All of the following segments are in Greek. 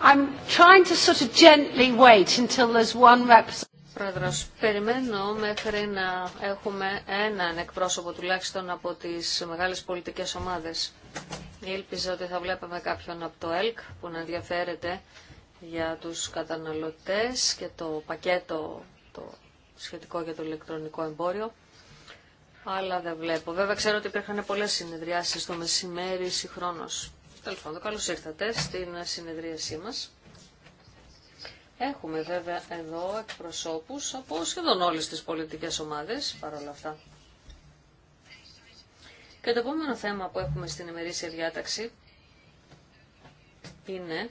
I'm trying to sort of gently wait until there's one representative. Πρόεδρος, περιμένω μέχρι να έχουμε έναν εκπρόσωπο τουλάχιστον από τις μεγάλες πολιτικές ομάδες. Ήλπιζα ότι θα βλέπαμε κάποιον από το ΕΛΚ που να ενδιαφέρεται για τους καταναλωτές και το πακέτο το σχετικό για το ηλεκτρονικό εμπόριο. Αλλά δεν βλέπω. Βέβαια ξέρω ότι υπήρχαν πολλές συνεδριάσεις το μεσημέρι συγχρόνως. Τέλος πάντων, καλώς ήρθατε στην συνεδρίασή μας. Έχουμε βέβαια εδώ εκπροσώπους από σχεδόν όλες τις πολιτικές ομάδες, παρόλα αυτά. Και το επόμενο θέμα που έχουμε στην ημερήσια διάταξη είναι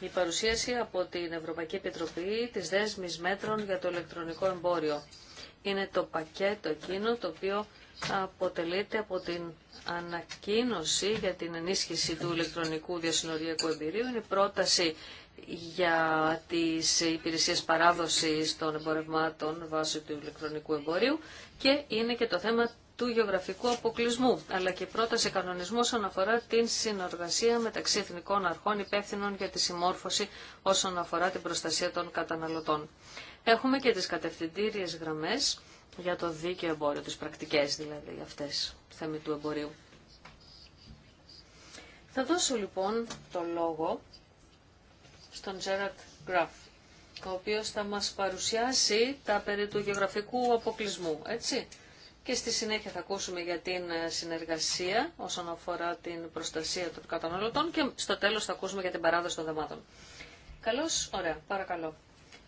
η παρουσίαση από την Ευρωπαϊκή Επιτροπή της δέσμης μέτρων για το ηλεκτρονικό εμπόριο. Είναι το πακέτο εκείνο το οποίο αποτελείται από την ανακοίνωση για την ενίσχυση του ηλεκτρονικού διασυνοριακού εμπειρίου. Είναι πρόταση για τις υπηρεσίες παράδοσης των εμπορευμάτων βάσει του ηλεκτρονικού εμπορίου και είναι και το θέμα του γεωγραφικού αποκλεισμού, αλλά και πρόταση κανονισμού όσον αφορά την συνεργασία μεταξύ εθνικών αρχών υπεύθυνων για τη συμμόρφωση όσον αφορά την προστασία των καταναλωτών. Έχουμε και τις κατευθυντήριες γραμμές για το δίκαιο εμπόριο, τις πρακτικές δηλαδή αυτές θέμη του εμπορίου. Θα δώσω λοιπόν το λόγο στον Τζέρατ Γκραφ, ο οποίος θα μας παρουσιάσει τα περί του γεωγραφικού αποκλεισμού, έτσι. Και στη συνέχεια θα ακούσουμε για την ε, συνεργασία όσον αφορά την προστασία των καταναλωτών και στο τέλος θα ακούσουμε για την παράδοση των δεμάτων. Καλώς, ωραία, παρακαλώ.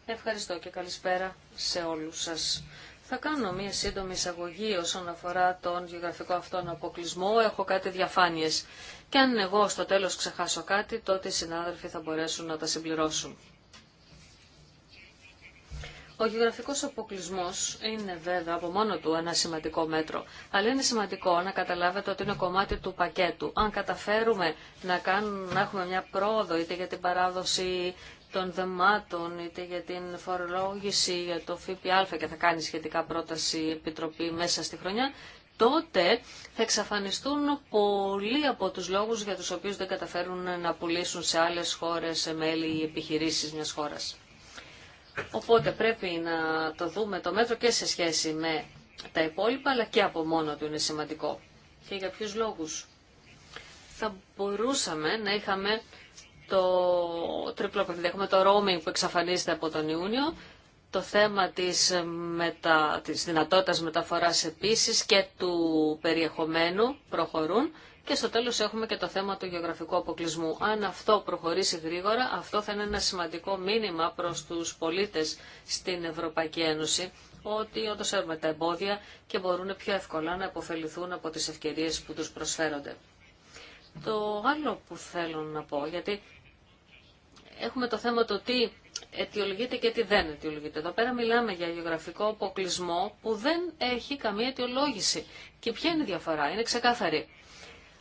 Ευχαριστώ και καλησπέρα σε όλους σας. Θα κάνω μία σύντομη εισαγωγή όσον αφορά τον γεωγραφικό αυτόν αποκλεισμό. Έχω κάτι διαφάνειες. Και αν εγώ στο τέλος ξεχάσω κάτι, τότε οι συνάδελφοι θα μπορέσουν να τα συμπληρώσουν. Ο γεωγραφικός αποκλεισμός είναι βέβαια από μόνο του ένα σημαντικό μέτρο, αλλά είναι σημαντικό να καταλάβετε ότι είναι κομμάτι του πακέτου. Αν καταφέρουμε να, κάνουμε, να έχουμε μια πρόοδο είτε για την παράδοση των δεμάτων, είτε για την φορολόγηση, για το ΦΠΑ και θα κάνει σχετικά πρόταση η Επιτροπή μέσα στη χρονιά, τότε θα εξαφανιστούν πολλοί από τους λόγους για τους οποίους δεν καταφέρουν να πουλήσουν σε άλλες χώρες σε μέλη ή επιχειρήσεις μιας χώρας. Οπότε πρέπει να το δούμε το μέτρο και σε σχέση με τα υπόλοιπα, αλλά και από μόνο του είναι σημαντικό. Και για ποιους λόγους. Θα μπορούσαμε να είχαμε το τριπλό παιχνίδι. Έχουμε το roaming που εξαφανίζεται από τον Ιούνιο, το θέμα της, μετα... της δυνατότητας μεταφοράς επίσης και του περιεχομένου προχωρούν και στο τέλος έχουμε και το θέμα του γεωγραφικού αποκλεισμού. Αν αυτό προχωρήσει γρήγορα, αυτό θα είναι ένα σημαντικό μήνυμα προς τους πολίτες στην Ευρωπαϊκή Ένωση ότι όντως έχουμε τα εμπόδια και μπορούν πιο εύκολα να υποφεληθούν από τις ευκαιρίες που τους προσφέρονται. Το άλλο που θέλω να πω, γιατί έχουμε το θέμα το τι αιτιολογείται και τι δεν αιτιολογείται. Εδώ πέρα μιλάμε για γεωγραφικό αποκλεισμό που δεν έχει καμία αιτιολόγηση. Και ποια είναι η διαφορά, είναι ξεκάθαρη.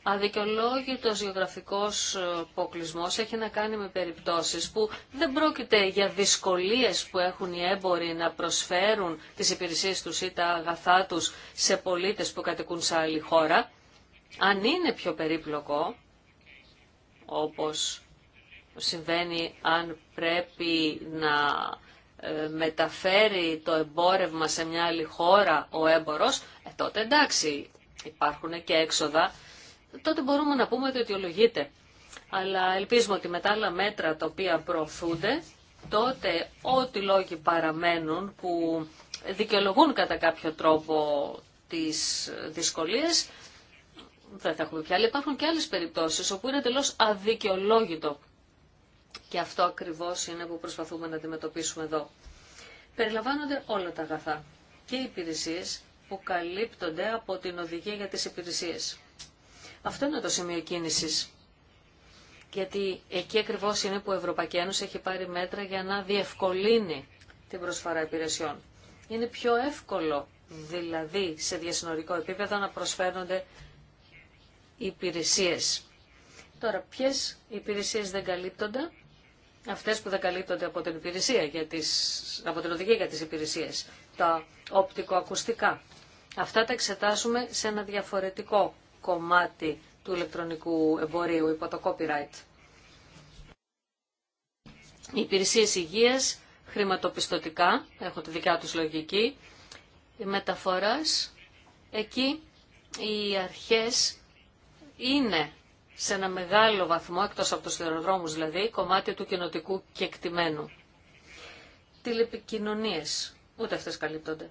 Αδικαιολόγητος γεωγραφικός αποκλεισμό έχει να κάνει με περιπτώσεις που δεν πρόκειται για δυσκολίες που έχουν οι έμποροι να προσφέρουν τις υπηρεσίες τους ή τα αγαθά τους σε πολίτες που κατοικούν σε άλλη χώρα. Αν είναι πιο περίπλοκο, όπως συμβαίνει αν πρέπει να ε, μεταφέρει το εμπόρευμα σε μια άλλη χώρα ο έμπορος, ε, τότε εντάξει, υπάρχουν και έξοδα, τότε μπορούμε να πούμε ότι αιτιολογείται. Αλλά ελπίζουμε ότι με τα άλλα μέτρα τα οποία προωθούνται, τότε ό,τι λόγοι παραμένουν που δικαιολογούν κατά κάποιο τρόπο τις δυσκολίες, δεν θα έχουμε πια. Αλλά υπάρχουν και άλλες περιπτώσεις όπου είναι τελώς αδικαιολόγητο και αυτό ακριβώς είναι που προσπαθούμε να αντιμετωπίσουμε εδώ. Περιλαμβάνονται όλα τα αγαθά και οι υπηρεσίες που καλύπτονται από την οδηγία για τις υπηρεσίες. Αυτό είναι το σημείο κίνησης. Γιατί εκεί ακριβώς είναι που η Ευρωπαϊκή Ένωση έχει πάρει μέτρα για να διευκολύνει την προσφορά υπηρεσιών. Είναι πιο εύκολο δηλαδή σε διασυνορικό επίπεδο να προσφέρονται υπηρεσίες. Τώρα, ποιες υπηρεσίες δεν καλύπτονται αυτές που δεν καλύπτονται από την υπηρεσία, για τις, από την οδηγία για τις υπηρεσίες, τα οπτικοακουστικά. Αυτά τα εξετάσουμε σε ένα διαφορετικό κομμάτι του ηλεκτρονικού εμπορίου, υπό το copyright. Οι υπηρεσίες υγείας, χρηματοπιστωτικά, έχουν τη δικιά τους λογική, οι μεταφοράς, εκεί οι αρχές είναι σε ένα μεγάλο βαθμό, εκτός από τους σιδηροδρόμους δηλαδή, κομμάτι του κοινοτικού κεκτημένου. Τηλεπικοινωνίες, ούτε αυτές καλύπτονται.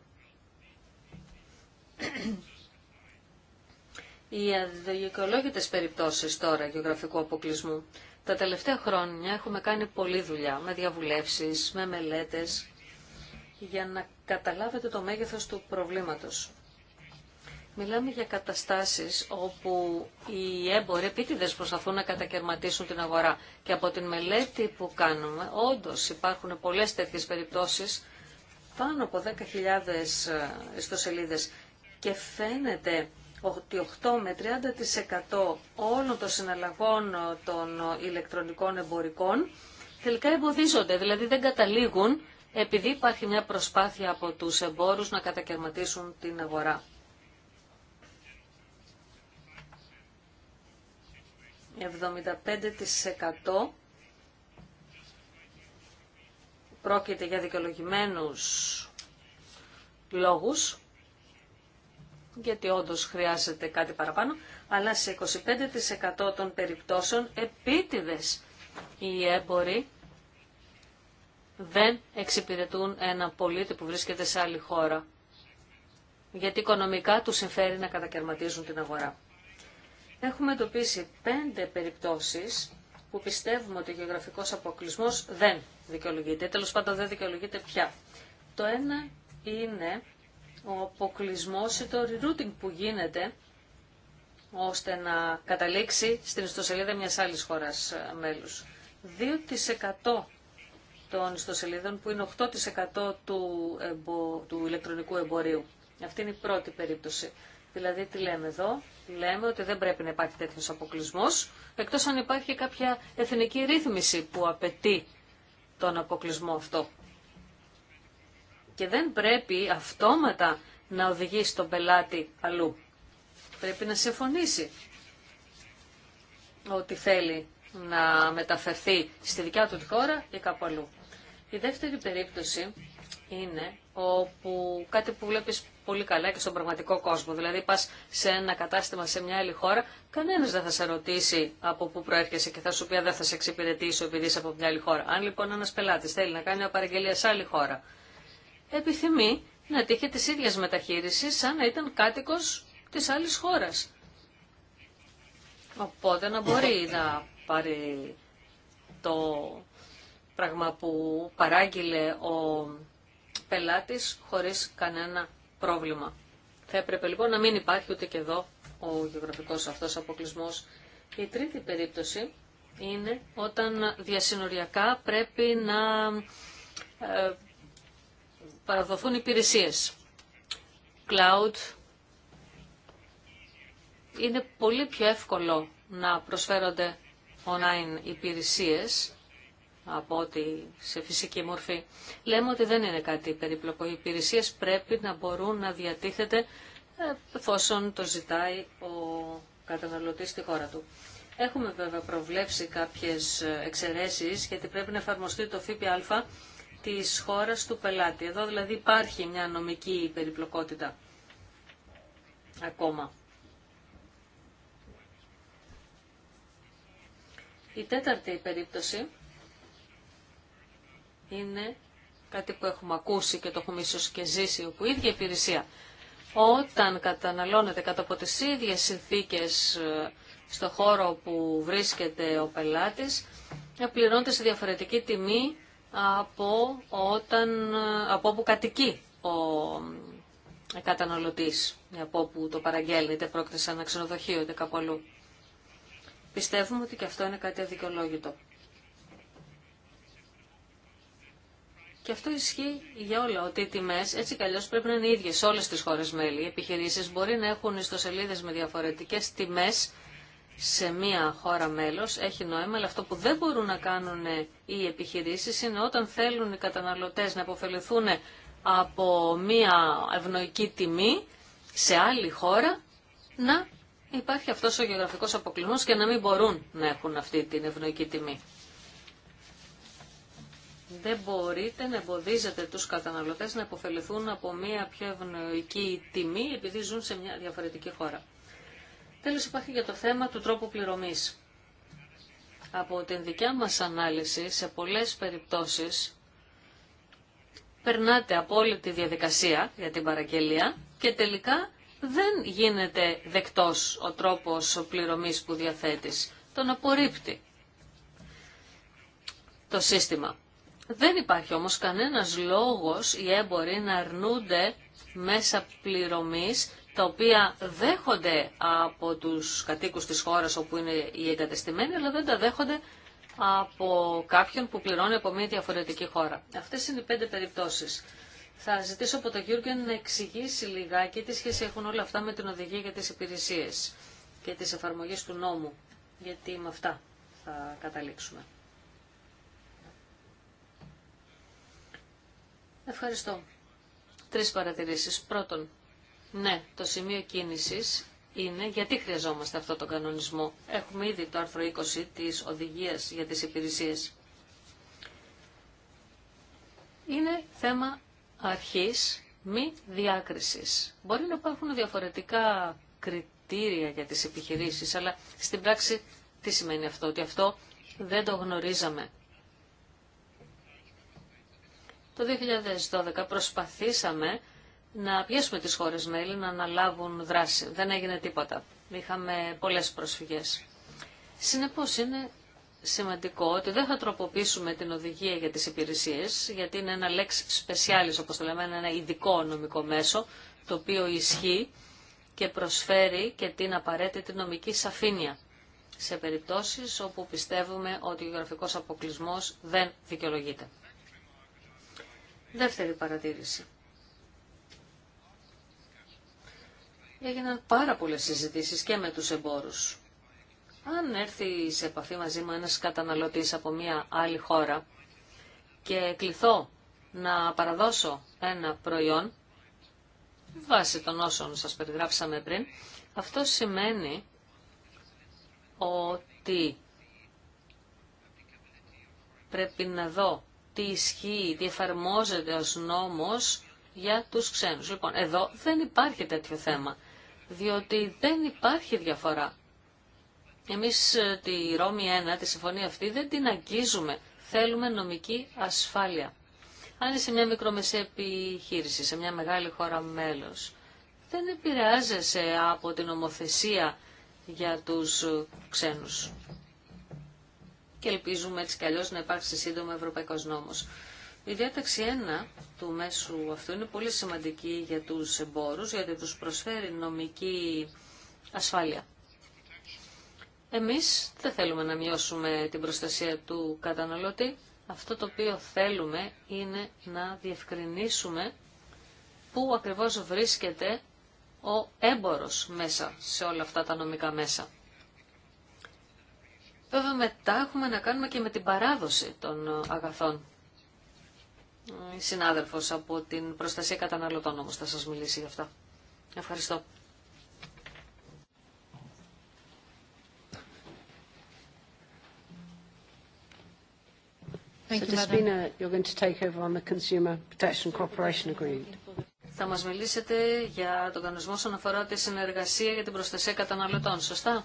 Οι αδικαιολόγητες περιπτώσεις τώρα γεωγραφικού αποκλεισμού. Τα τελευταία χρόνια έχουμε κάνει πολλή δουλειά με διαβουλεύσεις, με μελέτες, για να καταλάβετε το μέγεθος του προβλήματος. Μιλάμε για καταστάσεις όπου οι έμποροι επίτηδε προσπαθούν να κατακαιρματίσουν την αγορά. Και από την μελέτη που κάνουμε, όντως υπάρχουν πολλές τέτοιες περιπτώσεις, πάνω από 10.000 ε, ιστοσελίδες. Και φαίνεται ότι 8 με 30% όλων των συναλλαγών ε, των ηλεκτρονικών εμπορικών τελικά εμποδίζονται, δηλαδή δεν καταλήγουν επειδή υπάρχει μια προσπάθεια από τους εμπόρους να κατακαιρματίσουν την αγορά. 75% πρόκειται για δικαιολογημένους λόγους, γιατί όντως χρειάζεται κάτι παραπάνω, αλλά σε 25% των περιπτώσεων επίτηδες οι έμποροι δεν εξυπηρετούν ένα πολίτη που βρίσκεται σε άλλη χώρα, γιατί οικονομικά τους συμφέρει να κατακαιρματίζουν την αγορά. Έχουμε εντοπίσει πέντε περιπτώσεις που πιστεύουμε ότι ο γεωγραφικός αποκλεισμός δεν δικαιολογείται, τέλος πάντων δεν δικαιολογείται πια. Το ένα είναι ο αποκλεισμό ή το rerouting που γίνεται ώστε να καταλήξει στην ιστοσελίδα μιας άλλης χώρας ε, μέλους. 2% των ιστοσελίδων που είναι 8% του, του ηλεκτρονικού εμπορίου. Αυτή είναι η πρώτη περίπτωση. Δηλαδή τι λέμε εδώ, λέμε ότι δεν πρέπει να υπάρχει τέτοιος αποκλεισμό εκτός αν υπάρχει κάποια εθνική ρύθμιση που απαιτεί τον αποκλεισμό αυτό. Και δεν πρέπει αυτόματα να οδηγήσει τον πελάτη αλλού. Πρέπει να συμφωνήσει ότι θέλει να μεταφερθεί στη δικιά του τη χώρα ή κάπου αλλού. Η δεύτερη περίπτωση είναι όπου κάτι που βλέπεις πολύ καλά και στον πραγματικό κόσμο. Δηλαδή πας σε ένα κατάστημα σε μια άλλη χώρα, κανένας δεν θα σε ρωτήσει από πού προέρχεσαι και θα σου πει δεν θα σε εξυπηρετήσω επειδή είσαι από μια άλλη χώρα. Αν λοιπόν ένα πελάτη θέλει να κάνει μια παραγγελία σε άλλη χώρα, επιθυμεί να τύχει τη ίδια μεταχείριση σαν να ήταν κάτοικος τη άλλη χώρα. Οπότε να μπορεί να πάρει το πράγμα που παράγγειλε ο πελάτης χωρίς κανένα πρόβλημα. Θα έπρεπε λοιπόν να μην υπάρχει ούτε και εδώ ο γεωγραφικός αυτός αποκλεισμός. Η τρίτη περίπτωση είναι όταν διασυνοριακά πρέπει να ε, παραδοθούν υπηρεσίες. Cloud είναι πολύ πιο εύκολο να προσφέρονται online υπηρεσίες από ότι σε φυσική μορφή. Λέμε ότι δεν είναι κάτι περίπλοκο. Οι υπηρεσίες πρέπει να μπορούν να διατίθεται ε, εφόσον το ζητάει ο καταναλωτής στη χώρα του. Έχουμε βέβαια προβλέψει κάποιες εξαιρέσεις γιατί πρέπει να εφαρμοστεί το ΦΠΑ της χώρας του πελάτη. Εδώ δηλαδή υπάρχει μια νομική περιπλοκότητα ακόμα. Η τέταρτη περίπτωση είναι κάτι που έχουμε ακούσει και το έχουμε ίσως και ζήσει, όπου η ίδια υπηρεσία όταν καταναλώνεται κατά από τις ίδιες συνθήκες ε, στο χώρο που βρίσκεται ο πελάτης, ε, πληρώνεται σε διαφορετική τιμή από, όταν, ε, από όπου κατοικεί ο καταναλωτής, από όπου το παραγγέλνει, είτε πρόκειται σε ένα ξενοδοχείο, είτε κάπου αλλού. Πιστεύουμε ότι και αυτό είναι κάτι αδικαιολόγητο. Και αυτό ισχύει για όλα, ότι οι τιμέ, έτσι κι πρέπει να είναι ίδιε σε όλε τι χώρε μέλη. Οι επιχειρήσει μπορεί να έχουν ιστοσελίδε με διαφορετικέ τιμέ σε μία χώρα μέλο, έχει νόημα, αλλά αυτό που δεν μπορούν να κάνουν οι επιχειρήσει, είναι όταν θέλουν οι καταναλωτέ να αποφεληθούν από μία ευνοϊκή τιμή σε άλλη χώρα, να υπάρχει αυτός ο γεωγραφικός αποκλεισμός και να μην μπορούν να έχουν αυτή την ευνοϊκή τιμή δεν μπορείτε να εμποδίζετε τους καταναλωτές να υποφεληθούν από μια πιο ευνοϊκή τιμή επειδή ζουν σε μια διαφορετική χώρα. Τέλος υπάρχει για το θέμα του τρόπου πληρωμής. Από την δικιά μας ανάλυση σε πολλές περιπτώσεις περνάτε από όλη τη διαδικασία για την παραγγελία και τελικά δεν γίνεται δεκτός ο τρόπος πληρωμής που διαθέτεις. Τον απορρίπτει το σύστημα. Δεν υπάρχει όμως κανένας λόγος οι έμποροι να αρνούνται μέσα πληρωμής τα οποία δέχονται από τους κατοίκους της χώρας όπου είναι οι εγκατεστημένοι, αλλά δεν τα δέχονται από κάποιον που πληρώνει από μια διαφορετική χώρα. Αυτές είναι οι πέντε περιπτώσεις. Θα ζητήσω από τον Γιούργεν να εξηγήσει λιγάκι τι σχέση έχουν όλα αυτά με την οδηγία για τις υπηρεσίες και τις εφαρμογές του νόμου, γιατί με αυτά θα καταλήξουμε. Ευχαριστώ. Τρεις παρατηρήσεις. Πρώτον, ναι, το σημείο κίνησης είναι γιατί χρειαζόμαστε αυτό τον κανονισμό. Έχουμε ήδη το άρθρο 20 της οδηγίας για τις υπηρεσίες. Είναι θέμα αρχής μη διάκρισης. Μπορεί να υπάρχουν διαφορετικά κριτήρια για τις επιχειρήσεις, αλλά στην πράξη τι σημαίνει αυτό, ότι αυτό δεν το γνωρίζαμε. Το 2012 προσπαθήσαμε να πιέσουμε τις χώρες μέλη να αναλάβουν δράση. Δεν έγινε τίποτα. Είχαμε πολλές προσφυγές. Συνεπώς είναι σημαντικό ότι δεν θα τροποποιήσουμε την οδηγία για τις υπηρεσίες, γιατί είναι ένα λέξ σπεσιάλης, όπως το λέμε, ένα ειδικό νομικό μέσο, το οποίο ισχύει και προσφέρει και την απαραίτητη νομική σαφήνεια σε περιπτώσεις όπου πιστεύουμε ότι ο γεωγραφικός αποκλεισμός δεν δικαιολογείται. Δεύτερη παρατήρηση. Έγιναν πάρα πολλές συζητήσεις και με τους εμπόρους. Αν έρθει σε επαφή μαζί μου ένας καταναλωτής από μια άλλη χώρα και κληθώ να παραδώσω ένα προϊόν, βάσει των όσων σας περιγράψαμε πριν, αυτό σημαίνει ότι πρέπει να δω τι ισχύει, τι εφαρμόζεται ως νόμος για τους ξένους. Λοιπόν, εδώ δεν υπάρχει τέτοιο θέμα, διότι δεν υπάρχει διαφορά. Εμείς ε, τη Ρώμη 1, τη συμφωνία αυτή, δεν την αγγίζουμε. Θέλουμε νομική ασφάλεια. Αν είσαι μια μικρομεσαία επιχείρηση, σε μια μεγάλη χώρα μέλος, δεν επηρεάζεσαι από την ομοθεσία για τους ε, ξένους και ελπίζουμε έτσι κι αλλιώς να υπάρξει σύντομα ευρωπαϊκός νόμος. Η διάταξη 1 του μέσου αυτού είναι πολύ σημαντική για τους εμπόρους, γιατί τους προσφέρει νομική ασφάλεια. Εμείς δεν θέλουμε να μειώσουμε την προστασία του καταναλωτή. Αυτό το οποίο θέλουμε είναι να διευκρινίσουμε πού ακριβώς βρίσκεται ο έμπορος μέσα σε όλα αυτά τα νομικά μέσα. Βέβαια μετά έχουμε να κάνουμε και με την παράδοση των αγαθών. Η συνάδελφος από την προστασία καταναλωτών όμως θα σας μιλήσει γι' αυτά. Ευχαριστώ. Θα μας μιλήσετε για τον κανονισμό όσον αφορά τη συνεργασία για την προστασία καταναλωτών, σωστά?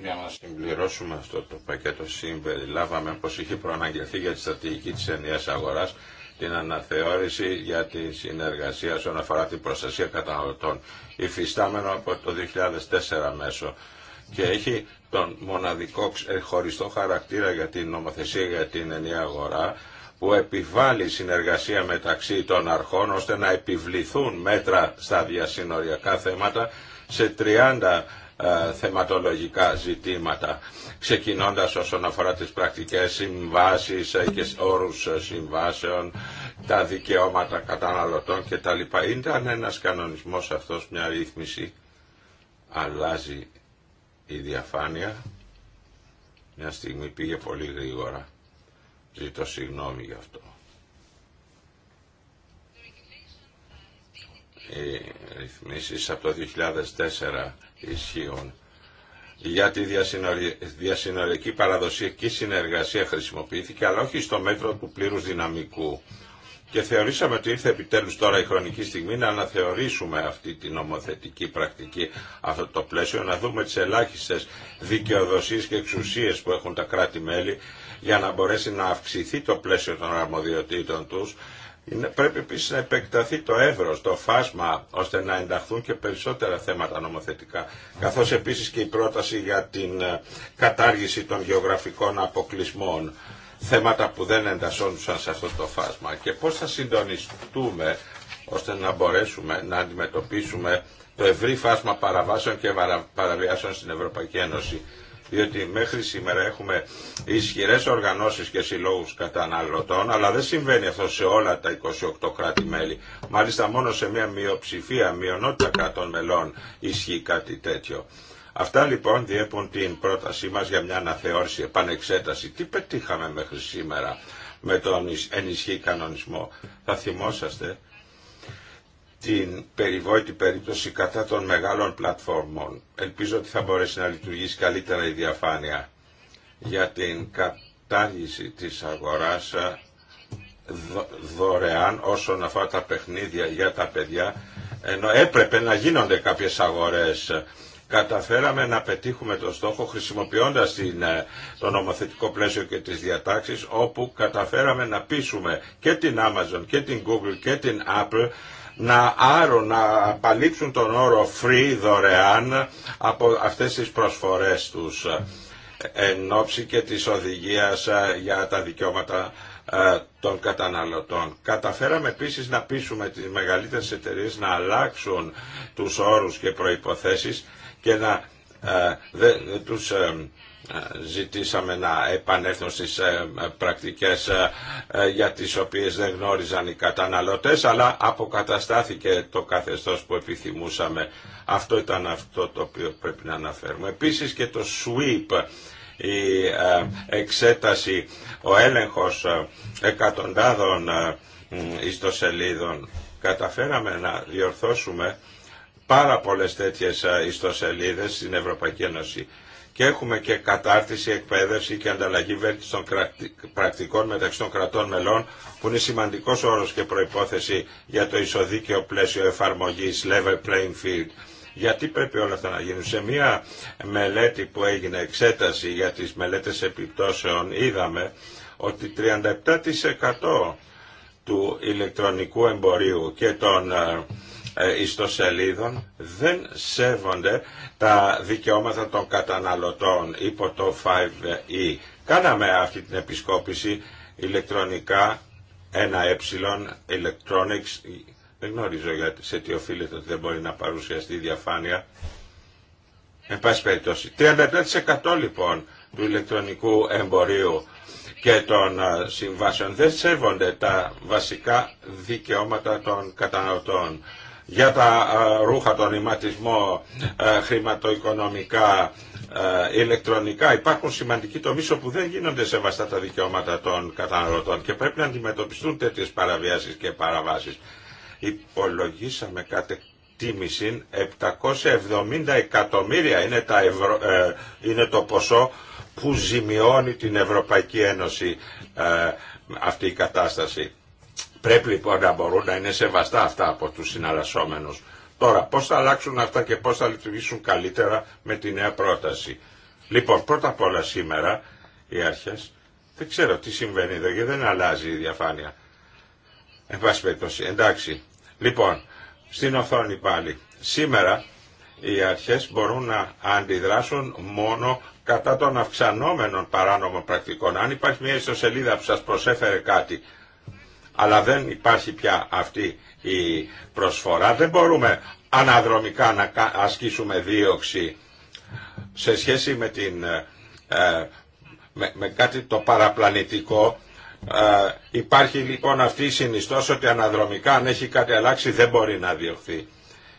για να συμπληρώσουμε αυτό το πακέτο συμπεριλάβαμε πω είχε προαναγγελθεί για τη στρατηγική τη ενιαίας αγορά, την αναθεώρηση για τη συνεργασία όσον αφορά την προστασία καταναλωτών υφιστάμενο από το 2004 μέσο και έχει τον μοναδικό ε, χωριστό χαρακτήρα για την νομοθεσία για την ενιαία αγορά που επιβάλλει συνεργασία μεταξύ των αρχών ώστε να επιβληθούν μέτρα στα διασυνοριακά θέματα σε 30 ε, θεματολογικά ζητήματα, ξεκινώντας όσον αφορά τις πρακτικές συμβάσεις ε, και όρους ε, συμβάσεων, τα δικαιώματα καταναλωτών κτλ. Ήταν ένας κανονισμός αυτός, μια ρύθμιση, αλλάζει η διαφάνεια. Μια στιγμή πήγε πολύ γρήγορα. Ζήτω συγγνώμη γι' αυτό. Οι ρυθμίσεις από το 2004 ισχύων Για τη διασυνοριακή παραδοσιακή συνεργασία χρησιμοποιήθηκε, αλλά όχι στο μέτρο του πλήρους δυναμικού. Και θεωρήσαμε ότι ήρθε επιτέλους τώρα η χρονική στιγμή να αναθεωρήσουμε αυτή την νομοθετική πρακτική, αυτό το πλαίσιο, να δούμε τις ελάχιστες δικαιοδοσίες και εξουσίες που έχουν τα κράτη-μέλη για να μπορέσει να αυξηθεί το πλαίσιο των αρμοδιοτήτων τους Πρέπει επίση να επεκταθεί το εύρο, το φάσμα, ώστε να ενταχθούν και περισσότερα θέματα νομοθετικά. Καθώς επίσης και η πρόταση για την ε, κατάργηση των γεωγραφικών αποκλεισμών. Θέματα που δεν εντασσόντουσαν σε αυτό το φάσμα. Και πώ θα συντονιστούμε ώστε να μπορέσουμε να αντιμετωπίσουμε το ευρύ φάσμα παραβάσεων και παραβιάσεων στην Ευρωπαϊκή Ένωση διότι μέχρι σήμερα έχουμε ισχυρές οργανώσεις και συλλόγους καταναλωτών, αλλά δεν συμβαίνει αυτό σε όλα τα 28 κράτη-μέλη. Μάλιστα μόνο σε μια μειοψηφία, μειονότητα κρατών μελών ισχύει κάτι τέτοιο. Αυτά λοιπόν διέπουν την πρότασή μας για μια αναθεώρηση, επανεξέταση. Τι πετύχαμε μέχρι σήμερα με τον ενισχύ κανονισμό. Θα θυμόσαστε την περιβόητη περίπτωση κατά των μεγάλων πλατφόρμων. Ελπίζω ότι θα μπορέσει να λειτουργήσει καλύτερα η διαφάνεια για την κατάργηση της αγοράς ε, δωρεάν όσον αφορά τα παιχνίδια για τα παιδιά, ενώ έπρεπε να γίνονται κάποιες αγορές. Καταφέραμε να πετύχουμε το στόχο χρησιμοποιώντας την, ε, το νομοθετικό πλαίσιο και τις διατάξεις, όπου καταφέραμε να πείσουμε και την Amazon και την Google και την Apple να άρουν, να απαλείψουν τον όρο free δωρεάν από αυτές τις προσφορές τους εν ώψη και της οδηγίας ε, για τα δικαιώματα ε, των καταναλωτών. Καταφέραμε επίσης να πείσουμε τις μεγαλύτερες εταιρείες να αλλάξουν τους όρους και προϋποθέσεις και να ε, τους ζητήσαμε να επανέλθουν στις ε, ε, πρακτικές ε, για τις οποίες δεν γνώριζαν οι καταναλωτές αλλά αποκαταστάθηκε το καθεστώς που επιθυμούσαμε. Αυτό ήταν αυτό το οποίο πρέπει να αναφέρουμε. Επίσης και το SWEEP η εξέταση, ο έλεγχος εκατοντάδων ιστοσελίδων. Καταφέραμε να διορθώσουμε πάρα πολλές τέτοιες ιστοσελίδες στην Ευρωπαϊκή Ένωση και έχουμε και κατάρτιση, εκπαίδευση και ανταλλαγή βέλτιστων πρακτικών μεταξύ των κρατών μελών που είναι σημαντικός όρος και προϋπόθεση για το ισοδίκαιο πλαίσιο εφαρμογής, level playing field. Γιατί πρέπει όλα αυτά να γίνουν. Σε μια μελέτη που έγινε εξέταση για τις μελέτες επιπτώσεων είδαμε ότι 37% του ηλεκτρονικού εμπορίου και των ε, ε, ιστοσελίδων δεν σέβονται τα δικαιώματα των καταναλωτών υπό το 5E. E. Κάναμε αυτή την επισκόπηση ένα 1Ε Electronics. Δεν γνωρίζω γιατί σε τι οφείλεται ότι δεν μπορεί να παρουσιαστεί η διαφάνεια. Εν πάση περιπτώσει. λοιπόν του ηλεκτρονικού εμπορίου και των ε, συμβάσεων δεν σέβονται τα βασικά δικαιώματα των καταναλωτών για τα ε, ρούχα, τον ηματισμό, ε, χρηματοοικονομικά, ε, ηλεκτρονικά. Υπάρχουν σημαντικοί τομείς όπου δεν γίνονται σεβαστά τα δικαιώματα των καταναλωτών και πρέπει να αντιμετωπιστούν τέτοιες παραβιάσεις και παραβάσεις. Υπολογίσαμε κάτι τίμηση 770 εκατομμύρια είναι, τα είναι το ποσό που ζημιώνει την Ευρωπαϊκή Ένωση αυτή η κατάσταση. Πρέπει λοιπόν να μπορούν να είναι σεβαστά αυτά από τους συναλλασσόμενους. Τώρα, πώς θα αλλάξουν αυτά και πώς θα λειτουργήσουν καλύτερα με τη νέα πρόταση. Λοιπόν, πρώτα απ' όλα σήμερα οι αρχές, δεν ξέρω τι συμβαίνει εδώ γιατί δεν αλλάζει η διαφάνεια. Εν πάση περιπτώσει, εντάξει. Λοιπόν, στην οθόνη πάλι. Σήμερα οι αρχές μπορούν να αντιδράσουν μόνο κατά των αυξανόμενων παράνομων πρακτικών. Αν υπάρχει μια ιστοσελίδα που σας προσέφερε κάτι, αλλά δεν υπάρχει πια αυτή η προσφορά. Δεν μπορούμε αναδρομικά να ασκήσουμε δίωξη σε σχέση με, την, ε, ε, με, κάτι το παραπλανητικό. Ε, υπάρχει λοιπόν αυτή η συνιστός ότι αναδρομικά αν έχει κάτι αλλάξει δεν μπορεί να διωχθεί.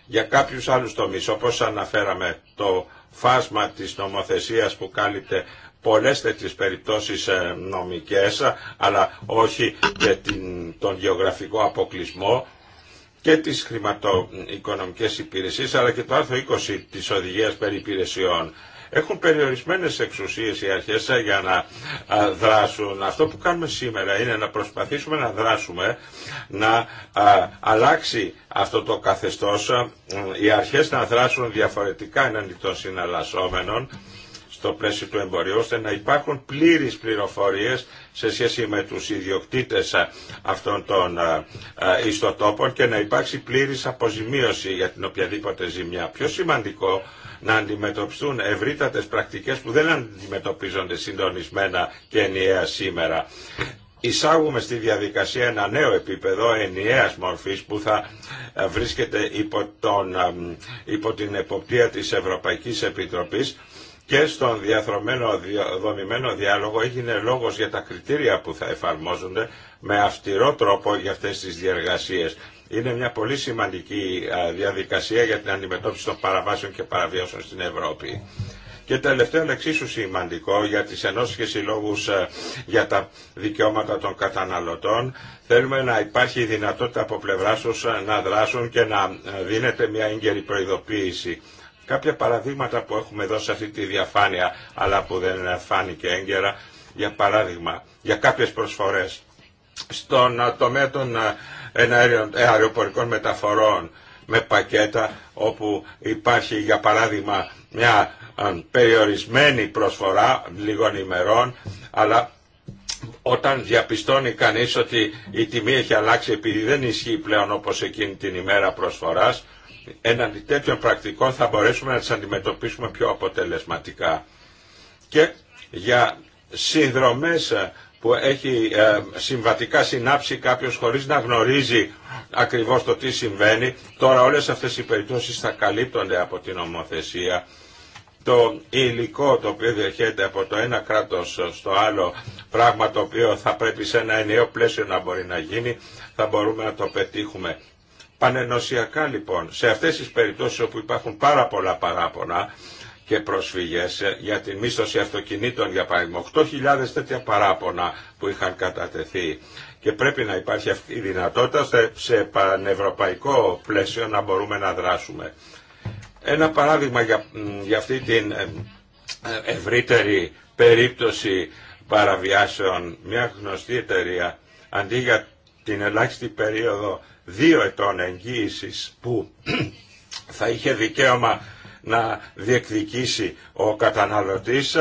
Για κάποιους άλλους τομείς όπως αναφέραμε το φάσμα της νομοθεσίας που κάλυπτε πολλές τέτοιες περιπτώσεις ε, νομικές, αλλά όχι και την, τον γεωγραφικό αποκλεισμό και τις χρηματοοικονομικές υπηρεσίες, αλλά και το άρθρο 20 της Οδηγίας περί Έχουν περιορισμένες εξουσίες οι αρχές ε, για να ε, δράσουν. Αυτό που κάνουμε σήμερα είναι να προσπαθήσουμε να δράσουμε, να αλλάξει αυτό το καθεστώς, οι αρχές να δράσουν διαφορετικά εναντί των συναλλασσόμενων, στο πλαίσιο του εμπορίου ώστε να υπάρχουν πλήρεις πληροφορίες σε σχέση με τους ιδιοκτήτες αυτών των ιστοτόπων και να υπάρξει πλήρης αποζημίωση για την οποιαδήποτε ζημιά. Πιο σημαντικό να αντιμετωπιστούν ευρύτατες πρακτικές που δεν αντιμετωπίζονται συντονισμένα και ενιαία σήμερα. Εισάγουμε στη διαδικασία ένα νέο επίπεδο ενιαίας μορφής που θα ε, βρίσκεται υπό, υπό την εποπτεία της Ευρωπαϊκής Επιτροπής και στον διαθρωμένο δομημένο διάλογο έγινε λόγος για τα κριτήρια που θα εφαρμόζονται με αυστηρό τρόπο για αυτές τις διεργασίες. Είναι μια πολύ σημαντική διαδικασία για την αντιμετώπιση των παραβάσεων και παραβιάσεων στην Ευρώπη. Και τελευταίο εξίσου σημαντικό για τις ενώσεις και συλλόγους για τα δικαιώματα των καταναλωτών θέλουμε να υπάρχει η δυνατότητα από πλευρά τους να δράσουν και να δίνεται μια έγκαιρη προειδοποίηση. Κάποια παραδείγματα που έχουμε δώσει σε αυτή τη διαφάνεια, αλλά που δεν φάνηκε έγκαιρα, για παράδειγμα, για κάποιες προσφορές στον τομέα των ε, ε, αεροπορικών μεταφορών με πακέτα όπου υπάρχει για παράδειγμα μια ε, περιορισμένη προσφορά λίγων ημερών αλλά όταν διαπιστώνει κανείς ότι η τιμή έχει αλλάξει επειδή δεν ισχύει πλέον όπως εκείνη την ημέρα προσφοράς έναντι τέτοιων πρακτικών θα μπορέσουμε να τις αντιμετωπίσουμε πιο αποτελεσματικά. Και για συνδρομές ε, που έχει ε, συμβατικά συνάψει κάποιος χωρίς να γνωρίζει ακριβώς το τι συμβαίνει, τώρα όλες αυτές οι περιπτώσεις θα καλύπτονται από την ομοθεσία. Το υλικό το οποίο διαχέεται από το ένα κράτος στο άλλο, πράγμα το οποίο θα πρέπει σε ένα ενιαίο πλαίσιο να μπορεί να γίνει, θα μπορούμε να το πετύχουμε. Πανενοσιακά λοιπόν, σε αυτές τις περιπτώσεις όπου υπάρχουν πάρα πολλά παράπονα και προσφυγές ε, για την μίσθωση αυτοκινήτων για παράδειγμα, 8.000 τέτοια παράπονα που είχαν κατατεθεί και πρέπει να υπάρχει αυτή η δυνατότητα σε πανευρωπαϊκό πλαίσιο να μπορούμε να δράσουμε. Ένα παράδειγμα για, για αυτή την ε, ε, ευρύτερη περίπτωση παραβιάσεων, μια γνωστή εταιρεία, αντί για την ελάχιστη περίοδο δύο ετών εγγύησης που θα είχε δικαίωμα να διεκδικήσει ο καταναλωτής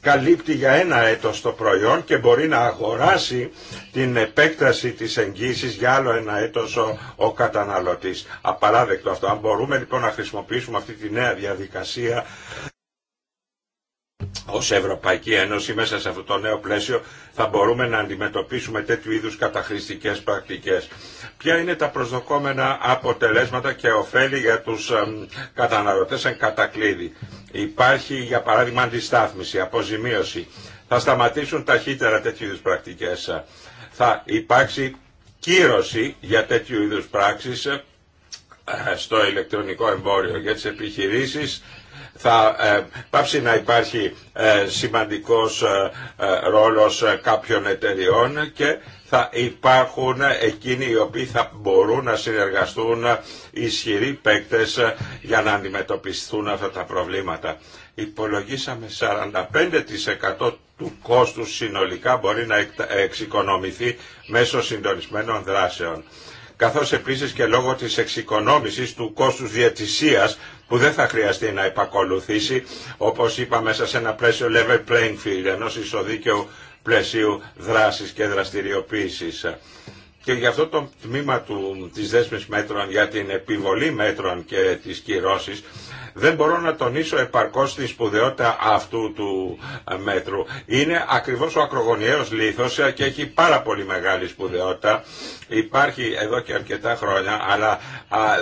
καλύπτει για ένα έτος το προϊόν και μπορεί να αγοράσει την επέκταση της εγγύησης για άλλο ένα έτος ο, ο καταναλωτής. Απαράδεκτο αυτό. Αν μπορούμε λοιπόν να χρησιμοποιήσουμε αυτή τη νέα διαδικασία ως Ευρωπαϊκή Ένωση μέσα σε αυτό το νέο πλαίσιο θα μπορούμε να αντιμετωπίσουμε τέτοιου είδους καταχρηστικές πρακτικές. Ποια είναι τα προσδοκόμενα αποτελέσματα και ωφέλη για τους καταναλωτές εν κατακλείδη. Υπάρχει για παράδειγμα αντιστάθμιση, αποζημίωση. Θα σταματήσουν ταχύτερα τέτοιου είδους πρακτικές. Θα υπάρξει κύρωση για τέτοιου είδους πράξεις ε, στο ηλεκτρονικό εμπόριο για τις επιχειρήσεις θα ε, πάψει να υπάρχει ε, σημαντικός ε, ρόλος κάποιων εταιριών και θα υπάρχουν εκείνοι οι οποίοι θα μπορούν να συνεργαστούν ισχυροί παίκτες για να αντιμετωπιστούν αυτά τα προβλήματα. Υπολογίσαμε 45% του κόστου συνολικά μπορεί να εξοικονομηθεί μέσω συντονισμένων δράσεων καθώς επίσης και λόγω της εξοικονόμησης του κόστους διατησίας που δεν θα χρειαστεί να επακολουθήσει, όπως είπα μέσα σε ένα πλαίσιο level playing field, ενός ισοδίκαιου πλαισίου δράσης και δραστηριοποίησης. Και για αυτό το τμήμα του, της δέσμης μέτρων για την επιβολή μέτρων και τις κυρώσεις δεν μπορώ να τονίσω επαρκώς τη σπουδαιότητα αυτού του ε, μέτρου. Είναι ακριβώς ο ακρογωνιαίος λήθος και έχει πάρα πολύ μεγάλη σπουδαιότητα. Υπάρχει εδώ και αρκετά χρόνια, αλλά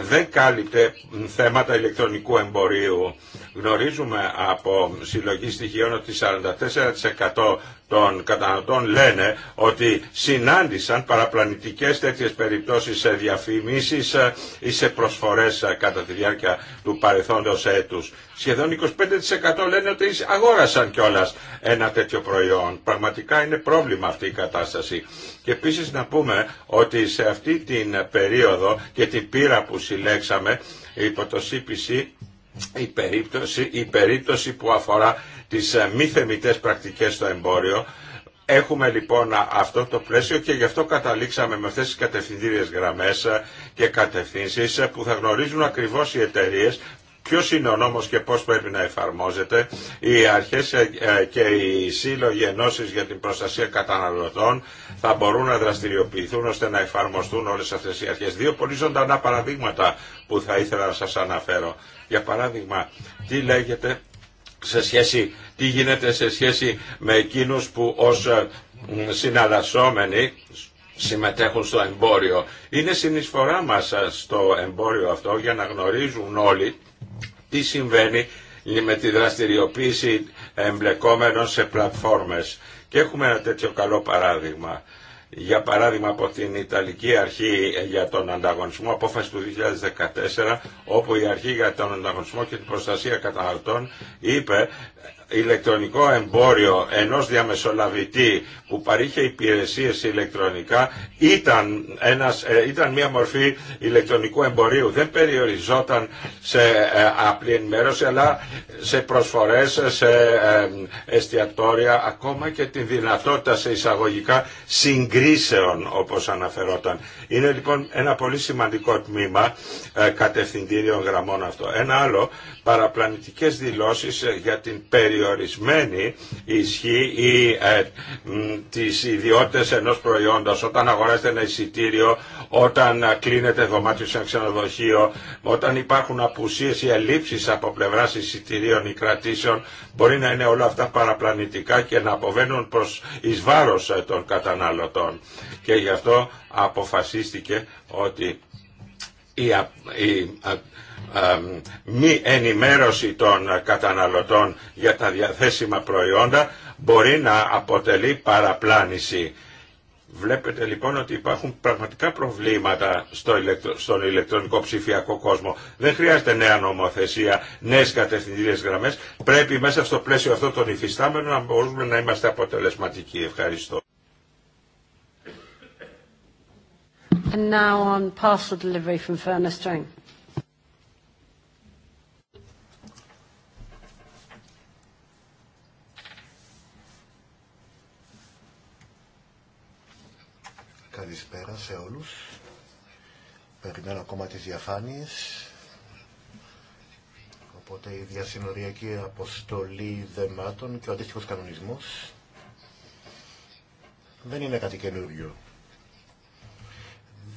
δεν κάλυπτε θέματα ηλεκτρονικού εμπορίου. Γνωρίζουμε από συλλογή στοιχείων ότι 44% των καταναλωτών λένε ότι συνάντησαν παραπλανητικές τέτοιες περιπτώσεις σε διαφημίσεις ε, ή σε προσφορές ε, κατά τη διάρκεια του παρελθόντος έτους. Σχεδόν 25% λένε ότι αγόρασαν κιόλα ένα τέτοιο προϊόν. Πραγματικά είναι πρόβλημα αυτή η κατάσταση. Και επίσης να πούμε ότι σε αυτή την περίοδο και την πείρα που συλλέξαμε υπό το CPC η περίπτωση, η περίπτωση που αφορά τις ε, μη θεμητές πρακτικές στο εμπόριο. Έχουμε λοιπόν αυτό το πλαίσιο και γι' αυτό καταλήξαμε με αυτές τις κατευθυντήριες γραμμές ε, και κατευθύνσεις ε, που θα γνωρίζουν ακριβώς οι εταιρείε Ποιο είναι ο νόμος και πώς πρέπει να εφαρμόζεται. Οι αρχές ε, ε, και οι σύλλογοι ενώσεις για την προστασία καταναλωτών θα μπορούν να δραστηριοποιηθούν ώστε να εφαρμοστούν όλες αυτές οι αρχές. Δύο πολύ ζωντανά παραδείγματα που θα ήθελα να σας αναφέρω. Για παράδειγμα, τι λέγεται σε σχέση, τι γίνεται σε σχέση με εκείνους που ως ε, συναλλασσόμενοι συμμετέχουν στο εμπόριο. Είναι συνεισφορά μας στο εμπόριο αυτό για να γνωρίζουν όλοι τι συμβαίνει με τη δραστηριοποίηση εμπλεκόμενων σε πλατφόρμες. Και έχουμε ένα τέτοιο καλό παράδειγμα. Για παράδειγμα από την Ιταλική Αρχή για τον Ανταγωνισμό, απόφαση του 2014, όπου η Αρχή για τον Ανταγωνισμό και την Προστασία Καταναλωτών είπε ηλεκτρονικό εμπόριο ενός διαμεσολαβητή που παρήχε υπηρεσίες ηλεκτρονικά ήταν, ένας, ε, ήταν μια μορφή ηλεκτρονικού εμπορίου. Δεν περιοριζόταν σε ε, απλή ενημέρωση αλλά σε προσφορές, σε ε, εστιατόρια, ακόμα και την δυνατότητα σε εισαγωγικά συγκρίσεων όπως αναφερόταν. Είναι λοιπόν ένα πολύ σημαντικό τμήμα κατευθυντήριων γραμμών αυτό. Ένα άλλο παραπλανητικές δηλώσεις ε, για την περιορισμένη ισχύ ή ε, τις ιδιότητες ενός προϊόντος όταν αγοράζετε ένα εισιτήριο, όταν ε, κλείνετε δωμάτιο σε ένα ξενοδοχείο, όταν υπάρχουν απουσίες ή ελλείψεις από πλευράς εισιτηρίων ή κρατήσεων, μπορεί να είναι όλα αυτά παραπλανητικά και να αποβαίνουν προς εις βάρος ε, των καταναλωτών. Και γι' αυτό αποφασίστηκε ότι η, μη ενημέρωση των καταναλωτών για τα διαθέσιμα προϊόντα μπορεί να αποτελεί παραπλάνηση. Βλέπετε λοιπόν ότι υπάρχουν πραγματικά προβλήματα στο στον ηλεκτρονικό ψηφιακό κόσμο. Δεν χρειάζεται νέα νομοθεσία, νέες κατευθυντήριες γραμμές. Πρέπει μέσα στο πλαίσιο αυτό των υφιστάμενων να μπορούμε να είμαστε αποτελεσματικοί. Ευχαριστώ. And on parcel delivery from Furnace Καλησπέρα σε όλους. Περιμένω ακόμα τις διαφάνειες. Οπότε η διασυνοριακή αποστολή δεμάτων και ο αντίστοιχο κανονισμός δεν είναι κάτι καινούριο.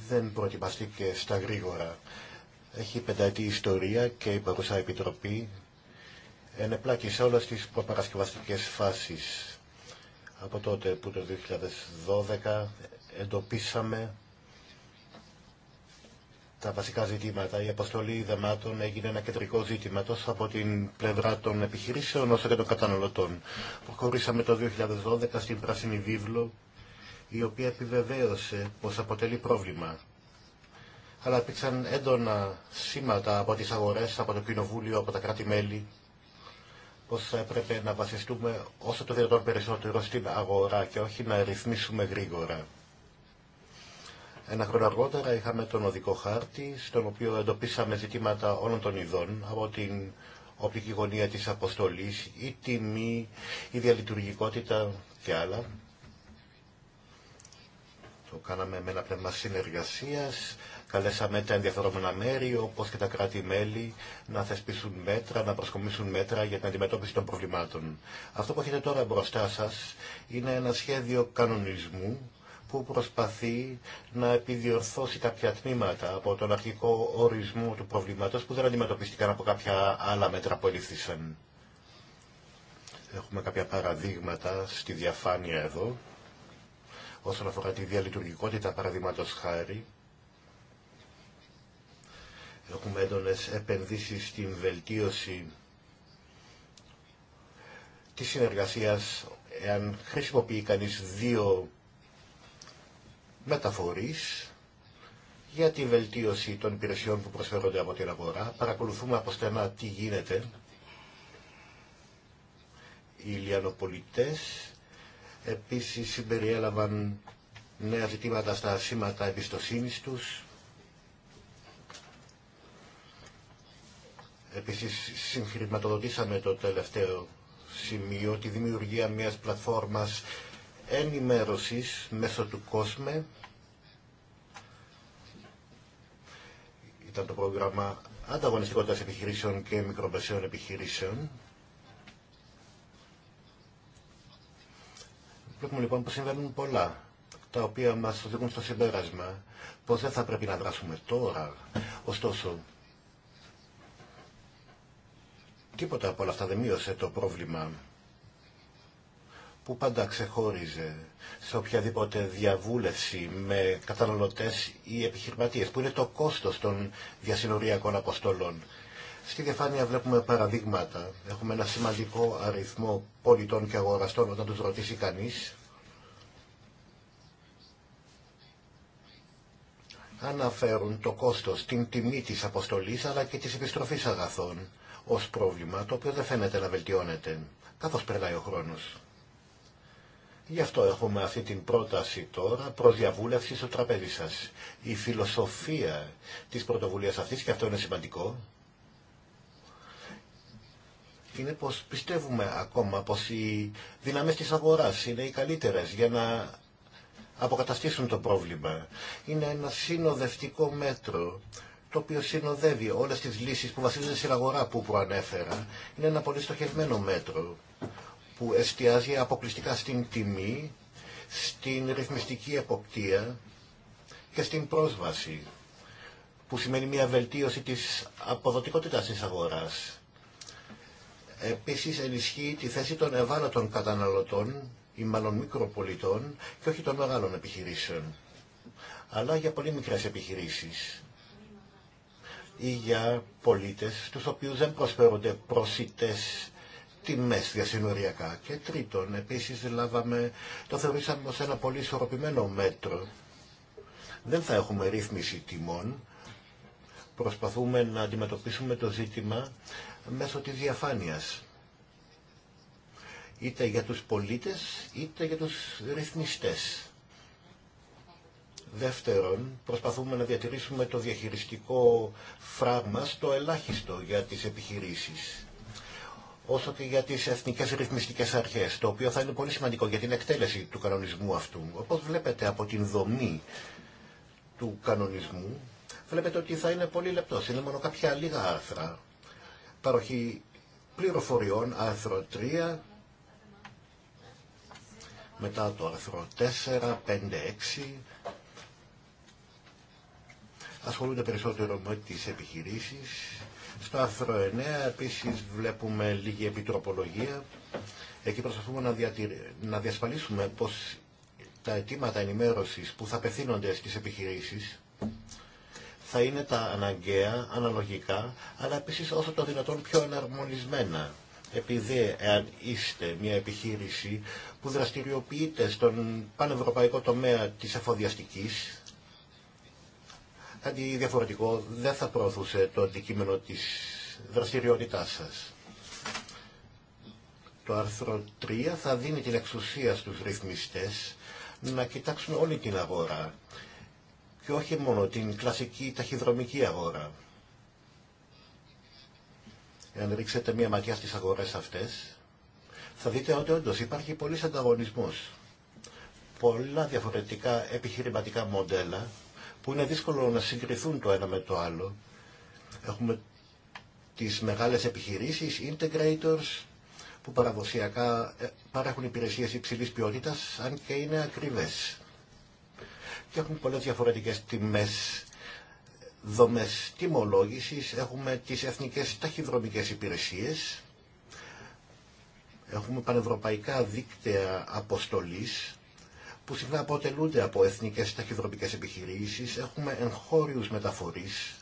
Δεν προετοιμαστήκε στα γρήγορα. Έχει πενταετή ιστορία και η παρουσά επιτροπή ενεπλάκη σε όλες τις προπαρασκευαστικές φάσεις από τότε που το 2012 εντοπίσαμε τα βασικά ζητήματα. Η αποστολή δεμάτων έγινε ένα κεντρικό ζήτημα τόσο από την πλευρά των επιχειρήσεων όσο και των καταναλωτών. Προχωρήσαμε το 2012 στην Πράσινη Βίβλο, η οποία επιβεβαίωσε πως αποτελεί πρόβλημα. Αλλά υπήρξαν έντονα σήματα από τις αγορές, από το Κοινοβούλιο, από τα κράτη-μέλη, πως θα έπρεπε να βασιστούμε όσο το δυνατόν περισσότερο στην αγορά και όχι να ρυθμίσουμε γρήγορα. Ένα χρόνο αργότερα είχαμε τον οδικό χάρτη, στον οποίο εντοπίσαμε ζητήματα όλων των ειδών, από την οπτική γωνία της αποστολής, η τιμή, η διαλειτουργικότητα και άλλα. Το κάναμε με ένα πνεύμα συνεργασίας, καλέσαμε τα ενδιαφερόμενα μέρη, όπως και τα κράτη-μέλη, να θεσπίσουν μέτρα, να προσκομίσουν μέτρα για την αντιμετώπιση των προβλημάτων. Αυτό που έχετε τώρα μπροστά σας είναι ένα σχέδιο κανονισμού που προσπαθεί να επιδιορθώσει κάποια τμήματα από τον αρχικό ορισμό του προβλήματος που δεν αντιμετωπίστηκαν από κάποια άλλα μέτρα που ελήφθησαν. Έχουμε κάποια παραδείγματα στη διαφάνεια εδώ όσον αφορά τη διαλειτουργικότητα παραδείγματο χάρη. Έχουμε έντονες επενδύσεις στην βελτίωση της συνεργασίας εάν χρησιμοποιεί κανείς δύο μεταφορής, για τη βελτίωση των υπηρεσιών που προσφέρονται από την αγορά. Παρακολουθούμε από στενά τι γίνεται. Οι λιανοπολιτές επίσης συμπεριέλαβαν νέα ζητήματα στα σήματα εμπιστοσύνης τους. Επίσης συγχρηματοδοτήσαμε το τελευταίο σημείο τη δημιουργία μιας πλατφόρμας ενημέρωσης μέσω του κόσμου. Ήταν το πρόγραμμα ανταγωνιστικότητας επιχειρήσεων και μικρομεσαίων επιχειρήσεων. Βλέπουμε λοιπόν πως συμβαίνουν πολλά, τα οποία μας οδηγούν στο συμπέρασμα πως δεν θα πρέπει να δράσουμε τώρα. Ωστόσο, τίποτα από όλα αυτά δεν μείωσε το πρόβλημα που πάντα ξεχώριζε σε οποιαδήποτε διαβούλευση με καταναλωτές ή επιχειρηματίες, που είναι το κόστος των διασυνοριακών αποστολών. Στη διαφάνεια βλέπουμε παραδείγματα. Έχουμε ένα σημαντικό αριθμό πολιτών και αγοραστών όταν τους ρωτήσει κανείς. Αναφέρουν το κόστος, την τιμή της αποστολής αλλά και της επιστροφής αγαθών ως πρόβλημα το οποίο δεν φαίνεται να βελτιώνεται καθώς περνάει ο χρόνος. Γι' αυτό έχουμε αυτή την πρόταση τώρα προδιαβούλευση στο τραπέζι σας. Η φιλοσοφία της πρωτοβουλίας αυτής, και αυτό είναι σημαντικό, είναι πως πιστεύουμε ακόμα πως οι δυναμές της αγοράς είναι οι καλύτερες για να αποκαταστήσουν το πρόβλημα. Είναι ένα συνοδευτικό μέτρο το οποίο συνοδεύει όλες τις λύσεις που βασίζονται στην αγορά που προανέφερα. Είναι ένα πολύ στοχευμένο μέτρο που εστιάζει αποκλειστικά στην τιμή, στην ρυθμιστική εποπτεία και στην πρόσβαση, που σημαίνει μια βελτίωση της αποδοτικότητας της αγοράς. Επίσης ενισχύει τη θέση των ευάλωτων καταναλωτών ή μάλλον μικροπολιτών και όχι των μεγάλων επιχειρήσεων, αλλά για πολύ μικρές επιχειρήσεις ή για πολίτες τους οποίους δεν προσφέρονται προσιτές τιμές διασυνοριακά. Και τρίτον, επίσης λάβαμε, το θεωρήσαμε ως ένα πολύ ισορροπημένο μέτρο. Δεν θα έχουμε ρύθμιση τιμών. Προσπαθούμε να αντιμετωπίσουμε το ζήτημα μέσω της διαφάνειας. Είτε για τους πολίτες, είτε για τους ρυθμιστές. Δεύτερον, προσπαθούμε να διατηρήσουμε το διαχειριστικό φράγμα στο ελάχιστο για τις επιχειρήσεις όσο και για τις εθνικές ρυθμιστικές αρχές, το οποίο θα είναι πολύ σημαντικό για την εκτέλεση του κανονισμού αυτού. Όπως βλέπετε από την δομή του κανονισμού, βλέπετε ότι θα είναι πολύ λεπτός. Είναι μόνο κάποια λίγα άρθρα. Παροχή πληροφοριών, άρθρο 3, μετά το άρθρο 4, 5, 6, ασχολούνται περισσότερο με τις επιχειρήσεις, στο άρθρο 9 επίσης βλέπουμε λίγη επιτροπολογία. Εκεί προσπαθούμε να, να διασφαλίσουμε πως τα αιτήματα ενημέρωσης που θα απευθύνονται στις επιχειρήσεις θα είναι τα αναγκαία, αναλογικά, αλλά επίσης όσο το δυνατόν πιο εναρμονισμένα. Επειδή εάν είστε μια επιχείρηση που δραστηριοποιείται στον πανευρωπαϊκό τομέα της εφοδιαστικής, κάτι διαφορετικό δεν θα προωθούσε το αντικείμενο της δραστηριότητάς σας. Το άρθρο 3 θα δίνει την εξουσία στους ρυθμιστές να κοιτάξουν όλη την αγορά και όχι μόνο την κλασική ταχυδρομική αγορά. Εάν ρίξετε μία ματιά στις αγορές αυτές, θα δείτε ότι όντως υπάρχει πολλής ανταγωνισμός. Πολλά διαφορετικά επιχειρηματικά μοντέλα που είναι δύσκολο να συγκριθούν το ένα με το άλλο. Έχουμε τις μεγάλες επιχειρήσεις, integrators, που παραδοσιακά ε, παρέχουν υπηρεσίες υψηλής ποιότητας, αν και είναι ακριβές. Και έχουν πολλές διαφορετικές τιμές, δομές τιμολόγησης, έχουμε τις εθνικές ταχυδρομικές υπηρεσίες, έχουμε πανευρωπαϊκά δίκτυα αποστολής, που συχνά αποτελούνται από εθνικές ταχυδρομικές επιχειρήσεις, έχουμε εγχώριους μεταφορείς,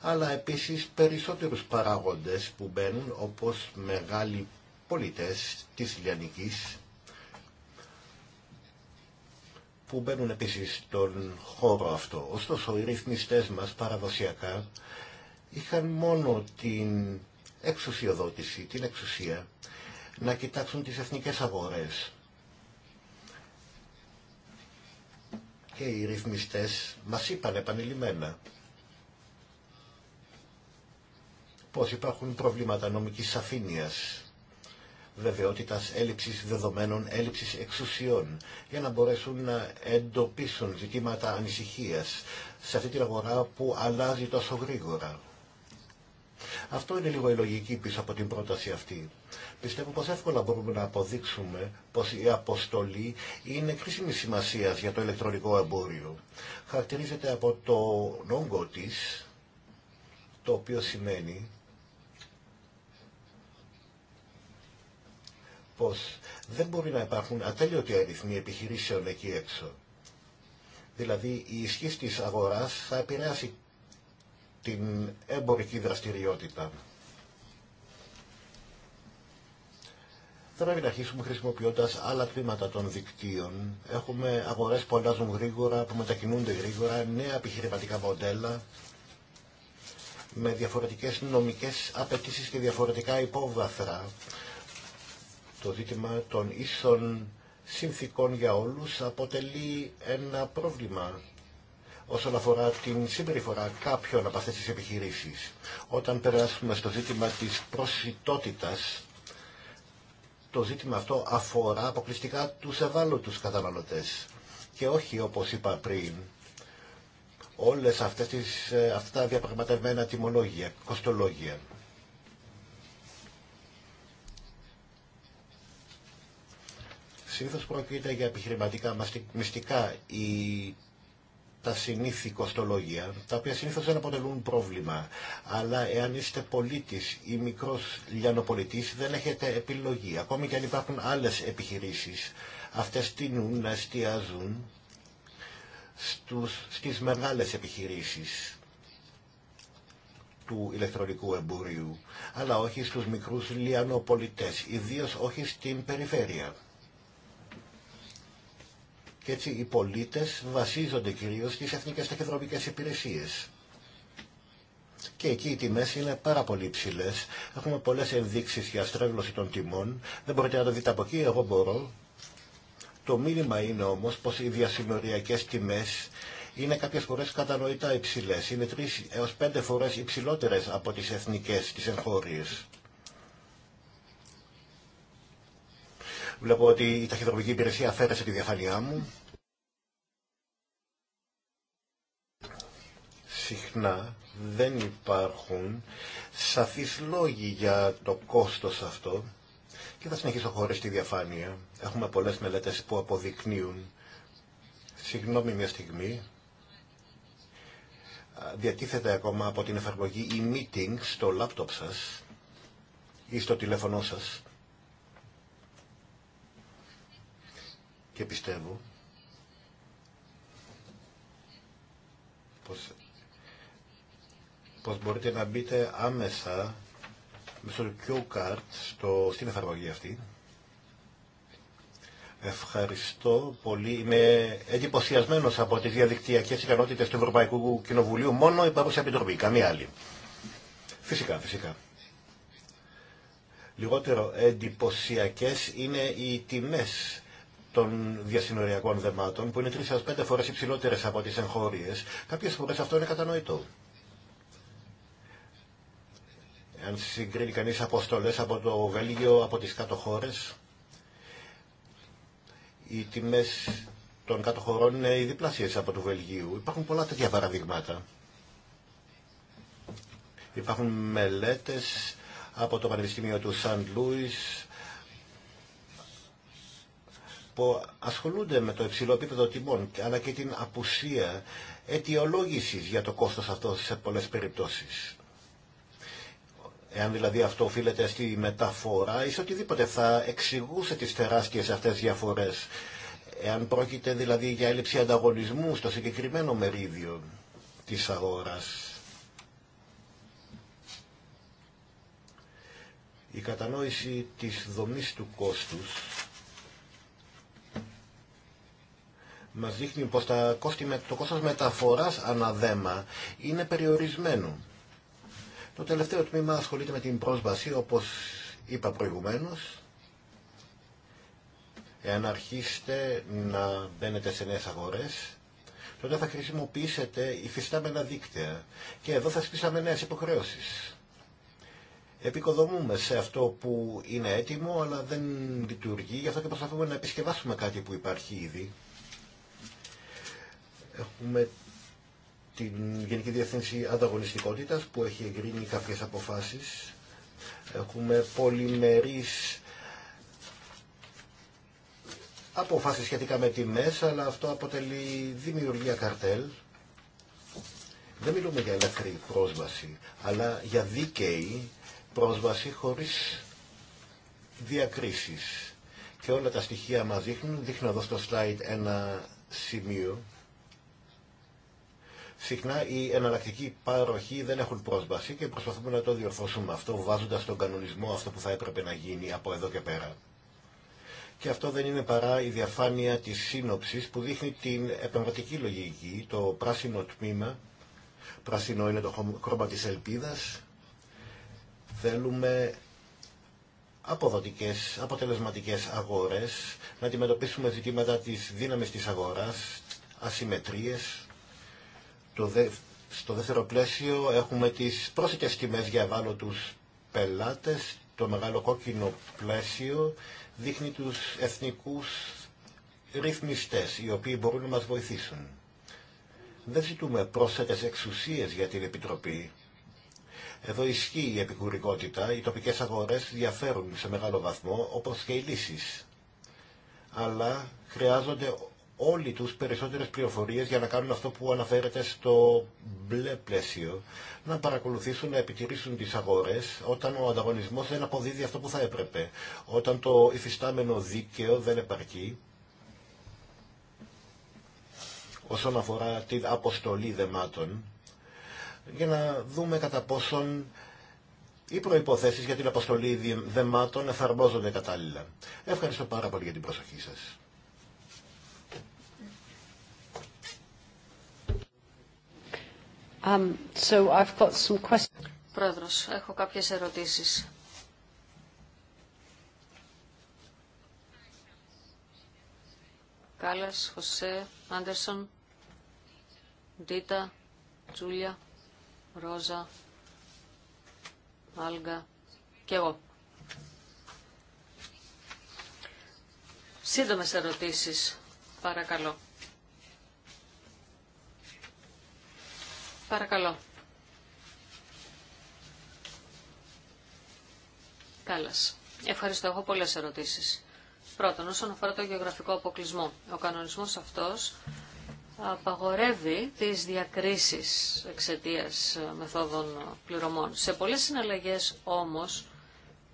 αλλά επίσης περισσότερους παράγοντες που μπαίνουν όπως μεγάλοι πολιτές της Λιανικής, που μπαίνουν επίσης στον χώρο αυτό. Ωστόσο, οι ρυθμιστές μας παραδοσιακά είχαν μόνο την εξουσιοδότηση, την εξουσία, να κοιτάξουν τις εθνικές αγορές και οι ρυθμιστές μας είπαν επανειλημμένα πως υπάρχουν προβλήματα νομικής σαφήνειας, βεβαιότητας έλλειψης δεδομένων, έλλειψης εξουσιών, για να μπορέσουν να εντοπίσουν ζητήματα ανησυχίας σε αυτή την αγορά που αλλάζει τόσο γρήγορα. Αυτό είναι λίγο η λογική πίσω από την πρόταση αυτή. Πιστεύω πως εύκολα μπορούμε να αποδείξουμε πως η αποστολή είναι κρίσιμη σημασία για το ηλεκτρονικό εμπόριο. Χαρακτηρίζεται από το νόγκο τη, το οποίο σημαίνει πως δεν μπορεί να υπάρχουν ατέλειωτοι αριθμοί επιχειρήσεων εκεί έξω. Δηλαδή η ισχύ της αγοράς θα επηρεάσει την εμπορική δραστηριότητα. θα πρέπει να αρχίσουμε χρησιμοποιώντα άλλα τμήματα των δικτύων. Έχουμε αγορέ που αλλάζουν γρήγορα, που μετακινούνται γρήγορα, νέα επιχειρηματικά μοντέλα με διαφορετικέ νομικέ απαιτήσει και διαφορετικά υπόβαθρα. Το ζήτημα των ίσων συνθήκων για όλους αποτελεί ένα πρόβλημα όσον αφορά την συμπεριφορά κάποιων από αυτές τις επιχειρήσεις. Όταν περάσουμε στο ζήτημα της προσιτότητας, το ζήτημα αυτό αφορά αποκλειστικά τους ευάλωτους καταναλωτές και όχι όπως είπα πριν όλες αυτές τις, ε, αυτά τα διαπραγματευμένα τιμολόγια, κοστολόγια. συνήθως πρόκειται για επιχειρηματικά μυστικά ή τα συνήθη κοστολόγια, τα οποία συνήθω δεν αποτελούν πρόβλημα. Αλλά εάν είστε πολίτης ή μικρός λιανοπολιτής δεν έχετε επιλογή. Ακόμη και αν υπάρχουν άλλες επιχειρήσεις, αυτές τείνουν να εστιάζουν στους, στις μεγάλες επιχειρήσεις του ηλεκτρονικού εμπορίου, αλλά όχι στους μικρούς λιανοπολιτές, ιδίως όχι στην περιφέρεια. Και έτσι οι πολίτες βασίζονται κυρίως στις εθνικές ταχυδρομικές υπηρεσίες. Και εκεί οι τιμές είναι πάρα πολύ υψηλές. Έχουμε πολλές ενδείξεις για στρέβλωση των τιμών. Δεν μπορείτε να το δείτε από εκεί, εγώ μπορώ. Το μήνυμα είναι όμως πως οι διασυνοριακές τιμές είναι κάποιες φορές κατανοητά υψηλές. Είναι τρεις έως πέντε φορές υψηλότερες από τις εθνικές, τις εγχώριες. Βλέπω ότι η ταχυδρομική υπηρεσία αφαίρεσε τη διαφάνειά μου. Συχνά δεν υπάρχουν σαφείς λόγοι για το κόστος αυτό και θα συνεχίσω χωρίς τη διαφάνεια. Έχουμε πολλές μελέτες που αποδεικνύουν. Συγγνώμη μια στιγμή. Διατίθεται ακόμα από την εφαρμογή e-meeting στο λάπτοπ σας ή στο τηλέφωνό σας. και πιστεύω πως, πως μπορείτε να μπείτε άμεσα μέσω το Q-Card στο, στην εφαρμογή αυτή. Ευχαριστώ πολύ. Είμαι εντυπωσιασμένο από τι διαδικτυακέ ικανότητε του Ευρωπαϊκού Κοινοβουλίου. Μόνο η παρούσα επιτροπή, καμία άλλη. Φυσικά, φυσικά. Λιγότερο εντυπωσιακέ είναι οι τιμέ των διασυνοριακών δεμάτων, που είναι 3 5 φορές υψηλότερες από τις εγχώριε, κάποιες φορέ αυτό είναι κατανοητό. Αν συγκρίνει κανεί αποστολέ από το Βέλγιο, από τι κάτω χώρες, οι τιμές των κάτω χωρών είναι οι διπλασιέ από του Βελγίου. Υπάρχουν πολλά τέτοια παραδειγμάτα. Υπάρχουν μελέτες από το Πανεπιστήμιο του Σαντ Λούις, που ασχολούνται με το υψηλό επίπεδο τιμών αλλά και την απουσία αιτιολόγησης για το κόστος αυτό σε πολλές περιπτώσεις. Εάν δηλαδή αυτό οφείλεται στη μεταφορά ή σε οτιδήποτε θα εξηγούσε τις τεράστιες αυτές διαφορές. Εάν πρόκειται δηλαδή για έλλειψη ανταγωνισμού στο συγκεκριμένο μερίδιο της αγοράς. Η κατανόηση της δομής του κόστους Μα δείχνει πως το κόστος μεταφοράς αναδέμα είναι περιορισμένο. Το τελευταίο τμήμα ασχολείται με την πρόσβαση, όπως είπα προηγουμένως. Εάν αρχίσετε να μπαίνετε σε νέε αγορέ, τότε θα χρησιμοποιήσετε υφιστάμενα δίκτυα. Και εδώ θα σπίσαμε νέε υποχρεώσεις. Επικοδομούμε σε αυτό που είναι έτοιμο, αλλά δεν λειτουργεί, γι' αυτό και προσπαθούμε να επισκευάσουμε κάτι που υπάρχει ήδη. Έχουμε την Γενική Διευθύνση Ανταγωνιστικότητας που έχει εγκρίνει κάποιες αποφάσεις. Έχουμε πολυμερείς αποφάσεις σχετικά με τιμές, αλλά αυτό αποτελεί δημιουργία καρτέλ. Δεν μιλούμε για ελεύθερη πρόσβαση, αλλά για δίκαιη πρόσβαση χωρίς διακρίσεις. Και όλα τα στοιχεία μας δείχνουν, δείχνω εδώ στο slide ένα σημείο, συχνά οι εναλλακτικοί παροχοί δεν έχουν πρόσβαση και προσπαθούμε να το διορθώσουμε αυτό βάζοντας στον κανονισμό αυτό που θα έπρεπε να γίνει από εδώ και πέρα. Και αυτό δεν είναι παρά η διαφάνεια της σύνοψης που δείχνει την επεμβατική λογική, το πράσινο τμήμα, πράσινο είναι το χρώμα της ελπίδας, θέλουμε αποδοτικές, αποτελεσματικές αγορές, να αντιμετωπίσουμε ζητήματα της δύναμης της αγοράς, ασυμμετρίες, στο δεύτερο πλαίσιο έχουμε τις πρόσθετες τιμές για ευάλωτους πελάτες. Το μεγάλο κόκκινο πλαίσιο δείχνει τους εθνικούς ρυθμιστές, οι οποίοι μπορούν να μας βοηθήσουν. Δεν ζητούμε πρόσθετες εξουσίες για την Επιτροπή. Εδώ ισχύει η επικουρικότητα, οι τοπικές αγορές διαφέρουν σε μεγάλο βαθμό, όπως και οι λύσεις. Αλλά χρειάζονται όλοι τους περισσότερες πληροφορίες για να κάνουν αυτό που αναφέρεται στο μπλε πλαίσιο, να παρακολουθήσουν, να επιτηρήσουν τις αγορές όταν ο ανταγωνισμός δεν αποδίδει αυτό που θα έπρεπε, όταν το υφιστάμενο δίκαιο δεν επαρκεί, όσον αφορά την αποστολή δεμάτων, για να δούμε κατά πόσον οι προϋποθέσεις για την αποστολή δεμάτων εφαρμόζονται κατάλληλα. Ευχαριστώ πάρα πολύ για την προσοχή σας. Um, Πρόεδρος, έχω κάποιες ερωτήσεις. Κάλλας, Χωσέ, Άντερσον, Ντίτα, Τζούλια, Ρόζα, Άλγα και εγώ. Σύντομες ερωτήσεις, παρακαλώ. παρακαλώ. Καλώς. Ευχαριστώ. Έχω πολλές ερωτήσεις. Πρώτον, όσον αφορά το γεωγραφικό αποκλεισμό. Ο κανονισμός αυτός απαγορεύει τις διακρίσεις εξαιτία ε, μεθόδων πληρωμών. Σε πολλές συναλλαγές όμως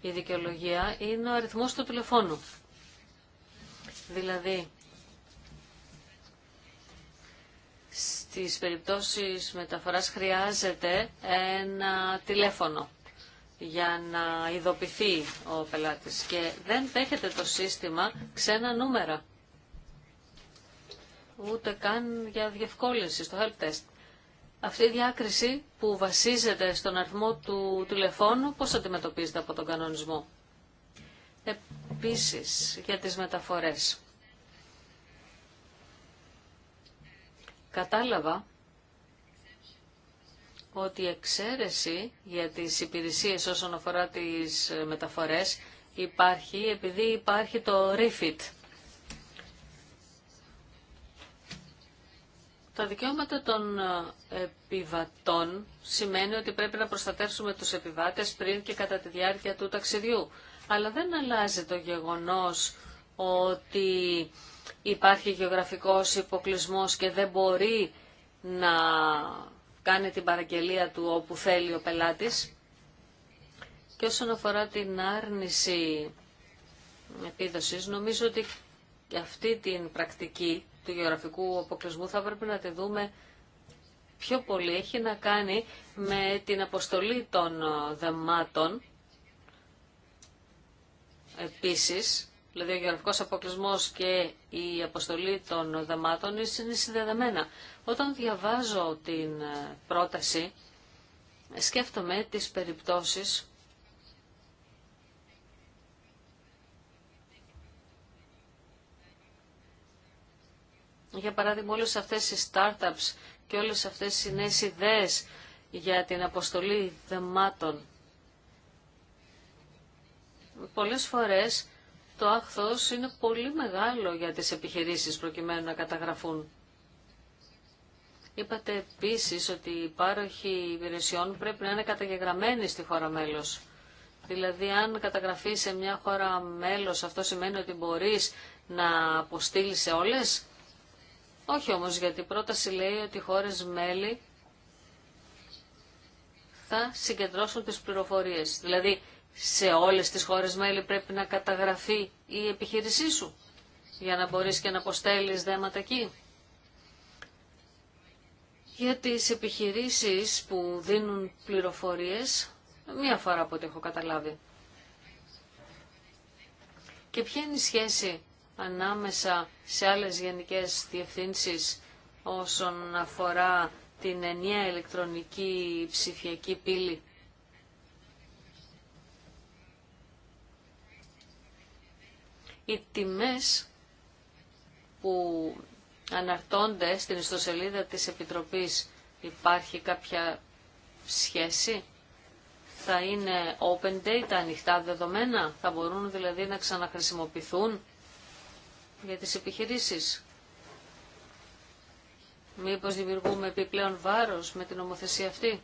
η δικαιολογία είναι ο αριθμός του τηλεφώνου. Δηλαδή, στις περιπτώσεις μεταφοράς χρειάζεται ένα τηλέφωνο για να ειδοποιηθεί ο πελάτης και δεν δέχεται το σύστημα ξένα νούμερα ούτε καν για διευκόλυνση στο help test. Αυτή η διάκριση που βασίζεται στον αριθμό του τηλεφώνου πώς αντιμετωπίζεται από τον κανονισμό. Επίσης για τις μεταφορές. κατάλαβα ότι η εξαίρεση για τις υπηρεσίες όσον αφορά τις μεταφορές υπάρχει επειδή υπάρχει το REFIT. Τα δικαιώματα των επιβατών σημαίνει ότι πρέπει να προστατεύσουμε τους επιβάτες πριν και κατά τη διάρκεια του ταξιδιού. Αλλά δεν αλλάζει το γεγονός ότι υπάρχει γεωγραφικός υποκλεισμός και δεν μπορεί να κάνει την παραγγελία του όπου θέλει ο πελάτης. Και όσον αφορά την άρνηση επίδοσης, νομίζω ότι και αυτή την πρακτική του γεωγραφικού αποκλεισμού θα πρέπει να τη δούμε πιο πολύ. Έχει να κάνει με την αποστολή των δεμάτων επίσης δηλαδή ο γεωγραφικός αποκλεισμός και η αποστολή των δεμάτων είναι συνδεδεμένα. Όταν διαβάζω την ε, πρόταση, σκέφτομαι τις περιπτώσεις Για παράδειγμα, όλες αυτές οι startups και όλες αυτές οι νέες ιδέες για την αποστολή δεμάτων. Πολλές φορές το άχθος είναι πολύ μεγάλο για τις επιχειρήσεις προκειμένου να καταγραφούν. Είπατε επίσης ότι οι πάροχοι υπηρεσιών πρέπει να είναι καταγεγραμμένοι στη χώρα μέλος. Δηλαδή αν καταγραφεί σε μια χώρα μέλος αυτό σημαίνει ότι μπορείς να αποστείλει σε όλες. Όχι όμως γιατί η πρόταση λέει ότι οι χώρες μέλη θα συγκεντρώσουν τις πληροφορίες. Δηλαδή σε όλες τις χώρες μέλη πρέπει να καταγραφεί η επιχείρησή σου για να μπορείς και να αποστέλεις δέματα εκεί. Για τις επιχειρήσεις που δίνουν πληροφορίες, μία φορά από ό,τι έχω καταλάβει. Και ποια είναι η σχέση ανάμεσα σε άλλες γενικές διευθύνσεις όσον αφορά την ενιαία ηλεκτρονική ψηφιακή πύλη οι τιμές που αναρτώνται στην ιστοσελίδα της Επιτροπής υπάρχει κάποια σχέση. Θα είναι open data, ανοιχτά δεδομένα, θα μπορούν δηλαδή να ξαναχρησιμοποιηθούν για τις επιχειρήσεις. Μήπως δημιουργούμε επιπλέον βάρος με την ομοθεσία αυτή.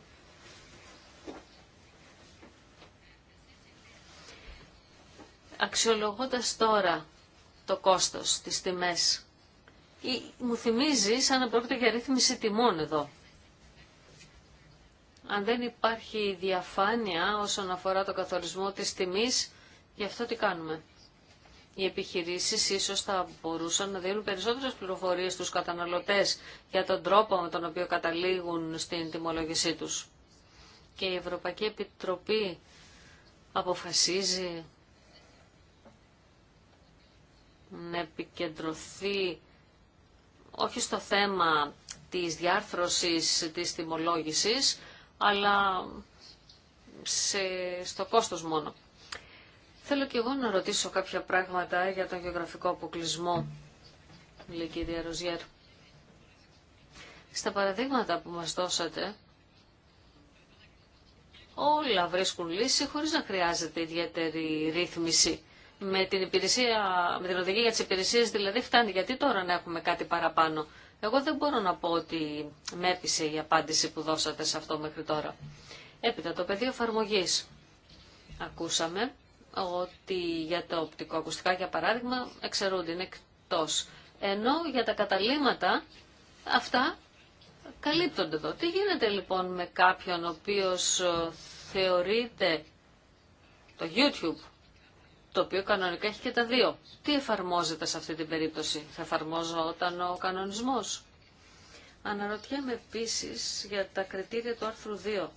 Αξιολογώντας τώρα το κόστος, τις τιμές, μου θυμίζει σαν να πρόκειται για ρύθμιση τιμών εδώ. Αν δεν υπάρχει διαφάνεια όσον αφορά το καθορισμό της τιμής, γι' αυτό τι κάνουμε. Οι επιχειρήσεις ίσως θα μπορούσαν να δίνουν περισσότερες πληροφορίες στους καταναλωτές για τον τρόπο με τον οποίο καταλήγουν στην τιμολόγησή τους. Και η Ευρωπαϊκή Επιτροπή αποφασίζει να επικεντρωθεί όχι στο θέμα της διάρθρωσης της τιμολόγησης, αλλά σε, στο κόστος μόνο. Θέλω και εγώ να ρωτήσω κάποια πράγματα για τον γεωγραφικό αποκλεισμό, λέει κυρία Ροζιέρ. Στα παραδείγματα που μας δώσατε, όλα βρίσκουν λύση χωρίς να χρειάζεται ιδιαίτερη ρύθμιση με την, υπηρεσία, με την οδηγία για τις υπηρεσίες δηλαδή φτάνει. Γιατί τώρα να έχουμε κάτι παραπάνω. Εγώ δεν μπορώ να πω ότι με έπεισε η απάντηση που δώσατε σε αυτό μέχρι τώρα. Έπειτα το πεδίο εφαρμογή. Ακούσαμε ότι για τα οπτικοακουστικά για παράδειγμα εξαιρούνται, είναι εκτός. Ενώ για τα καταλήματα αυτά καλύπτονται εδώ. Τι γίνεται λοιπόν με κάποιον ο οποίος ε, θεωρείται το YouTube το οποίο κανονικά έχει και τα δύο. Τι εφαρμόζεται σε αυτή την περίπτωση, θα εφαρμόζω όταν ο κανονισμός. Αναρωτιέμαι επίσης για τα κριτήρια του άρθρου 2,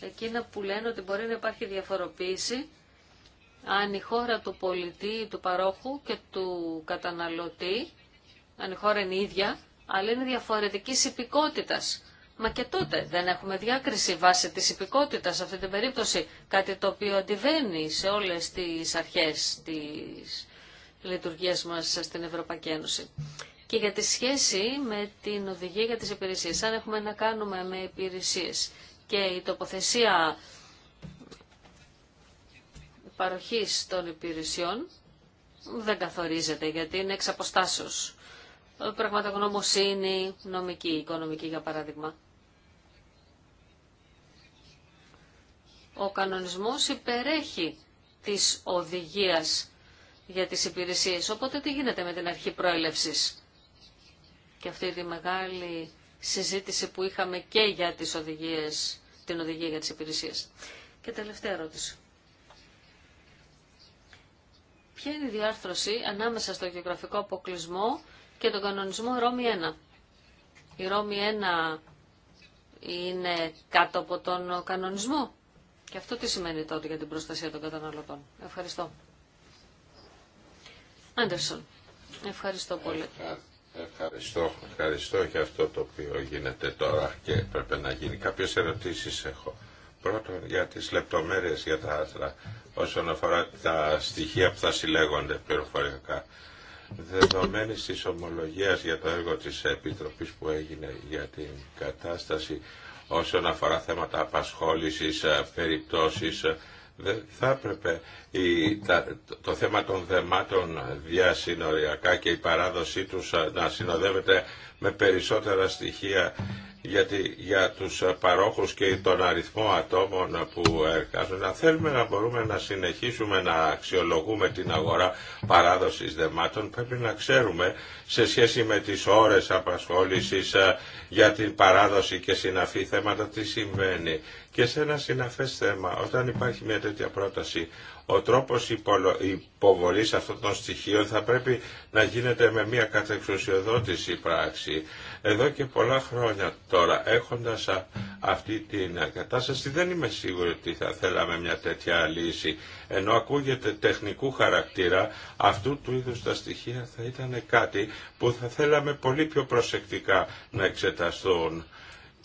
εκείνα που λένε ότι μπορεί να υπάρχει διαφοροποίηση αν η χώρα του πολιτή, του παρόχου και του καταναλωτή, αν η χώρα είναι ίδια, αλλά είναι διαφορετική υπηκότητας. Μα και τότε δεν έχουμε διάκριση βάσει της υπηκότητας σε αυτή την περίπτωση, κάτι το οποίο αντιβαίνει σε όλες τις αρχές της λειτουργίας μας στην Ευρωπαϊκή Ένωση. Και για τη σχέση με την οδηγία για τις υπηρεσίες, αν έχουμε να κάνουμε με υπηρεσίες και η τοποθεσία παροχής των υπηρεσιών δεν καθορίζεται γιατί είναι εξ αποστάσεως. Πραγματογνωμοσύνη, νομική, οικονομική για παράδειγμα. ο κανονισμός υπερέχει της οδηγίας για τις υπηρεσίες. Οπότε τι γίνεται με την αρχή προέλευσης. Και αυτή τη μεγάλη συζήτηση που είχαμε και για τις οδηγίες, την οδηγία για τις υπηρεσίες. Και τελευταία ερώτηση. Ποια είναι η διάρθρωση ανάμεσα στο γεωγραφικό αποκλεισμό και τον κανονισμό Ρώμη 1. Η Ρώμη 1 είναι κάτω από τον κανονισμό και αυτό τι σημαίνει τότε για την προστασία των καταναλωτών. Ευχαριστώ. Άντερσον, ευχαριστώ πολύ. Ε, ευχαριστώ, ευχαριστώ για αυτό το οποίο γίνεται τώρα και πρέπει να γίνει. Κάποιες ερωτήσεις έχω. Πρώτον για τις λεπτομέρειες για τα άρθρα όσον αφορά τα στοιχεία που θα συλλέγονται πληροφοριακά. Δεδομένης της ομολογίας για το έργο της Επιτροπής που έγινε για την κατάσταση όσον αφορά θέματα απασχόλησης, ε, περιπτώσεις. Ε, Δεν θα έπρεπε η, το θέμα των δεμάτων διασυνοριακά και η παράδοσή τους ε, να συνοδεύεται με περισσότερα στοιχεία γιατί για τους παρόχους και τον αριθμό ατόμων που εργάζονται. Θέλουμε να μπορούμε να συνεχίσουμε να αξιολογούμε την αγορά παράδοσης δεμάτων. Πρέπει να ξέρουμε σε σχέση με τις ώρες απασχόλησης ε, για την παράδοση και συναφή θέματα τι συμβαίνει. Και σε ένα συναφές θέμα, όταν υπάρχει μια τέτοια πρόταση, ο τρόπος υποβολής αυτών των στοιχείων θα πρέπει να γίνεται με μια κατεξουσιοδότηση πράξη. Εδώ και πολλά χρόνια τώρα έχοντας αυτή την κατάσταση δεν είμαι σίγουρη ότι θα θέλαμε μια τέτοια λύση. Ενώ ακούγεται τεχνικού χαρακτήρα αυτού του είδους τα στοιχεία θα ήταν κάτι που θα θέλαμε πολύ πιο προσεκτικά να εξεταστούν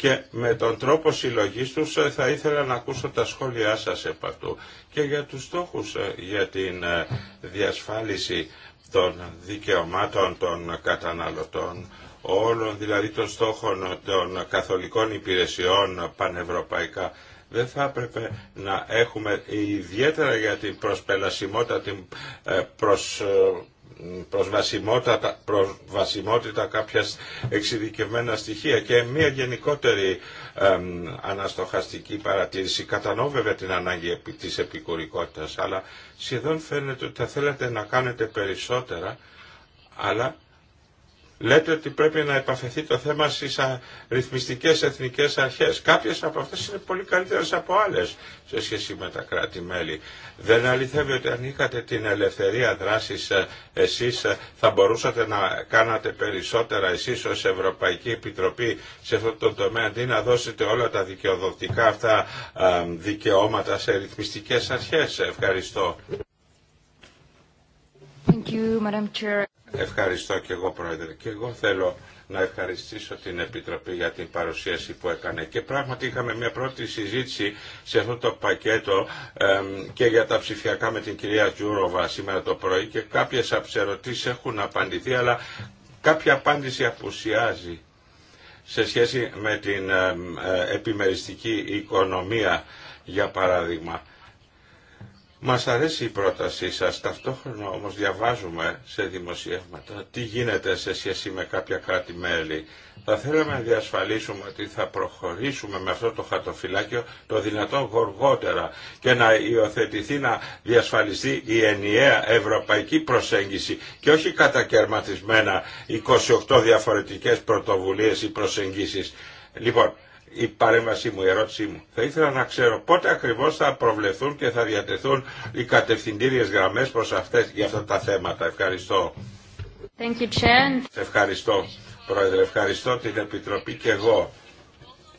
και με τον τρόπο συλλογής τους ε, θα ήθελα να ακούσω τα σχόλιά σας επ' αυτού και για τους στόχους ε, για την ε, διασφάλιση των δικαιωμάτων των καταναλωτών όλων δηλαδή των στόχων των καθολικών υπηρεσιών πανευρωπαϊκά δεν θα έπρεπε να έχουμε ιδιαίτερα για την προσπελασιμότητα την προς, προσβασιμότητα, κάποια κάποιας εξειδικευμένα στοιχεία και μια γενικότερη αναστοχαστική παρατήρηση. Κατανοώ βέβαια την ανάγκη της επικουρικότητας, αλλά σχεδόν φαίνεται ότι θα θέλετε να κάνετε περισσότερα, αλλά λέτε ότι πρέπει να επαφεθεί το θέμα στις ρυθμιστικές εθνικές αρχές. Κάποιες από αυτές είναι πολύ καλύτερες από άλλες σε σχέση με τα κράτη-μέλη. Δεν αληθεύει ότι αν είχατε την ελευθερία δράσης ε, εσεί ε, θα μπορούσατε να κάνατε περισσότερα εσείς ως Ευρωπαϊκή Επιτροπή σε αυτό το τομέα αντί να δώσετε όλα τα δικαιοδοτικά αυτά ε, δικαιώματα σε ρυθμιστικές αρχέ. Ευχαριστώ. Ευχαριστώ και εγώ, Πρόεδρε. Και εγώ θέλω να ευχαριστήσω την Επιτροπή για την παρουσίαση που έκανε. Και πράγματι είχαμε μια πρώτη συζήτηση σε αυτό το πακέτο και για τα ψηφιακά με την κυρία Τζούροβα σήμερα το πρωί και κάποιες αψερωτήσεις έχουν απαντηθεί, αλλά κάποια απάντηση απουσιάζει σε σχέση με την ε, επιμεριστική οικονομία, για παράδειγμα. Μας αρέσει η πρότασή σας, ταυτόχρονα όμως διαβάζουμε σε δημοσιεύματα τι γίνεται σε σχέση με κάποια κράτη-μέλη. Θα θέλαμε να διασφαλίσουμε ότι θα προχωρήσουμε με αυτό το χατοφυλάκιο το δυνατόν γοργότερα και να υιοθετηθεί, να διασφαλιστεί η ενιαία ευρωπαϊκή προσέγγιση και όχι κατακαιρματισμένα 28 διαφορετικές πρωτοβουλίες ή προσεγγίσεις. Λοιπόν, η παρέμβασή μου, η ερώτησή μου. Θα ήθελα να ξέρω πότε ακριβώς θα προβλεφθούν και θα διατεθούν οι κατευθυντήριε γραμμές προς αυτές, για αυτά τα θέματα. Ευχαριστώ. Ευχαριστώ, Πρόεδρε. Ευχαριστώ την Επιτροπή και εγώ,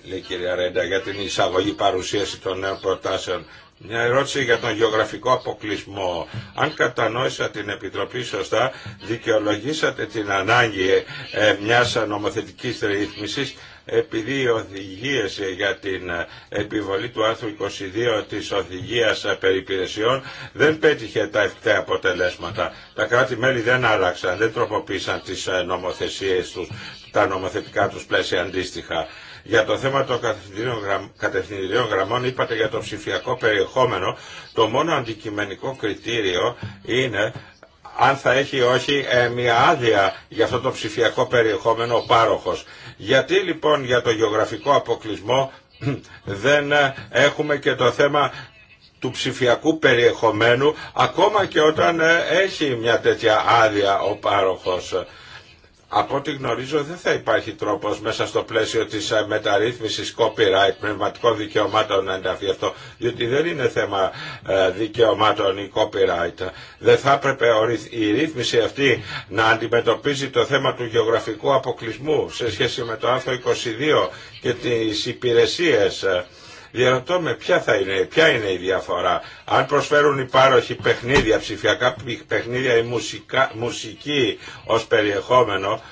λέει η κυρία Ρέντα, για την εισαγωγή παρουσίαση των νέων προτάσεων. Μια ερώτηση για τον γεωγραφικό αποκλεισμό. Αν κατανόησα την Επιτροπή σωστά, δικαιολογήσατε την ανάγκη ε, μιας νομοθετικής ρύθμισης επειδή οι οδηγίες για την επιβολή του άρθρου 22 της οδηγίας περιπηρεσιών δεν πέτυχε τα ευκαιρία αποτελέσματα. Τα κράτη-μέλη δεν άλλαξαν, δεν τροποποίησαν τις ε, νομοθεσίες τους, τα νομοθετικά τους πλαίσια αντίστοιχα. Για το θέμα των κατευθυντηριών γραμμών είπατε για το ψηφιακό περιεχόμενο. Το μόνο αντικειμενικό κριτήριο είναι αν θα έχει ή όχι ε, μια άδεια για αυτό το ψηφιακό περιεχόμενο ο πάροχος. Γιατί λοιπόν για το γεωγραφικό αποκλεισμό δεν ε, έχουμε και το θέμα του ψηφιακού περιεχομένου ακόμα και όταν ε, έχει μια τέτοια άδεια ο πάροχος. Από ό,τι γνωρίζω δεν θα υπάρχει τρόπος μέσα στο πλαίσιο της ε, μεταρρύθμισης copyright πνευματικών δικαιωμάτων να ενταφεί αυτό, διότι δεν είναι θέμα ε, δικαιωμάτων ή copyright. Δεν θα έπρεπε η ρύθμιση αυτή να αντιμετωπίζει το θέμα του γεωγραφικού αποκλεισμού σε σχέση με το άρθρο 22 και τις υπηρεσίες ε, Διαρωτώ με ποια, θα είναι, ποια είναι η διαφορά. Αν προσφέρουν οι παιχνίδια, ψηφιακά παιχνίδια ή μουσικά, μουσική ως περιεχόμενο,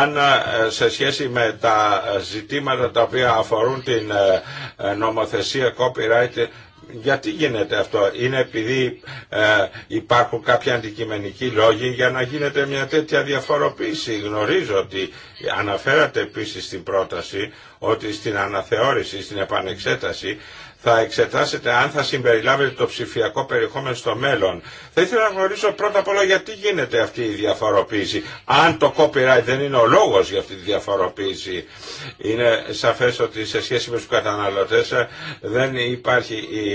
αν ε, σε σχέση με τα ε, ζητήματα τα οποία αφορούν την ε, νομοθεσία copyright γιατί γίνεται αυτό. Είναι επειδή ε, υπάρχουν κάποια αντικειμενικοί λόγοι για να γίνεται μια τέτοια διαφοροποίηση. Γνωρίζω ότι αναφέρατε επίσης στην πρόταση ότι στην αναθεώρηση, στην επανεξέταση θα εξετάσετε αν θα συμπεριλάβετε το ψηφιακό περιεχόμενο στο μέλλον. Θα ήθελα να γνωρίσω πρώτα απ' όλα γιατί γίνεται αυτή η διαφοροποίηση. Αν το copyright δεν είναι ο λόγος για αυτή τη διαφοροποίηση. Είναι σαφές ότι σε σχέση με τους καταναλωτές ε, δεν υπάρχει η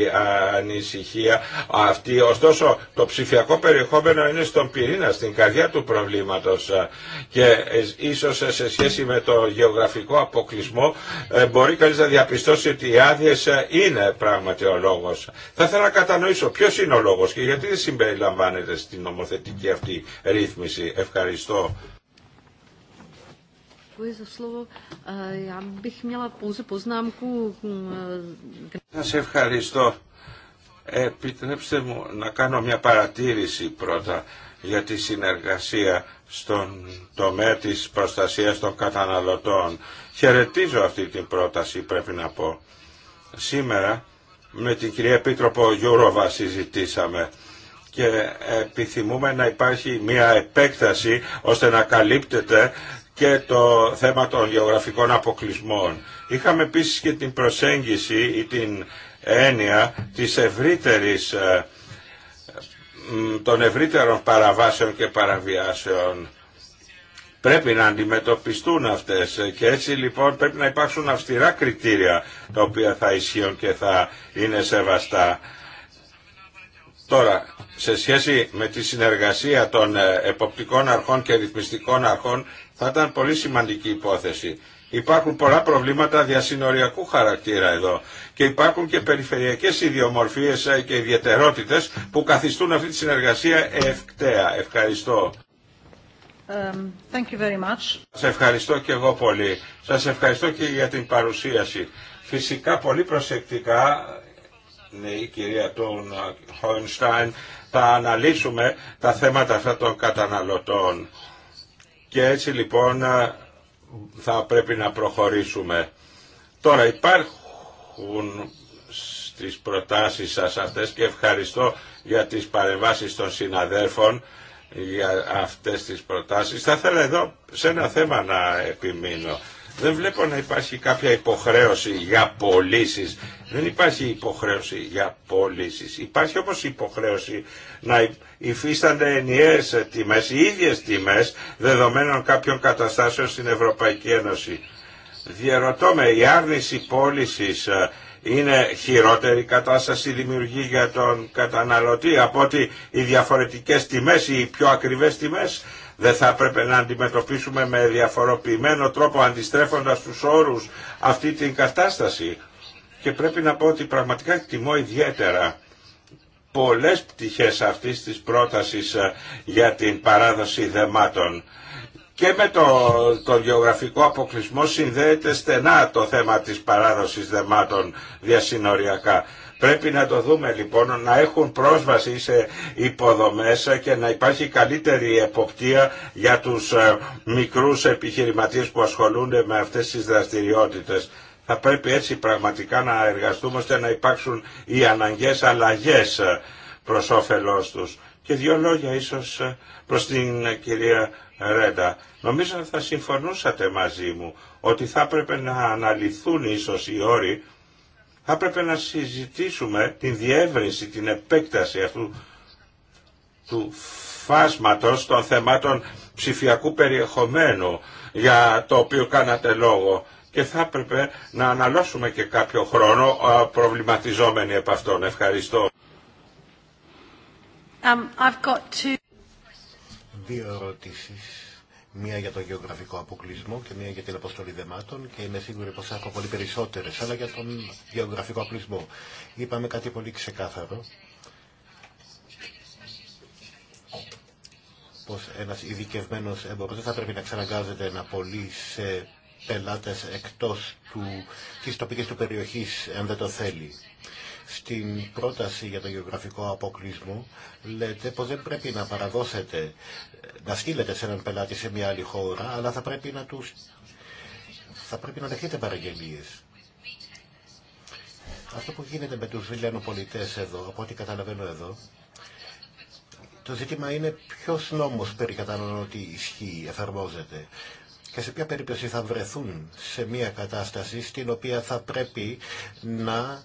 ανησυχία αυτή. Ωστόσο το ψηφιακό περιεχόμενο είναι στον πυρήνα, στην καρδιά του προβλήματος ε, και ίσως σε σχέση με το γεωγραφικό αποκλεισμό ε, μπορεί κανεί να διαπιστώσει ότι οι άδειε είναι πράγματι ο λόγο. Θα ήθελα να κατανοήσω Ποιο είναι ο λόγο και γιατί δεν συμπεριλαμβάνεται στην νομοθετική αυτή ρύθμιση. Ευχαριστώ. Eh, eh, Σας ευχαριστώ. Επιτρέψτε μου να κάνω μια παρατήρηση πρώτα για τη συνεργασία στον τομέα της προστασίας των καταναλωτών. Χαιρετίζω αυτή την πρόταση πρέπει να πω σήμερα με την κυρία Επίτροπο Γιούροβα συζητήσαμε και επιθυμούμε να υπάρχει μια επέκταση ώστε να καλύπτεται και το θέμα των γεωγραφικών αποκλεισμών. Είχαμε επίσης και την προσέγγιση ή την έννοια της ευρύτερης, ε, των ευρύτερων παραβάσεων και παραβιάσεων Πρέπει να αντιμετωπιστούν αυτές και έτσι λοιπόν πρέπει να υπάρξουν αυστηρά κριτήρια τα οποία θα ισχύουν και θα είναι σεβαστά. Τώρα, σε σχέση με τη συνεργασία των ε, εποπτικών αρχών και ρυθμιστικών αρχών θα ήταν πολύ σημαντική υπόθεση. Υπάρχουν πολλά προβλήματα διασυνοριακού χαρακτήρα εδώ και υπάρχουν και περιφερειακές ιδιομορφίες ε, και ιδιαιτερότητες που καθιστούν αυτή τη συνεργασία ευκταία. Ευχαριστώ. Um, thank Σας ευχαριστώ και εγώ πολύ. Σας ευχαριστώ και για την παρουσίαση. Φυσικά πολύ προσεκτικά, ναι, η κυρία Τούν Χόινστάιν, θα αναλύσουμε τα θέματα αυτά των καταναλωτών. Και έτσι λοιπόν θα πρέπει να προχωρήσουμε. Τώρα υπάρχουν στις προτάσεις σας αυτές και ευχαριστώ για τις παρεμβάσεις των συναδέλφων για αυτές τις προτάσεις. Θα ήθελα εδώ σε ένα θέμα να επιμείνω. Δεν βλέπω να υπάρχει κάποια υποχρέωση για πωλήσει. Δεν υπάρχει υποχρέωση για πωλήσει. Υπάρχει όμως υποχρέωση να υφίστανται ενιαίες τιμές, οι ίδιες τιμές δεδομένων κάποιων καταστάσεων στην Ευρωπαϊκή Ένωση. Διερωτώ με η άρνηση πώληση. Ε, είναι χειρότερη κατάσταση δημιουργεί για τον καταναλωτή από ότι οι διαφορετικές τιμές ή οι πιο ακριβές τιμές δεν θα έπρεπε να αντιμετωπίσουμε με διαφοροποιημένο τρόπο αντιστρέφοντας τους όρους αυτή την κατάσταση. Και πρέπει να πω ότι πραγματικά εκτιμώ ιδιαίτερα πολλές πτυχές αυτής της πρότασης ε, για την παράδοση δεμάτων και με το, το γεωγραφικό αποκλεισμό συνδέεται στενά το θέμα της παράδοσης δεμάτων διασυνοριακά. Πρέπει να το δούμε λοιπόν, να έχουν πρόσβαση σε υποδομές και να υπάρχει καλύτερη εποπτεία για τους ε, μικρούς επιχειρηματίες που ασχολούνται με αυτές τις δραστηριότητες. Θα πρέπει έτσι πραγματικά να εργαστούμε ώστε να υπάρξουν οι αναγκές αλλαγές ε, προς όφελός τους. Και δύο λόγια ίσως ε, προς την κυρία Ρέντα, νομίζω θα συμφωνούσατε μαζί μου ότι θα έπρεπε να αναλυθούν ίσως οι όροι, θα έπρεπε να συζητήσουμε την διεύρυνση, την επέκταση αυτού του φάσματος των θεμάτων ψηφιακού περιεχομένου για το οποίο κάνατε λόγο και θα έπρεπε να αναλώσουμε και κάποιο χρόνο προβληματιζόμενοι από αυτόν. Ευχαριστώ. Um, I've δύο ερωτήσεις. Μία για το γεωγραφικό αποκλεισμό και μία για την αποστολή δεμάτων και είμαι σίγουρη πως θα έχω πολύ περισσότερες, αλλά για τον γεωγραφικό αποκλεισμό. Είπαμε κάτι πολύ ξεκάθαρο, πως ένας ειδικευμένος έμπορος δεν θα πρέπει να ξαναγκάζεται να πωλεί σε πελάτες εκτός του, της τοπικής του περιοχής, αν δεν το θέλει. Στην πρόταση για το γεωγραφικό αποκλεισμό λέτε πως δεν πρέπει να παραδώσετε να στείλετε σε έναν πελάτη σε μια άλλη χώρα, αλλά θα πρέπει να τους... θα πρέπει να δεχτείτε παραγγελίες. Αυτό που γίνεται με τους πολιτές εδώ, από ό,τι καταλαβαίνω εδώ, το ζήτημα είναι ποιος νόμος περί ότι ισχύει, εφαρμόζεται και σε ποια περίπτωση θα βρεθούν σε μια κατάσταση στην οποία θα πρέπει να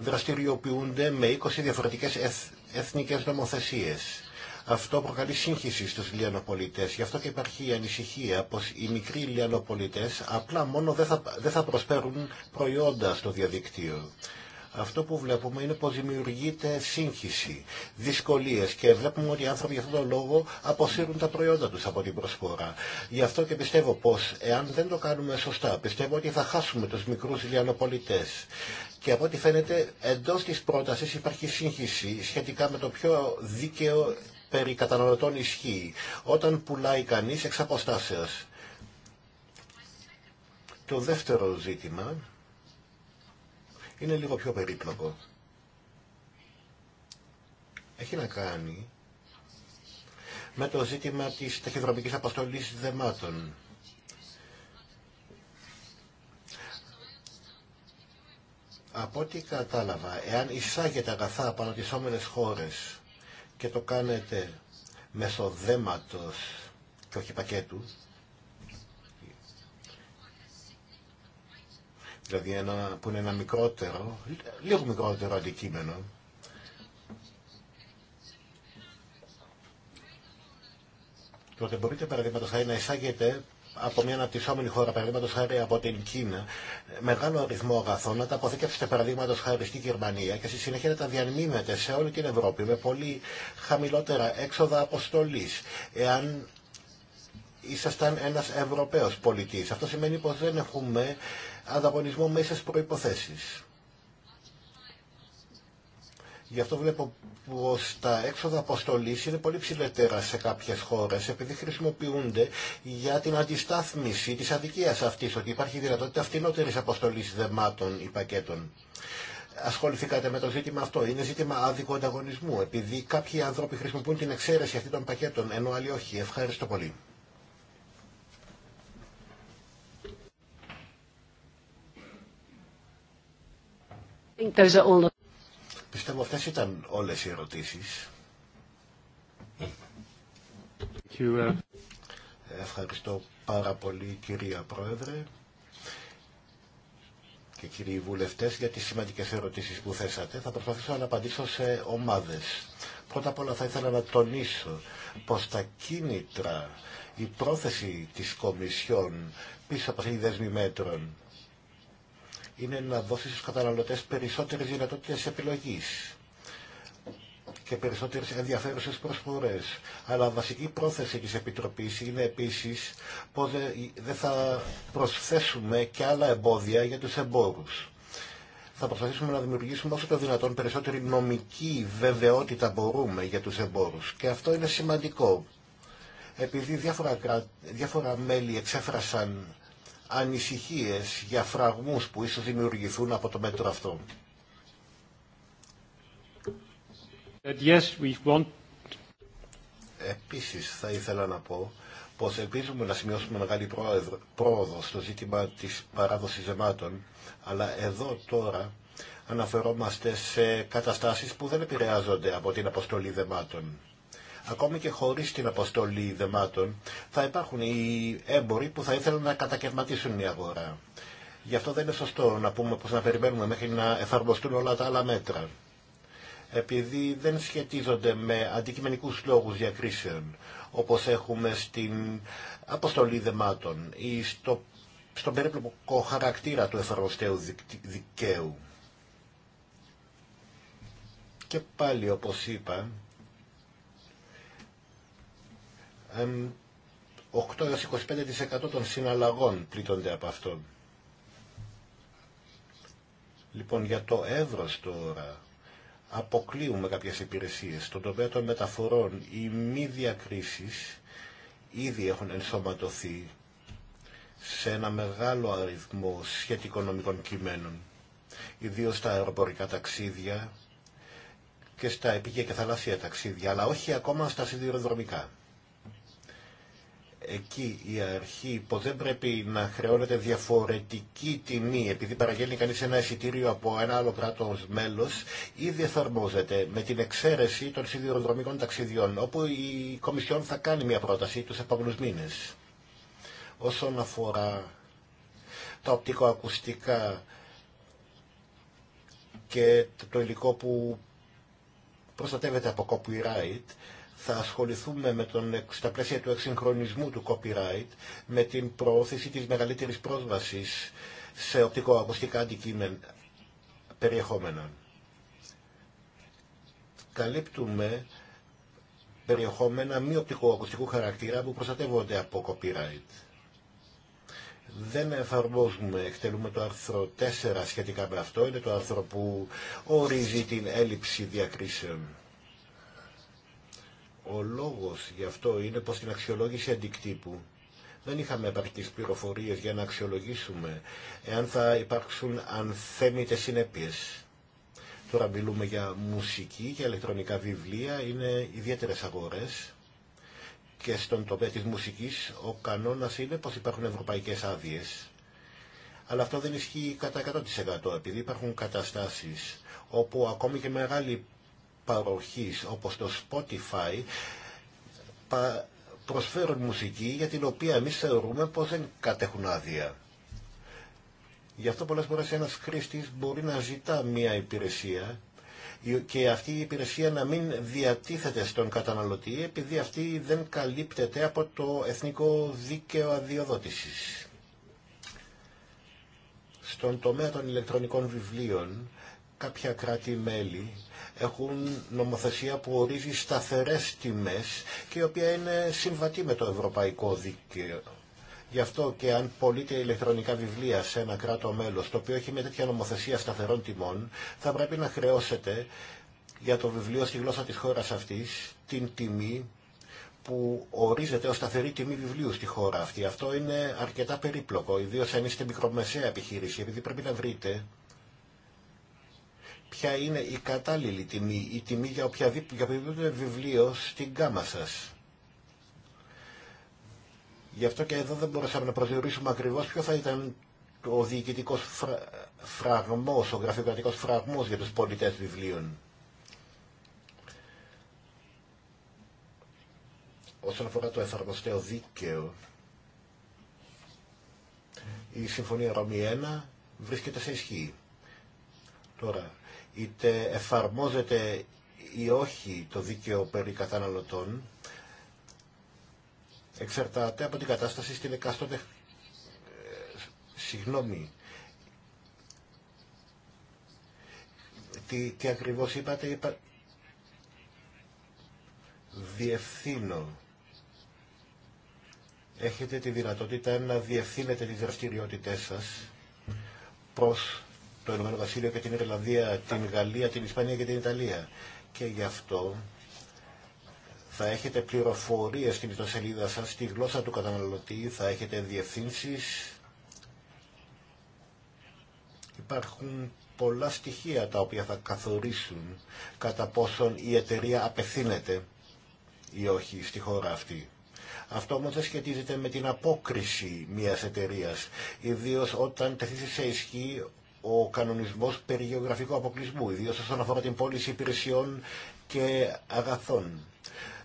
δραστηριοποιούνται με 20 διαφορετικές εθ, εθνικές νομοθεσίες. Αυτό προκαλεί σύγχυση στους λιανοπολιτές. Γι' αυτό και υπάρχει η ανησυχία πως οι μικροί λιανοπολιτές απλά μόνο δεν θα, δεν θα προσφέρουν προϊόντα στο διαδικτύο. Αυτό που βλέπουμε είναι πως δημιουργείται σύγχυση, δυσκολίες και βλέπουμε ότι οι άνθρωποι για αυτόν τον λόγο αποσύρουν τα προϊόντα τους από την προσφορά. Γι' αυτό και πιστεύω πως εάν δεν το κάνουμε σωστά, πιστεύω ότι θα χάσουμε τους μικρούς λιανοπολιτές. Και από ό,τι φαίνεται εντός της πρότασης υπάρχει σύγχυση σχετικά με το πιο δίκαιο περί καταναλωτών ισχύει. Όταν πουλάει κανείς εξ αποστάσεως. Το δεύτερο ζήτημα είναι λίγο πιο περίπλοκο. Έχει να κάνει με το ζήτημα της ταχυδρομικής αποστολής δεμάτων. Από ό,τι κατάλαβα, εάν εισάγεται αγαθά τις ομένες χώρες και το κάνετε μέσω δέματος και όχι πακέτου, δηλαδή ένα, που είναι ένα μικρότερο, λίγο μικρότερο αντικείμενο, τότε μπορείτε παραδείγματο χάρη να εισάγετε από μια αναπτυσσόμενη χώρα, παραδείγματο χάρη από την Κίνα, μεγάλο αριθμό αγαθών, να τα αποθηκεύσετε παραδείγματο χάρη στη Γερμανία και στη συνέχεια να τα διανύμετε σε όλη την Ευρώπη με πολύ χαμηλότερα έξοδα αποστολή. Εάν ήσασταν ένας Ευρωπαίος πολιτή. Αυτό σημαίνει πως δεν έχουμε ανταγωνισμό μέσα στι προποθέσει. Γι' αυτό βλέπω πως τα έξοδα αποστολή είναι πολύ ψηλότερα σε κάποιες χώρες επειδή χρησιμοποιούνται για την αντιστάθμιση της αδικίας αυτής ότι υπάρχει δυνατότητα φτηνότερης αποστολή δεμάτων ή πακέτων. Ασχοληθήκατε με το ζήτημα αυτό. Είναι ζήτημα άδικου ανταγωνισμού επειδή κάποιοι άνθρωποι χρησιμοποιούν την εξαίρεση αυτή των πακέτων ενώ άλλοι όχι. Ευχαριστώ πολύ. those are all... Πιστεύω αυτές ήταν όλες οι ερωτήσεις. Uh, Ευχαριστώ πάρα πολύ κυρία Πρόεδρε και κύριοι βουλευτές για τις σημαντικές ερωτήσεις που θέσατε. Θα προσπαθήσω να απαντήσω σε ομάδες. Πρώτα απ' όλα θα ήθελα να τονίσω πως τα κίνητρα, η πρόθεση της Κομισιόν πίσω από τη δέσμη μέτρων είναι να δώσει στους καταναλωτές περισσότερες δυνατότητες επιλογής και περισσότερες ενδιαφέρουσες προσφορές. Αλλά βασική πρόθεση της Επιτροπής είναι επίσης πως δεν θα προσθέσουμε και άλλα εμπόδια για τους εμπόρους. Θα προσπαθήσουμε να δημιουργήσουμε όσο το δυνατόν περισσότερη νομική βεβαιότητα μπορούμε για τους εμπόρους. Και αυτό είναι σημαντικό. Επειδή διάφορα, διάφορα μέλη εξέφρασαν ανησυχίες για φραγμούς που ίσως δημιουργηθούν από το μέτρο αυτό. Yes, Επίσης θα ήθελα να πω πως ελπίζουμε να σημειώσουμε μεγάλη πρόοδο στο ζήτημα της παράδοσης ζεμάτων, αλλά εδώ τώρα αναφερόμαστε σε καταστάσεις που δεν επηρεάζονται από την αποστολή δεμάτων. Ακόμη και χωρί την αποστολή δεμάτων, θα υπάρχουν οι έμποροι που θα ήθελαν να κατακαιρματίσουν η αγορά. Γι' αυτό δεν είναι σωστό να πούμε πως να περιμένουμε μέχρι να εφαρμοστούν όλα τα άλλα μέτρα. Επειδή δεν σχετίζονται με αντικειμενικούς λόγους διακρίσεων, όπως έχουμε στην αποστολή δεμάτων ή στον περίπλοκο χαρακτήρα του εφαρμοστέου δικαίου. Και πάλι όπως είπα, 8 25% των συναλλαγών πλήττονται από αυτόν. Λοιπόν, για το εύρος τώρα, αποκλείουμε κάποιες υπηρεσίες. Στον τομέα των μεταφορών, οι μη διακρίσεις ήδη έχουν ενσωματωθεί σε ένα μεγάλο αριθμό σχετικονομικών κειμένων, ιδίως στα αεροπορικά ταξίδια και στα επίγεια και θαλάσσια ταξίδια, αλλά όχι ακόμα στα σιδηροδρομικά εκεί η αρχή που δεν πρέπει να χρεώνεται διαφορετική τιμή επειδή παραγγέλνει κανείς ένα εισιτήριο από ένα άλλο κράτο μέλος ήδη εφαρμόζεται με την εξαίρεση των σιδηροδρομικών ταξιδιών όπου η Κομισιόν θα κάνει μια πρόταση του επόμενου μήνε. Όσον αφορά τα οπτικοακουστικά και το υλικό που προστατεύεται από copyright θα ασχοληθούμε με τον, στα πλαίσια του εξυγχρονισμού του copyright με την προώθηση της μεγαλύτερης πρόσβασης σε ακουστικά αντικείμενα περιεχόμενα. Καλύπτουμε περιεχόμενα μη οπτικο-ακουστικού χαρακτήρα που προστατεύονται από copyright. Δεν εφαρμόζουμε, εκτελούμε το άρθρο 4 σχετικά με αυτό, είναι το άρθρο που ορίζει την έλλειψη διακρίσεων. Ο λόγος γι' αυτό είναι πως την αξιολόγηση αντικτύπου δεν είχαμε επαρκείς πληροφορίες για να αξιολογήσουμε εάν θα υπάρξουν ανθέμητες συνέπειες. Τώρα μιλούμε για μουσική και ηλεκτρονικά βιβλία, είναι ιδιαίτερες αγορές και στον τομέα της μουσικής ο κανόνας είναι πως υπάρχουν ευρωπαϊκές άδειες. Αλλά αυτό δεν ισχύει κατά 100% επειδή υπάρχουν καταστάσεις όπου ακόμη και μεγάλοι παροχής όπως το Spotify προσφέρουν μουσική για την οποία εμείς θεωρούμε πως δεν κατέχουν άδεια. Γι' αυτό πολλές φορές ένας χρήστης μπορεί να ζητά μια υπηρεσία και αυτή η υπηρεσία να μην διατίθεται στον καταναλωτή επειδή αυτή δεν καλύπτεται από το Εθνικό Δίκαιο Αδειοδότησης. Στον τομέα των ηλεκτρονικών βιβλίων κάποια κράτη-μέλη έχουν νομοθεσία που ορίζει σταθερές τιμές και η οποία είναι συμβατή με το ευρωπαϊκό δίκαιο. Γι' αυτό και αν πωλείται ηλεκτρονικά βιβλία σε ένα κράτο μέλος το οποίο έχει με τέτοια νομοθεσία σταθερών τιμών θα πρέπει να χρεώσετε για το βιβλίο στη γλώσσα της χώρας αυτής την τιμή που ορίζεται ως σταθερή τιμή βιβλίου στη χώρα αυτή. Αυτό είναι αρκετά περίπλοκο, ιδίως αν είστε μικρομεσαία επιχείρηση, επειδή πρέπει να βρείτε ποια είναι η κατάλληλη τιμή, η τιμή για οποιαδήποτε βιβλίο στην κάμα σας. Γι' αυτό και εδώ δεν μπορούσαμε να προσδιορίσουμε ακριβώς ποιο θα ήταν ο διοικητικός φρα... φραγμός, ο γραφειοκρατικός φραγμός για τους πολιτές βιβλίων. Όσον αφορά το εφαρμοστέο δίκαιο, η Συμφωνία Ρωμή 1 βρίσκεται σε ισχύ. Τώρα, είτε εφαρμόζεται ή όχι το δίκαιο περί καταναλωτών, εξαρτάται από την κατάσταση στην εκάστοτε ε, συγγνώμη. Τι, τι ακριβώς είπατε, είπα... Διευθύνω. Έχετε τη δυνατότητα να διευθύνετε τις δραστηριότητές σας προς το Ηνωμένο Βασίλειο και την Ιρλανδία, την Γαλλία, την Ισπανία και την Ιταλία. Και γι' αυτό θα έχετε πληροφορίες στην ιστοσελίδα σας, στη γλώσσα του καταναλωτή, θα έχετε διευθύνσεις. Υπάρχουν πολλά στοιχεία τα οποία θα καθορίσουν κατά πόσον η εταιρεία απευθύνεται ή όχι στη χώρα αυτή. Αυτό όμως δεν σχετίζεται με την απόκριση μιας εταιρείας, ιδίως όταν τεθεί σε ισχύ ο κανονισμός περί γεωγραφικού αποκλεισμού, ιδίως όσον αφορά την πώληση υπηρεσιών και αγαθών.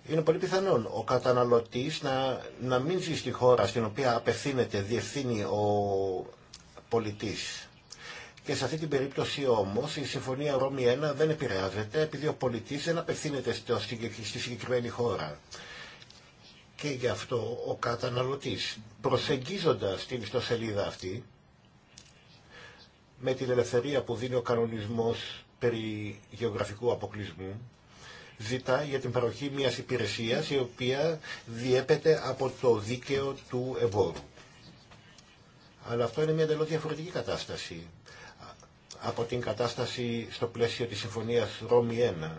Είναι πολύ πιθανόν ο καταναλωτής να, να μην ζει στη χώρα στην οποία απευθύνεται, διευθύνει ο πολιτής. Και σε αυτή την περίπτωση όμως η Συμφωνία Ρώμη 1 δεν επηρεάζεται επειδή ο πολιτής δεν απευθύνεται στο, στη συγκεκριμένη χώρα. Και γι' αυτό ο καταναλωτής προσεγγίζοντας την ιστοσελίδα αυτή με την ελευθερία που δίνει ο κανονισμός περί γεωγραφικού αποκλεισμού, ζητά για την παροχή μιας υπηρεσίας η οποία διέπεται από το δίκαιο του εμπόρου. Αλλά αυτό είναι μια εντελώς διαφορετική κατάσταση από την κατάσταση στο πλαίσιο της Συμφωνίας Ρώμη 1.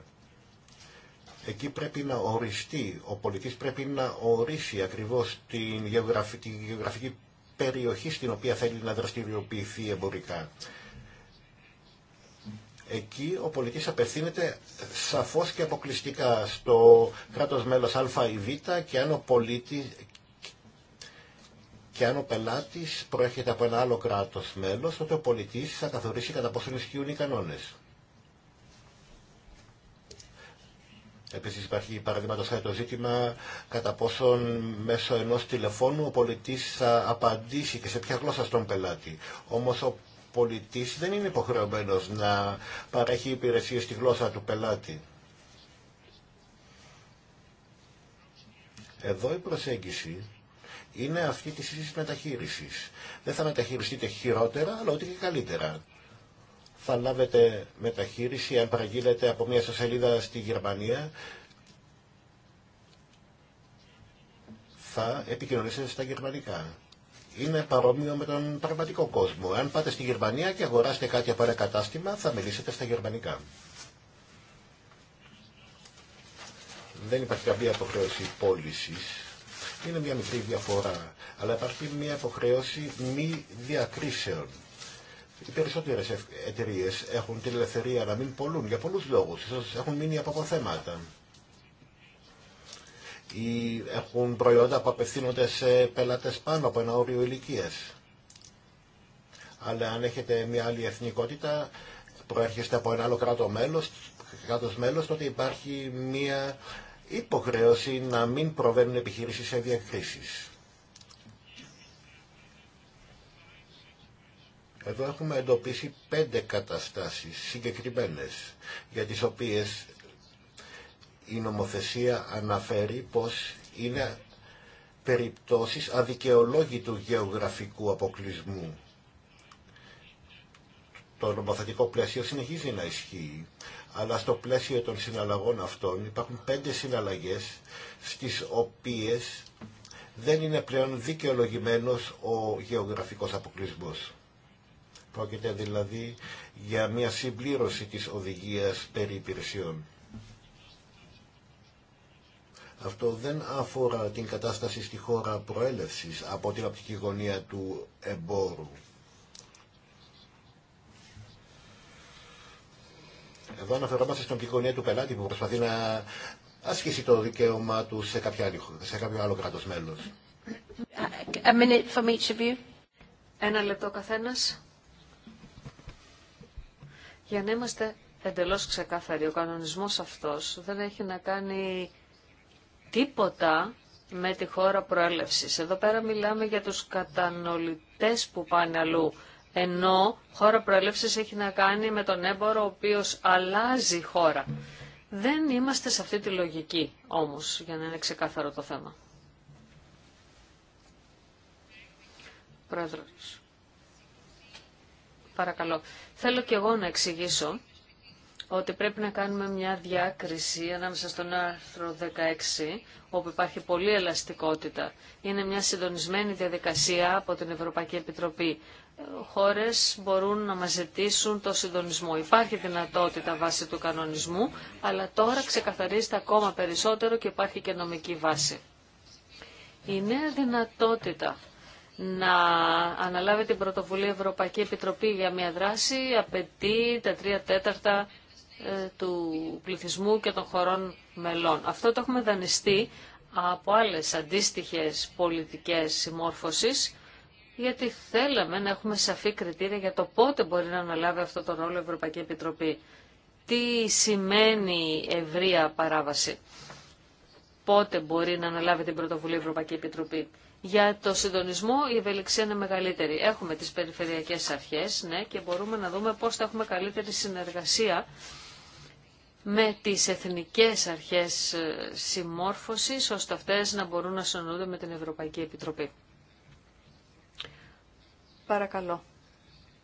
Εκεί πρέπει να οριστεί, ο πολιτής πρέπει να ορίσει ακριβώς την γεωγραφική, γεωγραφική περιοχή στην οποία θέλει να δραστηριοποιηθεί εμπορικά. Εκεί ο πολιτής απευθύνεται σαφώς και αποκλειστικά στο κράτος μέλος Α ή Β και αν ο πολίτης και αν ο πελάτης προέρχεται από ένα άλλο κράτος μέλος, τότε ο πολιτής θα καθορίσει κατά πόσο ισχύουν οι κανόνες. Επίση υπάρχει παραδείγματο χάρη το ζήτημα κατά πόσον μέσω ενός τηλεφώνου ο πολιτή θα απαντήσει και σε ποια γλώσσα στον πελάτη. Όμω ο πολιτή δεν είναι υποχρεωμένο να παρέχει υπηρεσίες στη γλώσσα του πελάτη. Εδώ η προσέγγιση είναι αυτή τη μεταχείρισης. Δεν θα μεταχειριστείτε χειρότερα, αλλά ούτε και καλύτερα θα λάβετε μεταχείριση αν παραγγείλετε από μια σελίδα στη Γερμανία θα επικοινωνήσετε στα γερμανικά. Είναι παρόμοιο με τον πραγματικό κόσμο. Αν πάτε στη Γερμανία και αγοράσετε κάτι από ένα κατάστημα θα μιλήσετε στα γερμανικά. Δεν υπάρχει καμία αποχρέωση πώληση. Είναι μια μικρή διαφορά. Αλλά υπάρχει μια αποχρέωση μη διακρίσεων οι περισσότερε εταιρείε έχουν την ελευθερία να μην πολλούν για πολλού λόγου. σω έχουν μείνει από αποθέματα ή έχουν προϊόντα που απευθύνονται σε πελάτε πάνω από ένα όριο ηλικία. Αλλά αν έχετε μια άλλη εθνικότητα, προέρχεστε από ένα άλλο κράτο μέλος, κράτος μέλος, τότε υπάρχει μια υποχρέωση να μην προβαίνουν επιχειρήσεις σε διακρίσεις. Εδώ έχουμε εντοπίσει πέντε καταστάσεις συγκεκριμένες για τις οποίες η νομοθεσία αναφέρει πως είναι περιπτώσεις αδικαιολόγητου γεωγραφικού αποκλεισμού. Το νομοθετικό πλαίσιο συνεχίζει να ισχύει, αλλά στο πλαίσιο των συναλλαγών αυτών υπάρχουν πέντε συναλλαγές στις οποίες δεν είναι πλέον δικαιολογημένος ο γεωγραφικός αποκλεισμός. Πρόκειται δηλαδή για μια συμπλήρωση της οδηγίας περί υπηρεσιών. Αυτό δεν αφορά την κατάσταση στη χώρα προέλευσης από την οπτική γωνία του εμπόρου. Εδώ αναφερόμαστε στην οπτική γωνία του πελάτη που προσπαθεί να ασκήσει το δικαίωμά του σε, σε κάποιο άλλο κράτος μέλος. Ένα λεπτό καθένας. Για να είμαστε εντελώς ξεκάθαροι, ο κανονισμός αυτός δεν έχει να κάνει τίποτα με τη χώρα προέλευσης. Εδώ πέρα μιλάμε για τους κατανολητές που πάνε αλλού, ενώ χώρα προέλευσης έχει να κάνει με τον έμπορο ο οποίος αλλάζει χώρα. Δεν είμαστε σε αυτή τη λογική όμως, για να είναι ξεκάθαρο το θέμα. Πρόεδρος παρακαλώ. Θέλω και εγώ να εξηγήσω ότι πρέπει να κάνουμε μια διάκριση ανάμεσα στον άρθρο 16, όπου υπάρχει πολλή ελαστικότητα. Είναι μια συντονισμένη διαδικασία από την Ευρωπαϊκή Επιτροπή. Χώρες μπορούν να μας ζητήσουν το συντονισμό. Υπάρχει δυνατότητα βάση του κανονισμού, αλλά τώρα ξεκαθαρίζεται ακόμα περισσότερο και υπάρχει και νομική βάση. Η νέα δυνατότητα να αναλάβει την πρωτοβουλία Ευρωπαϊκή Επιτροπή για μια δράση απαιτεί τα τρία τέταρτα ε, του πληθυσμού και των χωρών μελών. Αυτό το έχουμε δανειστεί από άλλες αντίστοιχες πολιτικές συμμόρφωσης γιατί θέλαμε να έχουμε σαφή κριτήρια για το πότε μπορεί να αναλάβει αυτό τον ρόλο η Ευρωπαϊκή Επιτροπή. Τι σημαίνει ευρεία παράβαση. Πότε μπορεί να αναλάβει την πρωτοβουλία Ευρωπαϊκή Επιτροπή. Για το συντονισμό η ευελιξία είναι μεγαλύτερη. Έχουμε τις περιφερειακές αρχές ναι, και μπορούμε να δούμε πώς θα έχουμε καλύτερη συνεργασία με τις εθνικές αρχές ε, συμμόρφωσης, ώστε αυτές να μπορούν να συνονούνται με την Ευρωπαϊκή Επιτροπή. Παρακαλώ,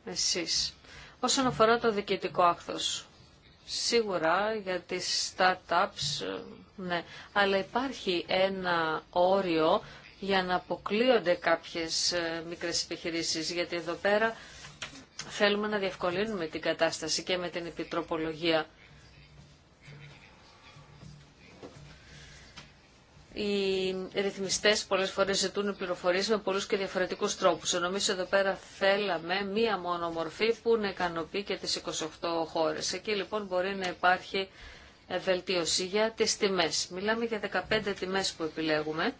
εσείς. Όσον αφορά το διοικητικό άκθος, σίγουρα για τις startups, ε, ναι, αλλά υπάρχει ένα όριο για να αποκλείονται κάποιες ε, μικρές επιχειρήσεις, γιατί εδώ πέρα θέλουμε να διευκολύνουμε την κατάσταση και με την επιτροπολογία. Οι ρυθμιστές πολλές φορές ζητούν πληροφορίες με πολλούς και διαφορετικούς τρόπους. Ε, νομίζω εδώ πέρα θέλαμε μία μόνο μορφή που να ικανοποιεί και τις 28 χώρες. Εκεί λοιπόν μπορεί να υπάρχει ε, βελτίωση για τις τιμές. Μιλάμε για 15 τιμές που επιλέγουμε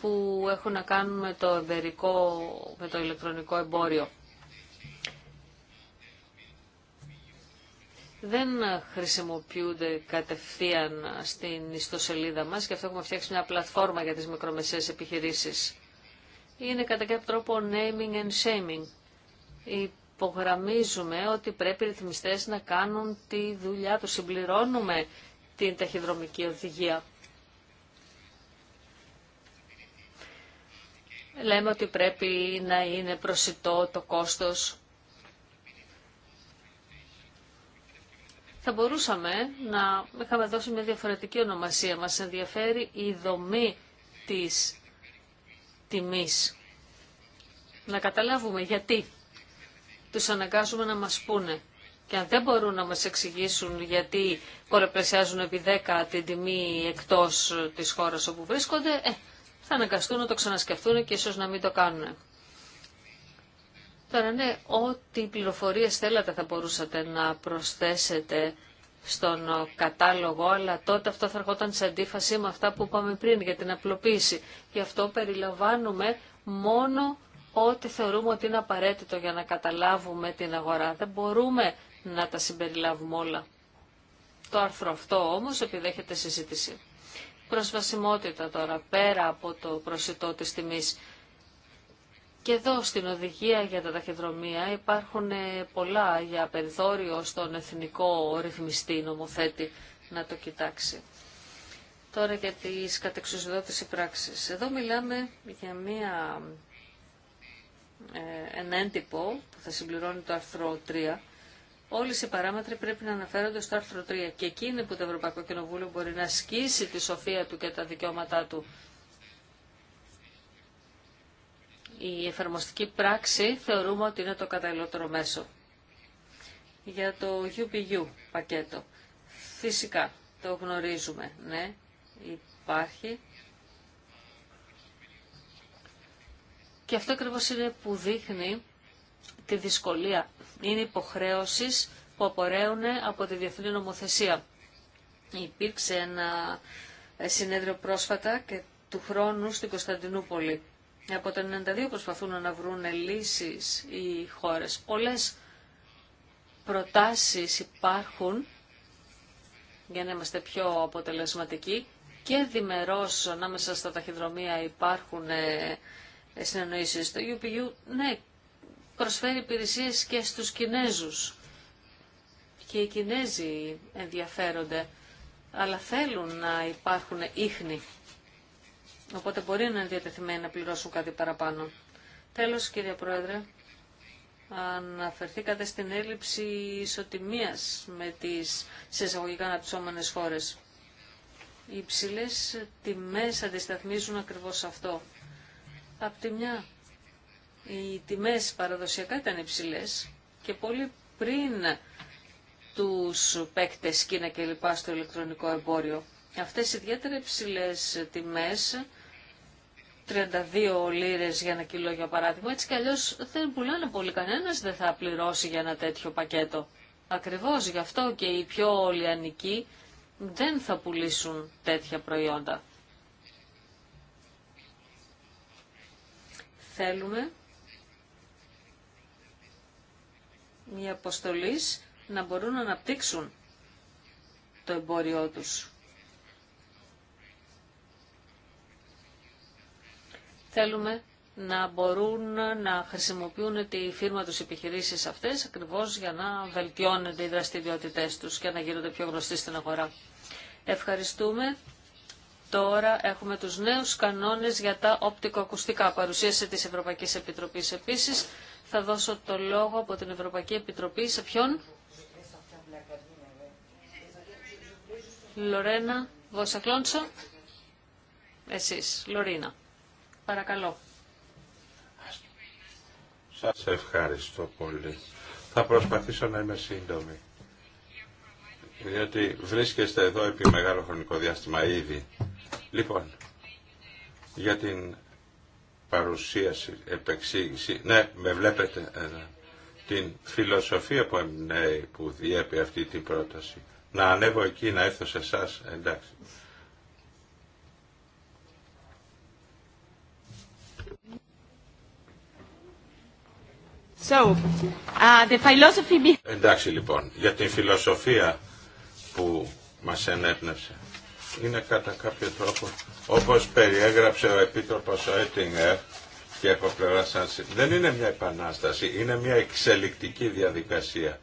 που έχουν να κάνουν με το εμπερικό, με το ηλεκτρονικό εμπόριο. δεν χρησιμοποιούνται κατευθείαν στην ιστοσελίδα μας και αυτό έχουμε φτιάξει μια πλατφόρμα για τις μικρομεσαίες επιχειρήσεις. Είναι κατά κάποιο τρόπο naming and shaming. Υπογραμμίζουμε ότι πρέπει οι ρυθμιστές να κάνουν τη δουλειά του. Συμπληρώνουμε την ταχυδρομική οδηγία. λέμε ότι πρέπει να είναι προσιτό το κόστος. Θα μπορούσαμε να είχαμε δώσει μια διαφορετική ονομασία. Μας ενδιαφέρει η δομή της τιμής. Να καταλάβουμε γιατί τους αναγκάζουμε να μας πούνε. Και αν δεν μπορούν να μας εξηγήσουν γιατί πολλαπλασιάζουν επί 10 την τιμή εκτός της χώρας όπου βρίσκονται, ε, θα αναγκαστούν να το ξανασκεφτούν και ίσως να μην το κάνουν. Τώρα ναι, ό,τι πληροφορίες θέλατε θα μπορούσατε να προσθέσετε στον κατάλογο, αλλά τότε αυτό θα ερχόταν σε αντίφαση με αυτά που είπαμε πριν για την απλοποίηση. Γι' αυτό περιλαμβάνουμε μόνο ό,τι θεωρούμε ότι είναι απαραίτητο για να καταλάβουμε την αγορά. Δεν μπορούμε να τα συμπεριλάβουμε όλα. Το άρθρο αυτό όμως επιδέχεται συζήτηση προσβασιμότητα τώρα, πέρα από το προσιτό της τιμής. Και εδώ στην οδηγία για τα ταχυδρομεία υπάρχουν ε, πολλά για περιθώριο στον εθνικό ρυθμιστή νομοθέτη να το κοιτάξει. Τώρα για τις κατεξουσιοδότηση πράξεις. Εδώ μιλάμε για μία, ε, ένα έντυπο που θα συμπληρώνει το άρθρο 3 όλες οι παράμετροι πρέπει να αναφέρονται στο άρθρο 3 και εκεί είναι που το Ευρωπαϊκό Κοινοβούλιο μπορεί να ασκήσει τη σοφία του και τα δικαιώματά του. Η εφαρμοστική πράξη θεωρούμε ότι είναι το καταλληλότερο μέσο. Για το UPU πακέτο. Φυσικά, το γνωρίζουμε, ναι, υπάρχει. Και αυτό ακριβώ είναι που δείχνει τη δυσκολία. Είναι υποχρέωση που απορρέουν από τη διεθνή νομοθεσία. Υπήρξε ένα ε, συνέδριο πρόσφατα και του χρόνου στην Κωνσταντινούπολη. Από το 92 προσπαθούν να βρουν λύσεις οι χώρες. Πολλές προτάσεις υπάρχουν για να είμαστε πιο αποτελεσματικοί και διμερώς ανάμεσα στα ταχυδρομεία υπάρχουν ε, συνεννοήσεις στο UPU. Ναι, προσφέρει υπηρεσίες και στους Κινέζους. Και οι Κινέζοι ενδιαφέρονται, αλλά θέλουν να υπάρχουν ίχνη. Οπότε μπορεί να είναι διατεθειμένοι να πληρώσουν κάτι παραπάνω. Τέλος, κύριε Πρόεδρε, αναφερθήκατε στην έλλειψη ισοτιμίας με τις εισαγωγικά αναπτυσσόμενες χώρες. Οι υψηλές τιμές αντισταθμίζουν ακριβώς αυτό. Απ' τη μια οι τιμές παραδοσιακά ήταν υψηλές και πολύ πριν τους παίκτες Κίνα και λοιπά στο ηλεκτρονικό εμπόριο. Αυτές οι ιδιαίτερα υψηλές τιμές, 32 λίρες για ένα κιλό για παράδειγμα, έτσι κι αλλιώς δεν πουλάνε πολύ κανένας, δεν θα πληρώσει για ένα τέτοιο πακέτο. Ακριβώς γι' αυτό και οι πιο ολιανικοί δεν θα πουλήσουν τέτοια προϊόντα. Θέλουμε μια αποστολή να μπορούν να αναπτύξουν το εμπόριό τους. Θέλουμε να μπορούν να χρησιμοποιούν τη φύρμα τους επιχειρήσεις αυτές ακριβώς για να βελτιώνεται οι δραστηριότητές τους και να γίνονται πιο γνωστοί στην αγορά. Ευχαριστούμε. Τώρα έχουμε τους νέους κανόνες για τα οπτικοακουστικά. Παρουσίαση της Ευρωπαϊκής Επιτροπής επίσης θα δώσω το λόγο από την Ευρωπαϊκή Επιτροπή. Σε ποιον? Λορένα Βοσακλόντσο. Εσείς, Λορίνα. Παρακαλώ. Σας ευχαριστώ πολύ. Θα προσπαθήσω να είμαι σύντομη. Διότι βρίσκεστε εδώ επί μεγάλο χρονικό διάστημα ήδη. Λοιπόν, για την παρουσίαση, επεξήγηση. Ναι, με βλέπετε εδώ. Την φιλοσοφία που εμπνέει, που διέπει αυτή την πρόταση. Να ανέβω εκεί, να έρθω σε εσά, εντάξει. So, uh, the philosophy... Εντάξει λοιπόν, για την φιλοσοφία που μας ενέπνευσε είναι κατά κάποιο τρόπο όπως περιέγραψε ο Επίτροπος Έτινγκερ και από πλευρά δεν είναι μια επανάσταση, είναι μια εξελικτική διαδικασία.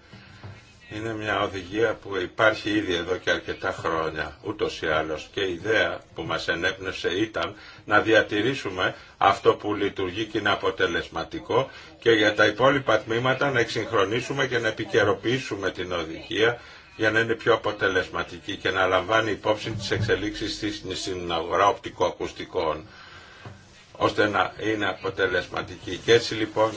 Είναι μια οδηγία που υπάρχει ήδη εδώ και αρκετά χρόνια, ούτω ή άλλω. Και η ιδέα που μα ενέπνευσε ήταν να διατηρήσουμε αυτό που λειτουργεί και είναι αποτελεσματικό και για τα υπόλοιπα τμήματα να εξυγχρονίσουμε και να επικαιροποιήσουμε την οδηγία για να είναι πιο αποτελεσματική και να λαμβάνει υπόψη τις εξελίξεις στην αγορά οπτικοακουστικών ώστε να είναι αποτελεσματική. Και έτσι λοιπόν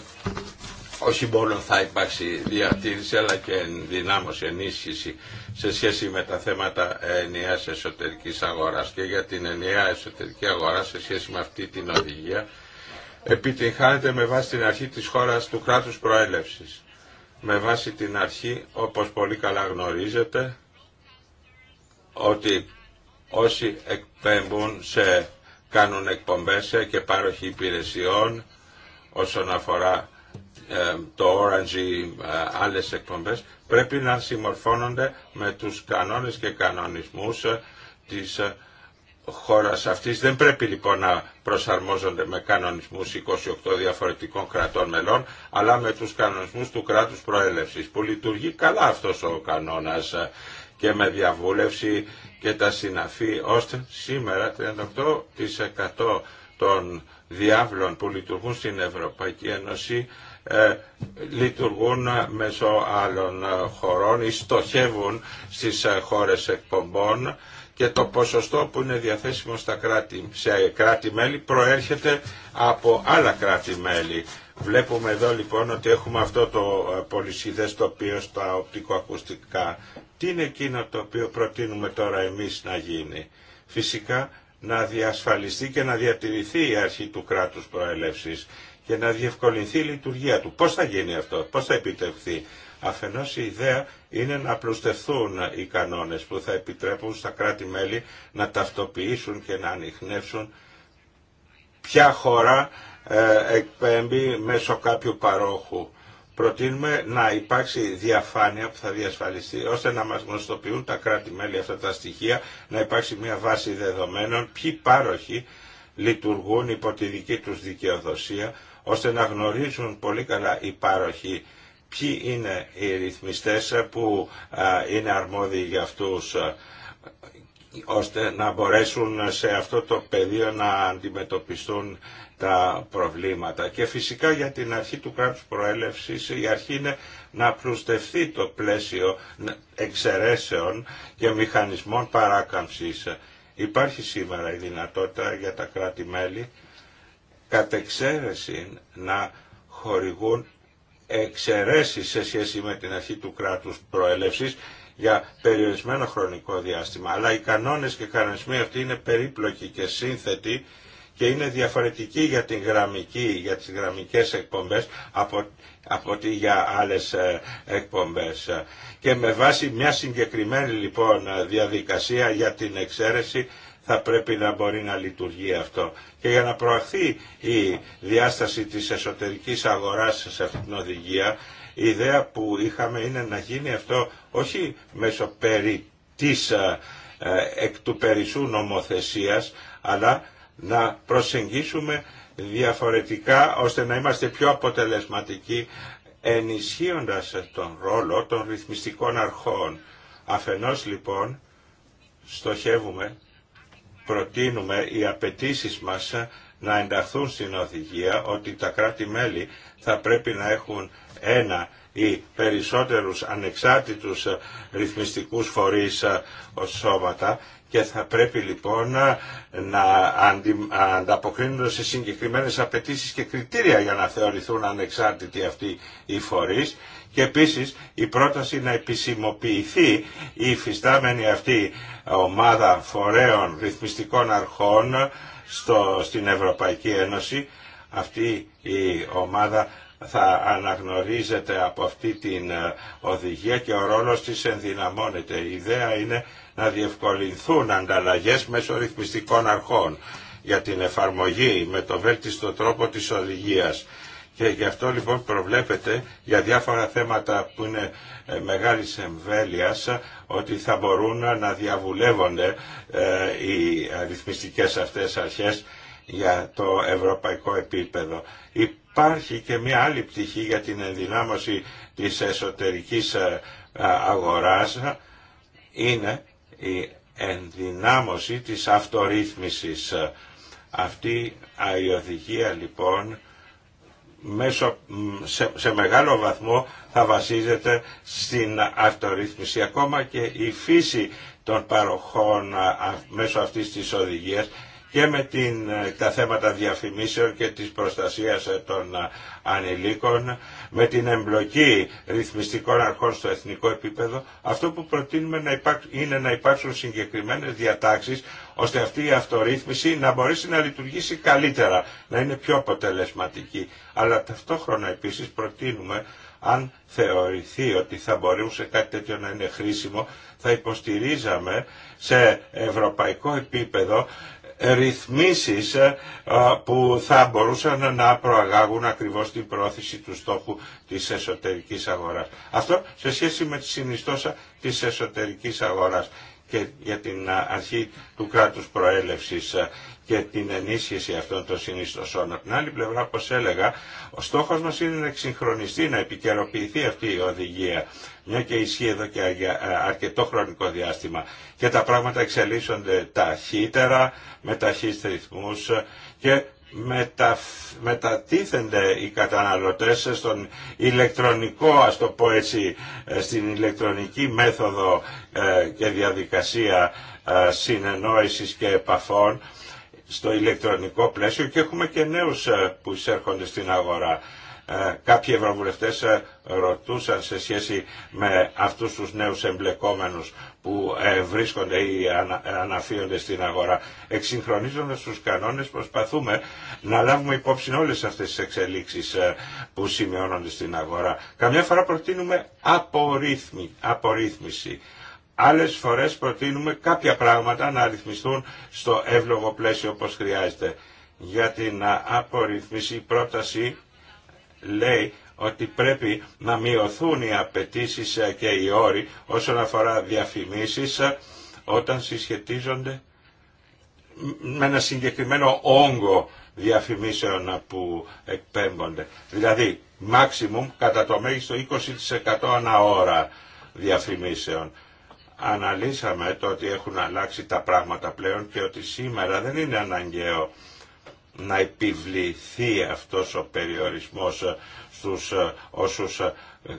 όχι μόνο θα υπάρξει διατήρηση αλλά και ενδυνάμωση, ενίσχυση σε σχέση με τα θέματα ενιαίας εσωτερικής αγοράς και για την ενιαία εσωτερική αγορά σε σχέση με αυτή την οδηγία επιτυγχάνεται με βάση την αρχή της χώρας του κράτους προέλευσης με βάση την αρχή, όπως πολύ καλά γνωρίζετε, ότι όσοι εκπέμπουν σε, κάνουν εκπομπές και πάροχοι υπηρεσιών όσον αφορά ε, το Orange ή ε, άλλες εκπομπές πρέπει να συμμορφώνονται με τους κανόνες και κανονισμούς ε, της χώρας αυτής δεν πρέπει λοιπόν να προσαρμόζονται με κανονισμούς 28 διαφορετικών κρατών μελών, αλλά με τους κανονισμούς του κράτους προέλευσης, που λειτουργεί καλά αυτός ο κανόνας ε, και με διαβούλευση και τα συναφή, ώστε σήμερα 38% των διάβλων που λειτουργούν στην Ευρωπαϊκή Ένωση ε, λειτουργούν μέσω άλλων ε, χωρών ή στοχεύουν στις ε, χώρες εκπομπών και το ποσοστό που είναι διαθέσιμο στα κράτη, σε κράτη-μέλη προέρχεται από άλλα κράτη-μέλη. Βλέπουμε εδώ λοιπόν ότι έχουμε αυτό το ε, πολυσχηδές οποίο στα οπτικοακουστικά. Τι είναι εκείνο το οποίο προτείνουμε τώρα εμείς να γίνει. Φυσικά να διασφαλιστεί και να διατηρηθεί η αρχή του κράτους προέλευσης και να διευκολυνθεί η λειτουργία του. Πώς θα γίνει αυτό, πώς θα επιτευχθεί. Αφενός η ιδέα είναι να απλουστευθούν οι κανόνες που θα επιτρέπουν στα κράτη-μέλη να ταυτοποιήσουν και να ανοιχνεύσουν ποια χώρα ε, εκπέμπει μέσω κάποιου παρόχου. Προτείνουμε να υπάρξει διαφάνεια που θα διασφαλιστεί ώστε να μας γνωστοποιούν τα κράτη-μέλη αυτά τα στοιχεία, να υπάρξει μια βάση δεδομένων ποιοι πάροχοι λειτουργούν υπό τη δική τους δικαιοδοσία, ώστε να γνωρίζουν πολύ καλά οι πάροχοι ποιοι είναι οι ρυθμιστές που είναι αρμόδιοι για αυτούς ώστε να μπορέσουν σε αυτό το πεδίο να αντιμετωπιστούν τα προβλήματα. Και φυσικά για την αρχή του κράτους προέλευσης η αρχή είναι να πλουστευτεί το πλαίσιο εξαιρέσεων και μηχανισμών παράκαμψης. Υπάρχει σήμερα η δυνατότητα για τα κράτη-μέλη κατ' να χορηγούν εξαιρέσει σε σχέση με την αρχή του κράτους προέλευσης για περιορισμένο χρονικό διάστημα. Αλλά οι κανόνες και οι κανονισμοί αυτοί είναι περίπλοκοι και σύνθετοι και είναι διαφορετικοί για την γραμμική, για τις γραμμικές εκπομπές από, από ότι για άλλες ε, εκπομπές. Και με βάση μια συγκεκριμένη λοιπόν διαδικασία για την εξαίρεση θα πρέπει να μπορεί να λειτουργεί αυτό. Και για να προαχθεί η διάσταση της εσωτερικής αγοράς σε αυτήν την οδηγία, η ιδέα που είχαμε είναι να γίνει αυτό όχι μέσω περί της ε, εκ του περισσού νομοθεσίας, αλλά να προσεγγίσουμε διαφορετικά ώστε να είμαστε πιο αποτελεσματικοί ενισχύοντας τον ρόλο των ρυθμιστικών αρχών. Αφενός λοιπόν στοχεύουμε προτείνουμε οι απαιτήσει μας να ενταχθούν στην οδηγία ότι τα κράτη-μέλη θα πρέπει να έχουν ένα ή περισσότερους ανεξάρτητους ε, ρυθμιστικούς φορείς ε, ως σώματα και θα πρέπει λοιπόν ε, να ανταποκρίνονται σε συγκεκριμένες απαιτήσεις και κριτήρια για να θεωρηθούν ανεξάρτητοι αυτοί οι φορείς και επίσης η πρόταση να επισημοποιηθεί η υφιστάμενη αυτή ομάδα φορέων ρυθμιστικών αρχών στο, στην Ευρωπαϊκή Ένωση αυτή η ομάδα θα αναγνωρίζεται από αυτή την ε, οδηγία και ο ρόλος της ενδυναμώνεται. Η ιδέα είναι να διευκολυνθούν ανταλλαγές μέσω ρυθμιστικών αρχών για την εφαρμογή με το βέλτιστο τρόπο της οδηγίας. Και γι' αυτό λοιπόν προβλέπεται για διάφορα θέματα που είναι ε, μεγάλης εμβέλειας ότι θα μπορούν να διαβουλεύονται ε, οι ρυθμιστικές αυτές αρχές για το ευρωπαϊκό επίπεδο. Υπάρχει και μια άλλη πτυχή για την ενδυνάμωση της εσωτερικής ε, αγοράς είναι η ενδυνάμωση της αυτορύθμισης. Αυτή η οδηγία λοιπόν μέσω, σε, σε, μεγάλο βαθμό θα βασίζεται στην αυτορύθμιση. Ακόμα και η φύση των παροχών μέσω αυτής της οδηγίας και με την, ε, τα θέματα διαφημίσεων και της προστασίας ε, των ε, ανηλίκων, με την εμπλοκή ρυθμιστικών αρχών στο εθνικό επίπεδο, αυτό που προτείνουμε να είναι να υπάρξουν συγκεκριμένες διατάξεις ώστε αυτή η αυτορύθμιση να μπορέσει να λειτουργήσει καλύτερα, να είναι πιο αποτελεσματική. Αλλά ταυτόχρονα επίσης προτείνουμε αν θεωρηθεί ότι θα μπορούσε κάτι τέτοιο να είναι χρήσιμο, θα υποστηρίζαμε σε ευρωπαϊκό επίπεδο ρυθμίσεις ε, που θα μπορούσαν να προαγάγουν ακριβώς την πρόθεση του στόχου της εσωτερικής αγοράς. Αυτό σε σχέση με τη συνιστόσα της εσωτερικής αγοράς και για την αρχή του κράτους προέλευσης και την ενίσχυση αυτών των συνιστοσών. Από την άλλη πλευρά, όπω έλεγα, ο στόχο μα είναι να εξυγχρονιστεί, να επικαιροποιηθεί αυτή η οδηγία, μια και ισχύει εδώ και αρκετό χρονικό διάστημα. Και τα πράγματα εξελίσσονται ταχύτερα, με ταχύ ρυθμού και μετατίθενται οι καταναλωτές στον ηλεκτρονικό, ας το πω έτσι, ε, στην ηλεκτρονική μέθοδο ε, και διαδικασία ε, συνεννόησης και επαφών στο ηλεκτρονικό πλαίσιο και έχουμε και νέους ε, που εισέρχονται στην αγορά. Ε, κάποιοι ευρωβουλευτές ε, ρωτούσαν σε σχέση με αυτούς τους νέους εμπλεκόμενους που βρίσκονται ή αναφύονται στην αγορά. Εξυγχρονίζοντας τους κανόνες προσπαθούμε να λάβουμε υπόψη όλες αυτές τις εξελίξεις που σημειώνονται στην αγορά. Καμιά φορά προτείνουμε απορρίθμιση Άλλες φορές προτείνουμε κάποια πράγματα να αριθμιστούν στο εύλογο πλαίσιο όπως χρειάζεται. Για την απορρίθμιση η πρόταση λέει ότι πρέπει να μειωθούν οι απαιτήσει ε, και οι όροι όσον αφορά διαφημίσεις ε, όταν συσχετίζονται με ένα συγκεκριμένο όγκο διαφημίσεων που εκπέμπονται. Δηλαδή, maximum κατά το μέγιστο 20% ανά ώρα διαφημίσεων αναλύσαμε το ότι έχουν αλλάξει τα πράγματα πλέον και ότι σήμερα δεν είναι αναγκαίο να επιβληθεί αυτός ο περιορισμός στους ε, όσους ε,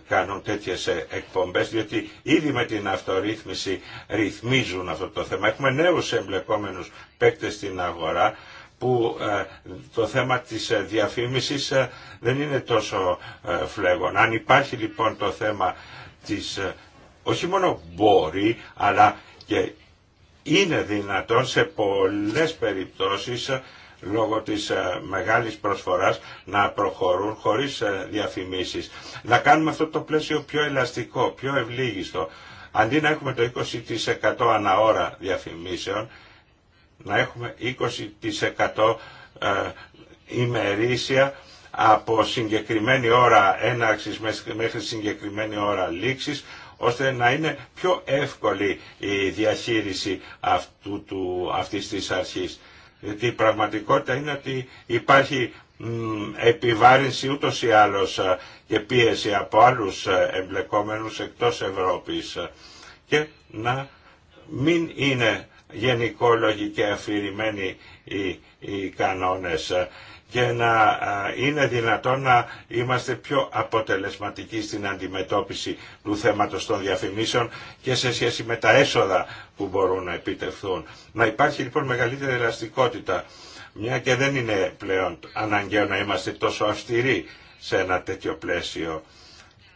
κάνουν τέτοιες ε, εκπομπές, διότι ήδη με την αυτορύθμιση ρυθμίζουν αυτό το θέμα. Έχουμε νέους εμπλεκόμενους παίκτες στην αγορά, που το θέμα της διαφήμισης δεν είναι τόσο φλέγον. Αν υπάρχει λοιπόν το θέμα της όχι μόνο μπορεί, αλλά και είναι δυνατόν σε πολλές περιπτώσεις ε, λόγω της ε, μεγάλης προσφοράς να προχωρούν χωρίς ε, διαφημίσεις. Να κάνουμε αυτό το πλαίσιο πιο ελαστικό, πιο ευλίγιστο. Αντί να έχουμε το 20% ανά ώρα διαφημίσεων, να έχουμε 20% ημερήσια από συγκεκριμένη ώρα έναρξης μέχρι συγκεκριμένη ώρα λήξης, ώστε να είναι πιο εύκολη η διαχείριση αυτού του, αυτής της αρχής. Γιατί η πραγματικότητα είναι ότι υπάρχει επιβάρυνση ούτως ή άλλως ε, και πίεση από άλλους ε, εμπλεκόμενους εκτός Ευρώπης ε, και να μην είναι γενικόλογοι και αφηρημένοι οι, οι κανόνες και να είναι δυνατόν να είμαστε πιο αποτελεσματικοί στην αντιμετώπιση του θέματος των διαφημίσεων και σε σχέση με τα έσοδα που μπορούν να επιτευχθούν. Να υπάρχει λοιπόν μεγαλύτερη ελαστικότητα, μια και δεν είναι πλέον αναγκαίο να είμαστε τόσο αυστηροί σε ένα τέτοιο πλαίσιο.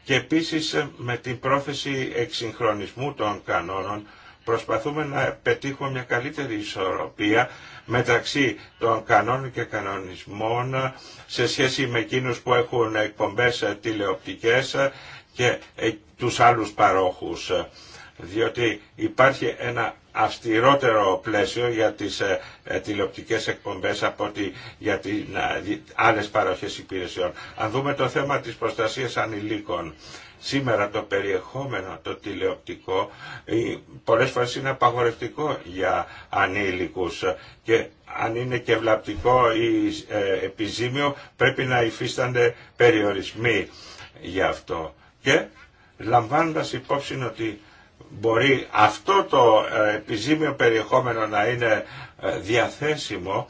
Και επίσης ε, με την πρόθεση εξυγχρονισμού των κανόνων προσπαθούμε να πετύχουμε μια καλύτερη ισορροπία μεταξύ των κανόνων και κανονισμών σε σχέση με εκείνους που έχουν εκπομπές τηλεοπτικές και ε, τους άλλους παρόχους. Διότι υπάρχει ένα αυστηρότερο πλαίσιο για τις ε, ε, τηλεοπτικές εκπομπές από ότι για τις άλλες παροχές υπηρεσιών. Αν δούμε το θέμα της προστασίας ανηλίκων, Σήμερα το περιεχόμενο, το τηλεοπτικό, ε, πολλές φορές είναι απαγορευτικό για ανήλικους και αν είναι και βλαπτικό ή ε, επιζήμιο πρέπει να υφίστανται περιορισμοί για αυτό. Και λαμβάνοντας υπόψη ότι μπορεί αυτό το ε, επιζήμιο περιεχόμενο να είναι διαθέσιμο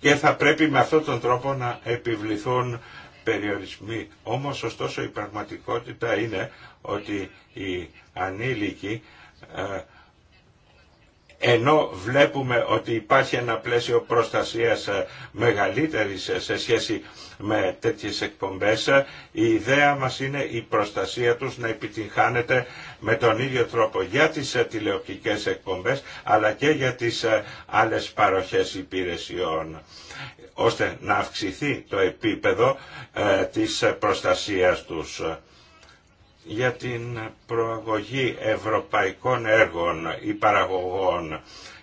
και θα πρέπει με αυτόν τον τρόπο να επιβληθούν περιορισμοί. Όμως ωστόσο η πραγματικότητα είναι ότι οι ανήλικοι ε, ενώ βλέπουμε ότι υπάρχει ένα πλαίσιο προστασίας ε, μεγαλύτερης ε, σε σχέση με τέτοιες εκπομπές, ε, η ιδέα μας είναι η προστασία τους να επιτυγχάνεται με τον ίδιο τρόπο για τις τηλεοπτικές εκπομπές, αλλά και για τις άλλες παροχές υπηρεσιών ώστε να αυξηθεί το επίπεδο της προστασίας τους για την προαγωγή ευρωπαϊκών έργων ή παραγωγών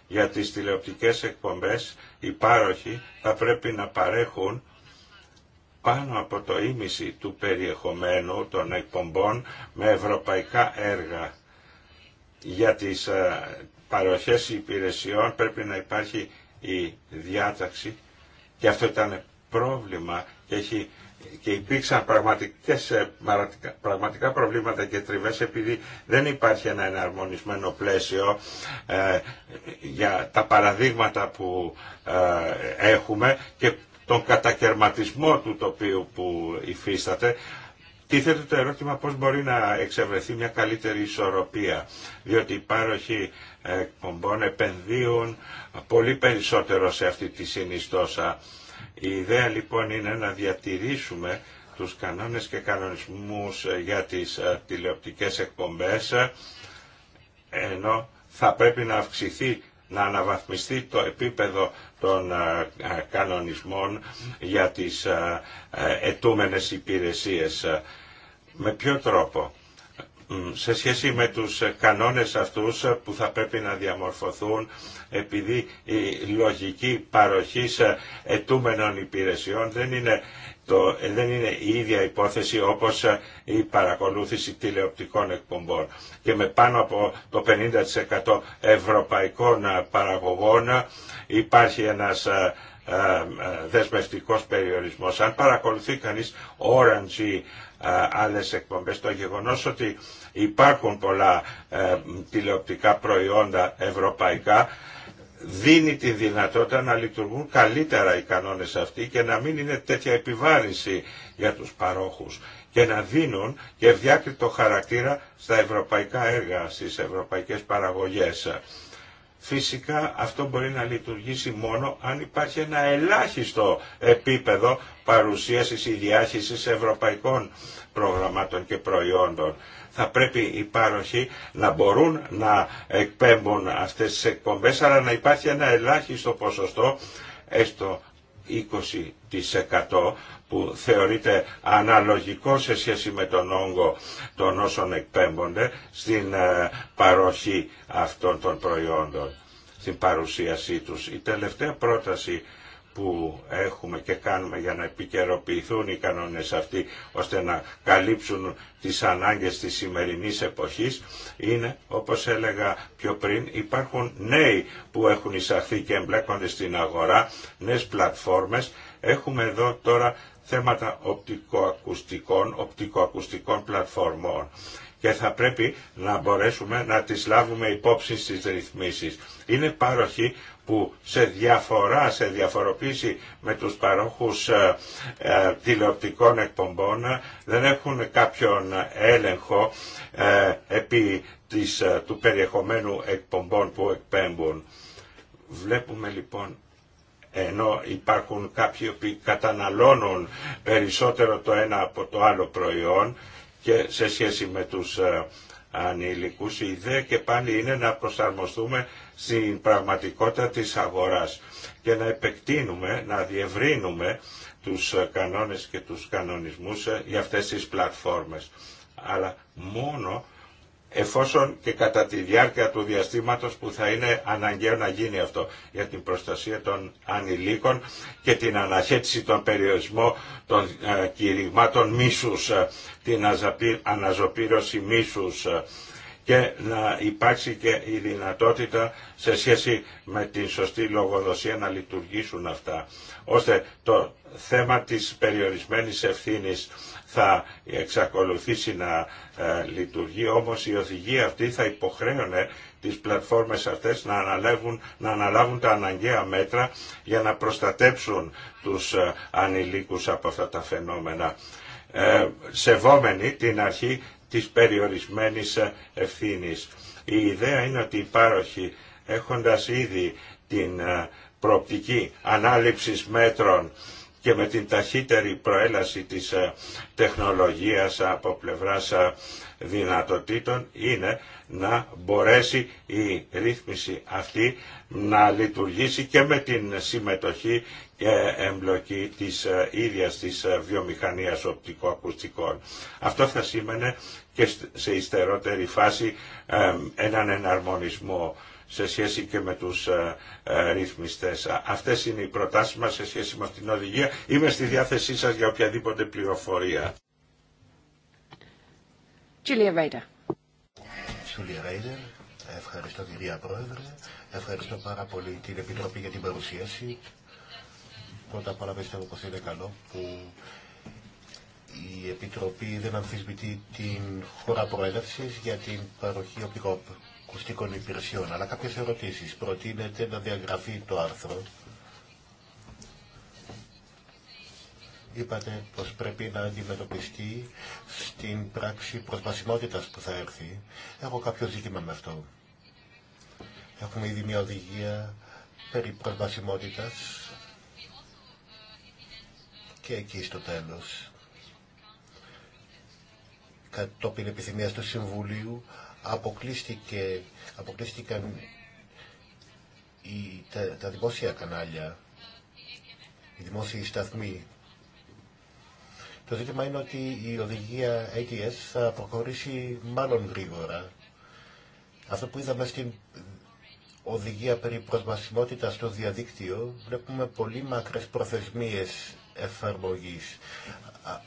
για τις τηλεοπτικές εκπομπές οι πάροχοι θα πρέπει να παρέχουν πάνω από το ίμιση του περιεχομένου των εκπομπών με ευρωπαϊκά έργα. Για τις ε, παροχές υπηρεσιών πρέπει να υπάρχει η διάταξη και αυτό ήταν πρόβλημα και έχει και υπήρξαν πραγματικές, ε, πραγματικά προβλήματα και τριβές επειδή δεν υπάρχει ένα εναρμονισμένο πλαίσιο ε, για τα παραδείγματα που ε, έχουμε και τον κατακαιρματισμό του τοπίου που υφίσταται τίθεται το ερώτημα πώς μπορεί να εξευρεθεί μια καλύτερη ισορροπία διότι οι πάροχοι εκπομπών επενδύουν πολύ περισσότερο σε αυτή τη συνιστόσα η ιδέα λοιπόν είναι να διατηρήσουμε τους κανόνες και κανονισμούς ε, για τις ε, τηλεοπτικές εκπομπές ε, ενώ θα πρέπει να αυξηθεί, να αναβαθμιστεί το επίπεδο των κανονισμών για τις ετούμενες υπηρεσίες. Με ποιο τρόπο σε σχέση με τους κανόνες αυτούς που θα πρέπει να διαμορφωθούν επειδή η λογική παροχής ετούμενων υπηρεσιών δεν είναι, το, δεν είναι η ίδια υπόθεση όπως η παρακολούθηση τηλεοπτικών εκπομπών και με πάνω από το 50% ευρωπαϊκών παραγωγών υπάρχει ένας ε, ε, ε, δεσμευτικός περιορισμός. Αν παρακολουθεί κανείς Orange ε, άλλες εκπομπές. Το γεγονός ότι υπάρχουν πολλά ε, τηλεοπτικά προϊόντα ευρωπαϊκά δίνει τη δυνατότητα να λειτουργούν καλύτερα οι κανόνες αυτοί και να μην είναι τέτοια επιβάρηση για τους παρόχους και να δίνουν και ευδιάκριτο χαρακτήρα στα ευρωπαϊκά έργα, στις ευρωπαϊκές παραγωγές. Φυσικά αυτό μπορεί να λειτουργήσει μόνο αν υπάρχει ένα ελάχιστο επίπεδο παρουσίασης ή διάχυσης ευρωπαϊκών προγραμμάτων και προϊόντων. Θα πρέπει οι πάροχοι να μπορούν να εκπέμπουν αυτές τις εκπομπές, αλλά να υπάρχει ένα ελάχιστο ποσοστό έστω 20% που θεωρείται αναλογικό σε σχέση με τον όγκο των όσων εκπέμπονται στην παροχή αυτών των προϊόντων, στην παρουσίασή τους. Η τελευταία πρόταση που έχουμε και κάνουμε για να επικαιροποιηθούν οι κανόνες αυτοί ώστε να καλύψουν τις ανάγκες της σημερινής εποχής είναι όπως έλεγα πιο πριν υπάρχουν νέοι που έχουν εισαχθεί και εμπλέκονται στην αγορά, νέες πλατφόρμες. Έχουμε εδώ τώρα θέματα οπτικοακουστικών, οπτικοακουστικών πλατφορμών και θα πρέπει να μπορέσουμε να τις λάβουμε υπόψη στις ρυθμίσεις. Είναι πάροχοι που σε διαφορά, σε διαφοροποίηση με τους παρόχους ε, ε, τηλεοπτικών εκπομπών δεν έχουν κάποιον έλεγχο ε, επί της, του περιεχομένου εκπομπών που εκπέμπουν. Βλέπουμε λοιπόν ενώ υπάρχουν κάποιοι που καταναλώνουν περισσότερο το ένα από το άλλο προϊόν και σε σχέση με τους ανήλικους. Η ιδέα και πάλι είναι να προσαρμοστούμε στην πραγματικότητα της αγοράς και να επεκτείνουμε, να διευρύνουμε τους κανόνες και τους κανονισμούς για αυτές τις πλατφόρμες. Αλλά μόνο εφόσον και κατά τη διάρκεια του διαστήματος που θα είναι αναγκαίο να γίνει αυτό για την προστασία των ανηλίκων και την αναχέτηση των περιορισμών των ε, κηρυγμάτων μίσους, ε, την αναζωπήρωση μίσους ε, και να υπάρξει και η δυνατότητα σε σχέση με την σωστή λογοδοσία να λειτουργήσουν αυτά, ώστε το θέμα της περιορισμένης ευθύνης θα εξακολουθήσει να ε, λειτουργεί, όμως η οδηγία αυτή θα υποχρέωνε τις πλατφόρμες αυτές να αναλάβουν, να αναλάβουν τα αναγκαία μέτρα για να προστατέψουν τους ε, ανηλίκους από αυτά τα φαινόμενα. Ε, σεβόμενοι την αρχή της περιορισμένης ε, ευθύνης. Η ιδέα είναι ότι οι πάροχοι έχοντας ήδη την προοπτική ανάληψης μέτρων και με την ταχύτερη προέλαση της ε, τεχνολογίας από πλευράς ε, δυνατοτήτων είναι να μπορέσει η ρύθμιση αυτή να λειτουργήσει και με την συμμετοχή και εμπλοκή της ε, ίδιας της βιομηχανίας οπτικοακουστικών. Αυτό θα σήμαινε και σε υστερότερη φάση έναν εναρμονισμό σε σχέση και με τους ε, ε, ρυθμιστές. Αυτές είναι οι προτάσεις μας σε σχέση με την οδηγία. Είμαι στη διάθεσή σας για οποιαδήποτε πληροφορία. Julia Rader. Julia Rader. Ευχαριστώ κυρία Πρόεδρε. Ευχαριστώ πάρα πολύ την Επιτροπή για την παρουσίαση. Πρώτα απ' όλα πιστεύω πως είναι καλό που η Επιτροπή δεν αμφισβητεί την χώρα προέλευσης για την παροχή οπτικόπ ακουστικών υπηρεσιών. Αλλά κάποιες ερωτήσεις. Προτείνεται να διαγραφεί το άρθρο. Είπατε πως πρέπει να αντιμετωπιστεί στην πράξη προσβασιμότητας που θα έρθει. Έχω κάποιο ζήτημα με αυτό. Έχουμε ήδη μια οδηγία περί προσβασιμότητας και εκεί στο τέλος κατόπιν επιθυμίας του Συμβουλίου αποκλείστηκε, αποκλείστηκαν οι, τα, δημόσια κανάλια, οι δημόσιοι σταθμοί. Το ζήτημα είναι ότι η οδηγία ATS θα προχωρήσει μάλλον γρήγορα. Αυτό που είδαμε στην οδηγία περί προσβασιμότητας στο διαδίκτυο, βλέπουμε πολύ μακρές προθεσμίες εφαρμογής.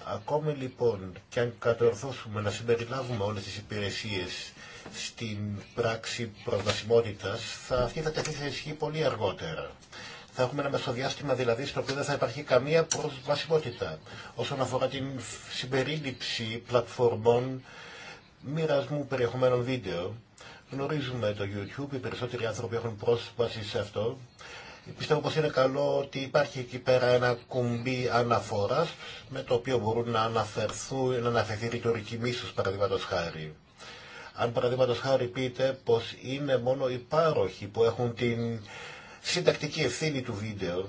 ακόμη λοιπόν, και αν κατορθώσουμε να συμπεριλάβουμε όλες τις υπηρεσίες στην πράξη προσβασιμότητας, θα, αυτή θα τεθεί σε ισχύ πολύ αργότερα. Θα έχουμε ένα μεσοδιάστημα δηλαδή στο οποίο δεν θα υπάρχει καμία προσβασιμότητα όσον αφορά την συμπερίληψη πλατφορμών μοιρασμού περιεχομένων βίντεο. Γνωρίζουμε το YouTube, οι περισσότεροι άνθρωποι έχουν πρόσβαση σε αυτό. Πιστεύω πως είναι καλό ότι υπάρχει εκεί πέρα ένα κουμπί αναφοράς με το οποίο μπορούν να αναφερθούν, να αναφερθεί ρητορική μίσους παραδείγματος χάρη. Αν παραδείγματο χάρη πείτε πω είναι μόνο οι πάροχοι που έχουν την συντακτική ευθύνη του βίντεο,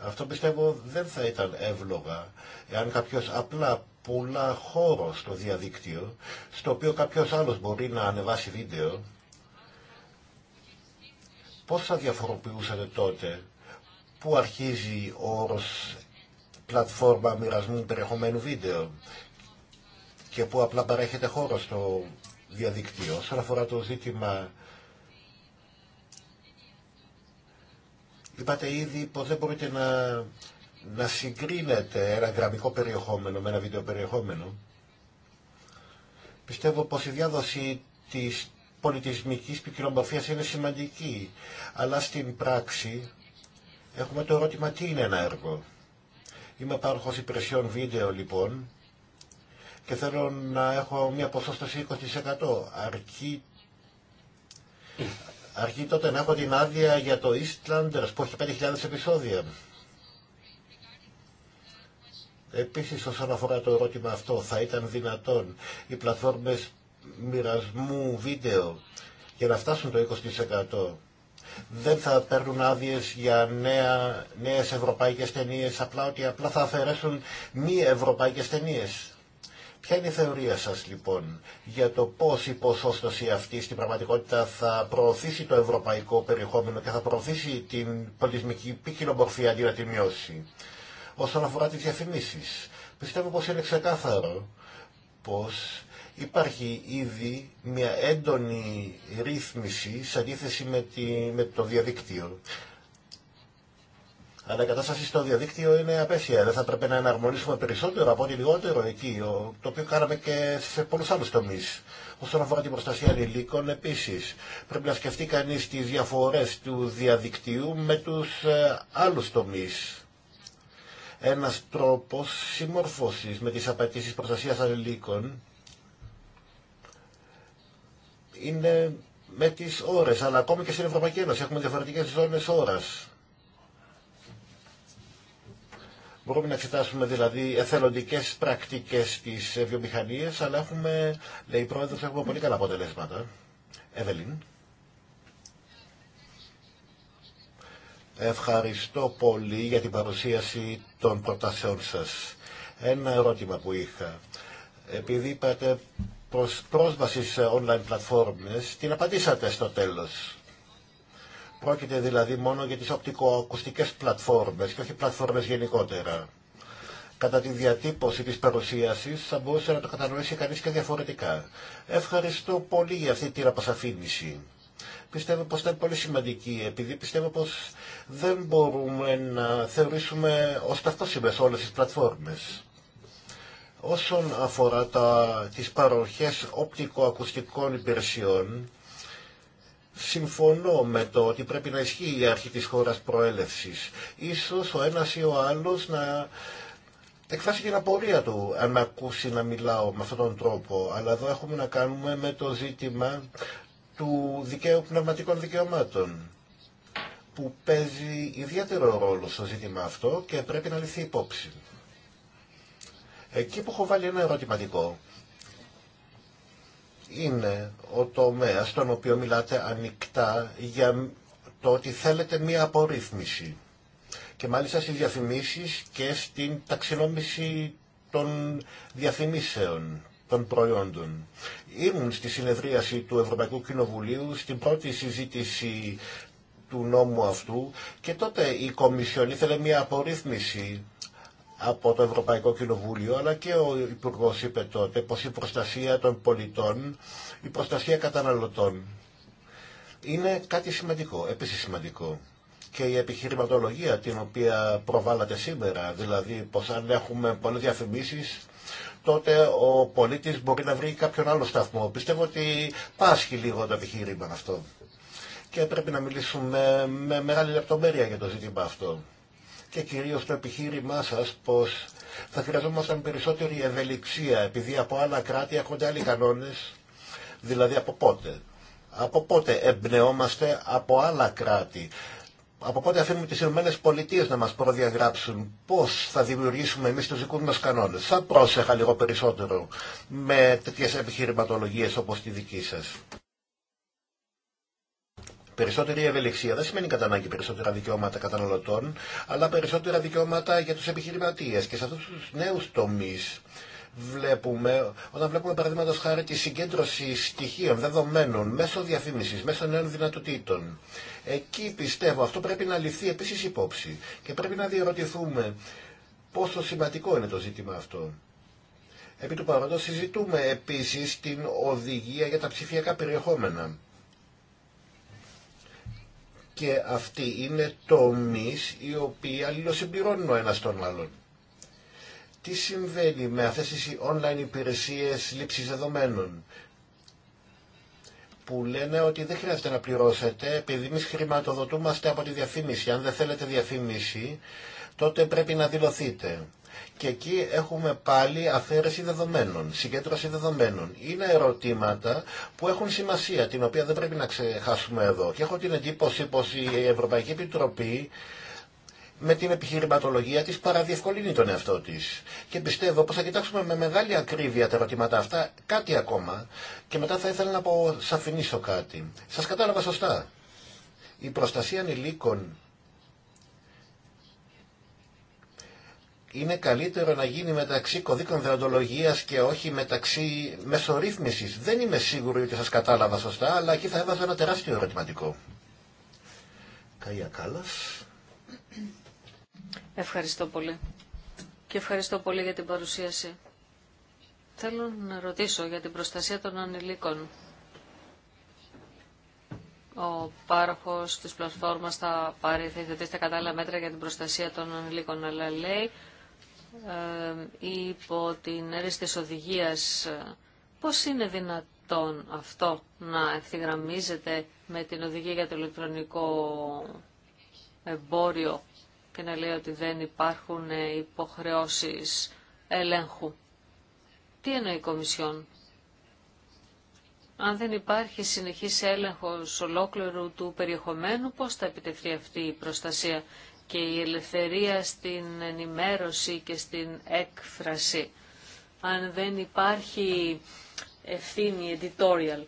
αυτό πιστεύω δεν θα ήταν εύλογα εάν κάποιο απλά πουλά χώρο στο διαδίκτυο, στο οποίο κάποιο άλλο μπορεί να ανεβάσει βίντεο. Πώς θα διαφοροποιούσατε τότε που αρχίζει ο όρος πλατφόρμα μοιρασμού περιεχομένου βίντεο και που απλά παρέχεται χώρο στο διαδικτύο. Όσον αφορά το ζήτημα Είπατε ήδη πως δεν μπορείτε να, να συγκρίνετε ένα γραμμικό περιεχόμενο με ένα βίντεο περιεχόμενο. Πιστεύω πως η διάδοση της πολιτισμικής ποικιλομορφίας είναι σημαντική, αλλά στην πράξη έχουμε το ερώτημα τι είναι ένα έργο. Είμαι πάροχος υπηρεσιών βίντεο λοιπόν και θέλω να έχω μια ποσόσταση 20%. Αρκεί, αρκεί τότε να έχω την άδεια για το Eastlanders που έχει 5.000 επεισόδια. Επίσης όσον αφορά το ερώτημα αυτό, θα ήταν δυνατόν οι πλατφόρμες μοιρασμού βίντεο για να φτάσουν το 20% δεν θα παίρνουν άδειε για νέα, νέες ευρωπαϊκές ταινίες, απλά ότι απλά θα αφαιρέσουν μη ευρωπαϊκές ταινίες. Ποια είναι η θεωρία σας λοιπόν για το πώς η ποσόστοση αυτή στην πραγματικότητα θα προωθήσει το ευρωπαϊκό περιεχόμενο και θα προωθήσει την πολιτισμική μορφή αντί να τη μειώσει. Όσον αφορά τις διαφημίσεις, πιστεύω πως είναι ξεκάθαρο πως υπάρχει ήδη μια έντονη ρύθμιση σε αντίθεση με, τη, με το διαδίκτυο. Αλλά η κατάσταση στο διαδίκτυο είναι απέσια. Δεν θα πρέπει να εναρμονίσουμε περισσότερο από ό,τι λιγότερο εκεί, το οποίο κάναμε και σε πολλού άλλου τομεί. Όσον αφορά την προστασία ανηλίκων, επίση πρέπει να σκεφτεί κανεί τι διαφορέ του διαδικτύου με του ε, άλλου τομεί. Ένα τρόπο συμμορφώση με τι απαιτήσει προστασία ανηλίκων είναι με τι ώρε, αλλά ακόμη και στην Ευρωπαϊκή Ένωση έχουμε διαφορετικέ ζώνε ώρα. Μπορούμε να εξετάσουμε δηλαδή εθελοντικέ πρακτικέ τη ε, βιομηχανία, αλλά έχουμε, λέει η πρόεδρο, έχουμε πολύ καλά αποτελέσματα. Εβελίν. Ευχαριστώ πολύ για την παρουσίαση των προτάσεών σας. Ένα ερώτημα που είχα. Επειδή είπατε προς πρόσβαση σε online πλατφόρμες, την απαντήσατε στο τέλος. Πρόκειται δηλαδή μόνο για τις οπτικοακουστικές πλατφόρμες και όχι πλατφόρμες γενικότερα. Κατά τη διατύπωση της παρουσίασης θα μπορούσε να το κατανοήσει κανείς και διαφορετικά. Ευχαριστώ πολύ για αυτή την αποσαφήνιση. Πιστεύω πως ήταν πολύ σημαντική, επειδή πιστεύω πως δεν μπορούμε να θεωρήσουμε ως ταυτόσημες όλες τις πλατφόρμες. Όσον αφορά τα, τις παροχές οπτικοακουστικών υπηρεσιών, συμφωνώ με το ότι πρέπει να ισχύει η αρχή της χώρας προέλευσης. Ίσως ο ένας ή ο άλλος να εκφράσει την απορία του αν ακούσει να μιλάω με αυτόν τον τρόπο. Αλλά εδώ έχουμε να κάνουμε με το ζήτημα του δικαίου πνευματικών δικαιωμάτων που παίζει ιδιαίτερο ρόλο στο ζήτημα αυτό και πρέπει να λυθεί υπόψη. Εκεί που έχω βάλει ένα ερωτηματικό είναι ο τομέα στον οποίο μιλάτε ανοιχτά για το ότι θέλετε μία απορρίθμιση και μάλιστα στις διαφημίσεις και στην ταξινόμηση των διαφημίσεων των προϊόντων. Ήμουν στη συνεδρίαση του Ευρωπαϊκού Κοινοβουλίου στην πρώτη συζήτηση του νόμου αυτού και τότε η Κομισιόν ήθελε μια απορρίθμιση από το Ευρωπαϊκό Κοινοβούλιο, αλλά και ο Υπουργό είπε τότε πω η προστασία των πολιτών, η προστασία καταναλωτών είναι κάτι σημαντικό, επίση σημαντικό. Και η επιχειρηματολογία την οποία προβάλλατε σήμερα, δηλαδή πω αν έχουμε πολλές διαφημίσει, τότε ο πολίτης μπορεί να βρει κάποιον άλλο σταθμό. Πιστεύω ότι πάσχει λίγο το επιχείρημα αυτό. Και πρέπει να μιλήσουμε με μεγάλη λεπτομέρεια για το ζήτημα αυτό και κυρίως το επιχείρημά σας πως θα χρειαζόμασταν περισσότερη ευελιξία επειδή από άλλα κράτη έχονται άλλοι κανόνες, δηλαδή από πότε. Από πότε εμπνεόμαστε από άλλα κράτη. Από πότε αφήνουμε τις Ηνωμένες Πολιτείες να μας προδιαγράψουν πώς θα δημιουργήσουμε εμείς τους δικούς μας κανόνες. Θα πρόσεχα λίγο περισσότερο με τέτοιες επιχειρηματολογίες όπως τη δική σας. Περισσότερη ευελιξία δεν σημαίνει κατά ανάγκη περισσότερα δικαιώματα καταναλωτών, αλλά περισσότερα δικαιώματα για τους επιχειρηματίες. Και σε αυτούς τους νέους τομείς βλέπουμε, όταν βλέπουμε παραδείγματο χάρη τη συγκέντρωση στοιχείων, δεδομένων, μέσω διαφήμιση, μέσω νέων δυνατοτήτων. Εκεί πιστεύω αυτό πρέπει να ληφθεί επίση υπόψη και πρέπει να διερωτηθούμε πόσο σημαντικό είναι το ζήτημα αυτό. Επί του παρόντος συζητούμε επίσης την οδηγία για τα ψηφιακά περιεχόμενα και αυτοί είναι τομείς οι οποίοι αλληλοσυμπληρώνουν ο ένας τον άλλον. Τι συμβαίνει με αυτές τις online υπηρεσίες λήψης δεδομένων που λένε ότι δεν χρειάζεται να πληρώσετε επειδή εμεί χρηματοδοτούμαστε από τη διαφήμιση. Αν δεν θέλετε διαφήμιση τότε πρέπει να δηλωθείτε. Και εκεί έχουμε πάλι αφαίρεση δεδομένων, συγκέντρωση δεδομένων. Είναι ερωτήματα που έχουν σημασία, την οποία δεν πρέπει να ξεχάσουμε εδώ. Και έχω την εντύπωση πως η Ευρωπαϊκή Επιτροπή με την επιχειρηματολογία της παραδιευκολύνει τον εαυτό της. Και πιστεύω πως θα κοιτάξουμε με μεγάλη ακρίβεια τα ερωτήματα αυτά, κάτι ακόμα, και μετά θα ήθελα να αποσαφηνίσω κάτι. Σας κατάλαβα σωστά. Η προστασία ανηλίκων είναι καλύτερο να γίνει μεταξύ κωδίκων δεοντολογίας και όχι μεταξύ μεσορύθμιση. Δεν είμαι σίγουρη ότι σας κατάλαβα σωστά, αλλά εκεί θα έβαζα ένα τεράστιο ερωτηματικό. Καία Κάλλα. Ευχαριστώ πολύ. Και ευχαριστώ πολύ για την παρουσίαση. Θέλω να ρωτήσω για την προστασία των ανηλίκων. Ο πάροχος της πλατφόρμας θα πάρει, θα κατάλληλα μέτρα για την προστασία των ανηλίκων, αλλά λέει υπό την αίρεση της οδηγίας. Πώς είναι δυνατόν αυτό να ευθυγραμμίζεται με την οδηγία για το ηλεκτρονικό εμπόριο και να λέει ότι δεν υπάρχουν ε, υποχρεώσεις ελέγχου. Τι εννοεί η Κομισιόν. Αν δεν υπάρχει συνεχής έλεγχος ολόκληρου του περιεχομένου, πώς θα επιτευχθεί αυτή η προστασία και η ελευθερία στην ενημέρωση και στην έκφραση. Αν δεν υπάρχει ευθύνη editorial.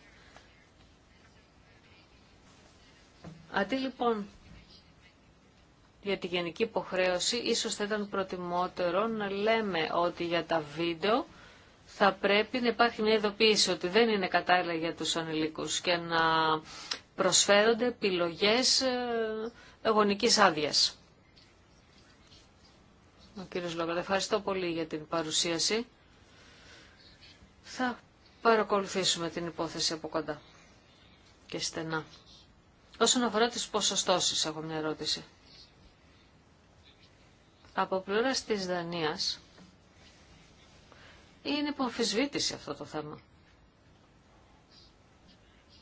Αντί λοιπόν για τη γενική υποχρέωση, ίσως θα ήταν προτιμότερο να λέμε ότι για τα βίντεο θα πρέπει να υπάρχει μια ειδοποίηση ότι δεν είναι κατάλληλα για τους ανηλίκους και να προσφέρονται επιλογές ε, γονικής άδειας. Ο κύριος ευχαριστώ πολύ για την παρουσίαση. Θα παρακολουθήσουμε την υπόθεση από κοντά και στενά. Όσον αφορά τις ποσοστώσεις, έχω μια ερώτηση. Από πλευρά της Δανίας, είναι υποαμφισβήτηση αυτό το θέμα.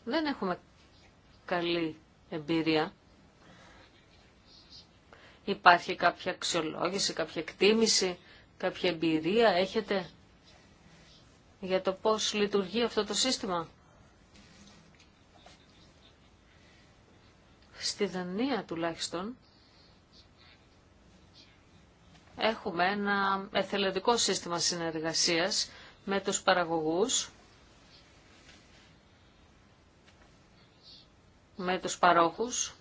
Δεν έχουμε καλή εμπειρία Υπάρχει κάποια αξιολόγηση, κάποια εκτίμηση, κάποια εμπειρία έχετε για το πώς λειτουργεί αυτό το σύστημα. Στη Δανία τουλάχιστον έχουμε ένα εθελοντικό σύστημα συνεργασίας με τους παραγωγούς, με τους παρόχους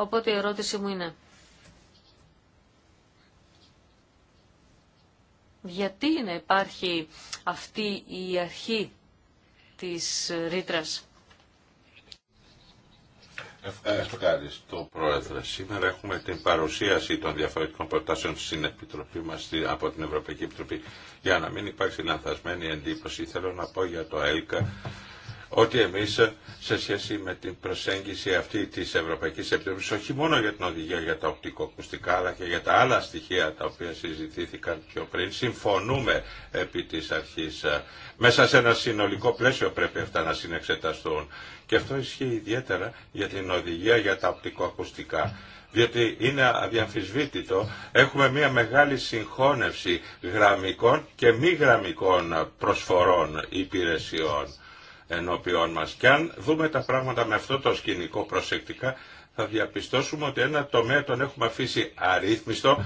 Οπότε η ερώτηση μου είναι, γιατί να υπάρχει αυτή η αρχή της ρήτρα. Ε, ευχαριστώ Πρόεδρε. Σήμερα έχουμε την παρουσίαση των διαφορετικών προτάσεων στην Επιτροπή μας από την Ευρωπαϊκή Επιτροπή. Για να μην υπάρξει λανθασμένη εντύπωση θέλω να πω για το ΕΛΚΑ ότι εμείς ε, σε σχέση με την προσέγγιση αυτή της Ευρωπαϊκής Επιτροπής, όχι μόνο για την οδηγία για τα οπτικοακουστικά, αλλά και για τα άλλα στοιχεία τα οποία συζητήθηκαν πιο πριν, συμφωνούμε επί της αρχής. Ε. Μέσα σε ένα συνολικό πλαίσιο πρέπει αυτά να συνεξεταστούν. Και αυτό ισχύει ιδιαίτερα για την οδηγία για τα οπτικοακουστικά διότι είναι αδιαμφισβήτητο, έχουμε μια μεγάλη συγχώνευση γραμμικών και μη γραμμικών προσφορών υπηρεσιών ενώπιόν μας. Και αν δούμε τα πράγματα με αυτό το σκηνικό προσεκτικά, θα διαπιστώσουμε ότι ένα τομέα τον έχουμε αφήσει αρρύθμιστο,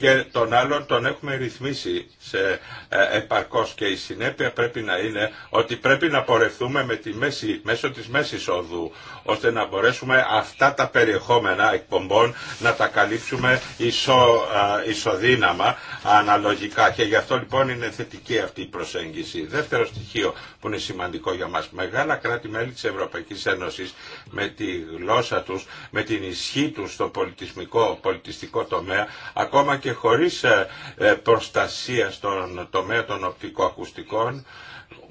και τον άλλον τον έχουμε ρυθμίσει σε ε, επαρκώς και η συνέπεια πρέπει να είναι ότι πρέπει να πορευτούμε με τη μέση, μέσω της μέσης οδού ώστε να μπορέσουμε αυτά τα περιεχόμενα εκπομπών να τα καλύψουμε ισο, ισοδύναμα αναλογικά και γι' αυτό λοιπόν είναι θετική αυτή η προσέγγιση. Δεύτερο στοιχείο που είναι σημαντικό για μας, μεγάλα κράτη-μέλη της Ευρωπαϊκής Ένωσης με τη γλώσσα τους, με την ισχύ τους στο πολιτισμικό, πολιτιστικό τομέα, ακόμα και και χωρίς ε, ε, προστασία στον τομέα των οπτικοακουστικών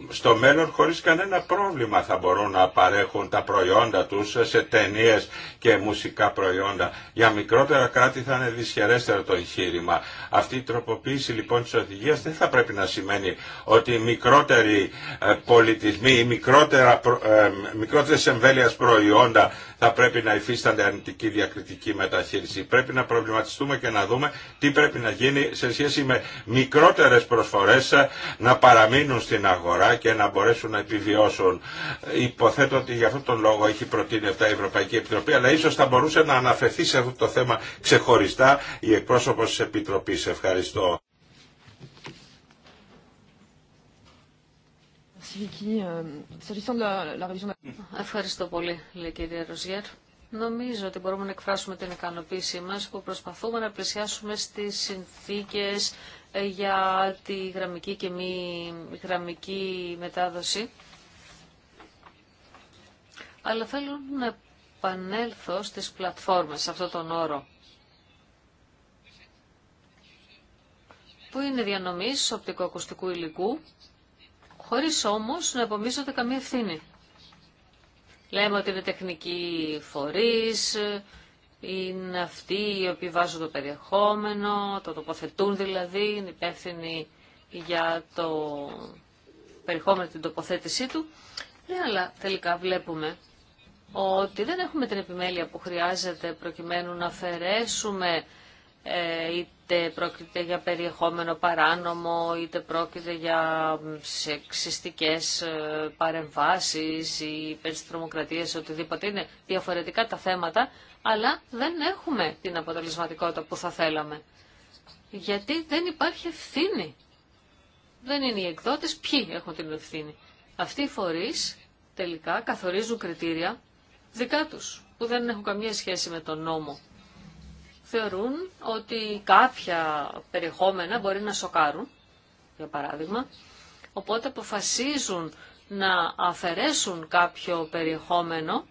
στο μέλλον χωρίς κανένα πρόβλημα θα μπορούν να παρέχουν τα προϊόντα τους σε ταινίε και μουσικά προϊόντα. Για μικρότερα κράτη θα είναι δυσχερέστερο το εγχείρημα. Αυτή η τροποποίηση λοιπόν της οδηγίας δεν θα πρέπει να σημαίνει ότι οι μικρότεροι ε, πολιτισμοί, οι μικρότερα, μικρότερες εμβέλειας προϊόντα θα πρέπει να υφίστανται αρνητική διακριτική μεταχείριση. Πρέπει να προβληματιστούμε και να δούμε τι πρέπει να γίνει σε σχέση με μικρότερες προσφορές ε, να παραμείνουν στην αγορά και να μπορέσουν να επιβιώσουν. Υποθέτω ότι για αυτόν τον λόγο έχει προτείνει αυτά η Ευρωπαϊκή Επιτροπή, αλλά ίσως θα μπορούσε να αναφερθεί σε αυτό το θέμα ξεχωριστά η εκπρόσωπος της Επιτροπής. Ευχαριστώ. Euh, Ευχαριστώ πολύ, λέει κυρία Ροζιέρ. Νομίζω ότι μπορούμε να εκφράσουμε την ικανοποίησή μας που προσπαθούμε να πλησιάσουμε στις συνθήκες ε, για τη γραμμική και μη γραμμική μετάδοση. Αλλά θέλω να επανέλθω στις πλατφόρμες, σε αυτόν τον όρο. Που είναι διανομής οπτικοακουστικού υλικού χωρίς όμως να επομίζονται καμία ευθύνη. Λέμε ότι είναι τεχνικοί φορείς, είναι αυτοί οι οποίοι βάζουν το περιεχόμενο, το τοποθετούν δηλαδή, είναι υπεύθυνοι για το περιεχόμενο την τοποθέτησή του. Ναι, αλλά τελικά βλέπουμε ότι δεν έχουμε την επιμέλεια που χρειάζεται προκειμένου να αφαιρέσουμε ε, είτε πρόκειται για περιεχόμενο παράνομο, είτε πρόκειται για σεξιστικές ε, παρεμβάσεις ή περιστρομοκρατίες, οτιδήποτε. Είναι διαφορετικά τα θέματα, αλλά δεν έχουμε την αποτελεσματικότητα που θα θέλαμε. Γιατί δεν υπάρχει ευθύνη. Δεν είναι οι εκδότες, ποιοι έχουν την ευθύνη. Αυτοί οι φορείς τελικά καθορίζουν κριτήρια δικά τους, που δεν έχουν καμία σχέση με τον νόμο θεωρούν ότι κάποια περιεχόμενα μπορεί να σοκάρουν, για παράδειγμα, οπότε αποφασίζουν να αφαιρέσουν κάποιο περιεχόμενο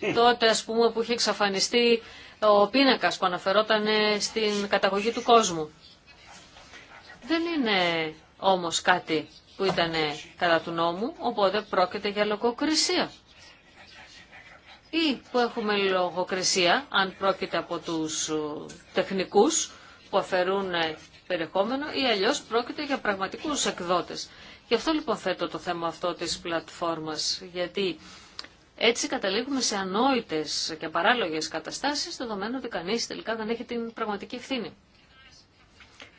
hm. τότε ας πούμε που είχε εξαφανιστεί ο πίνακας που αναφερόταν στην καταγωγή του κόσμου. Δεν είναι όμως κάτι που ήταν κατά του νόμου, οπότε πρόκειται για λογοκρισία ή που έχουμε λογοκρισία, αν πρόκειται από τους ε, τεχνικούς που αφαιρούν ε, περιεχόμενο ή αλλιώς πρόκειται για πραγματικούς εκδότες. Γι' αυτό λοιπόν θέτω το θέμα αυτό της πλατφόρμας, γιατί έτσι καταλήγουμε σε ανόητες και παράλογες καταστάσεις, δεδομένου ότι κανείς τελικά δεν έχει την πραγματική ευθύνη.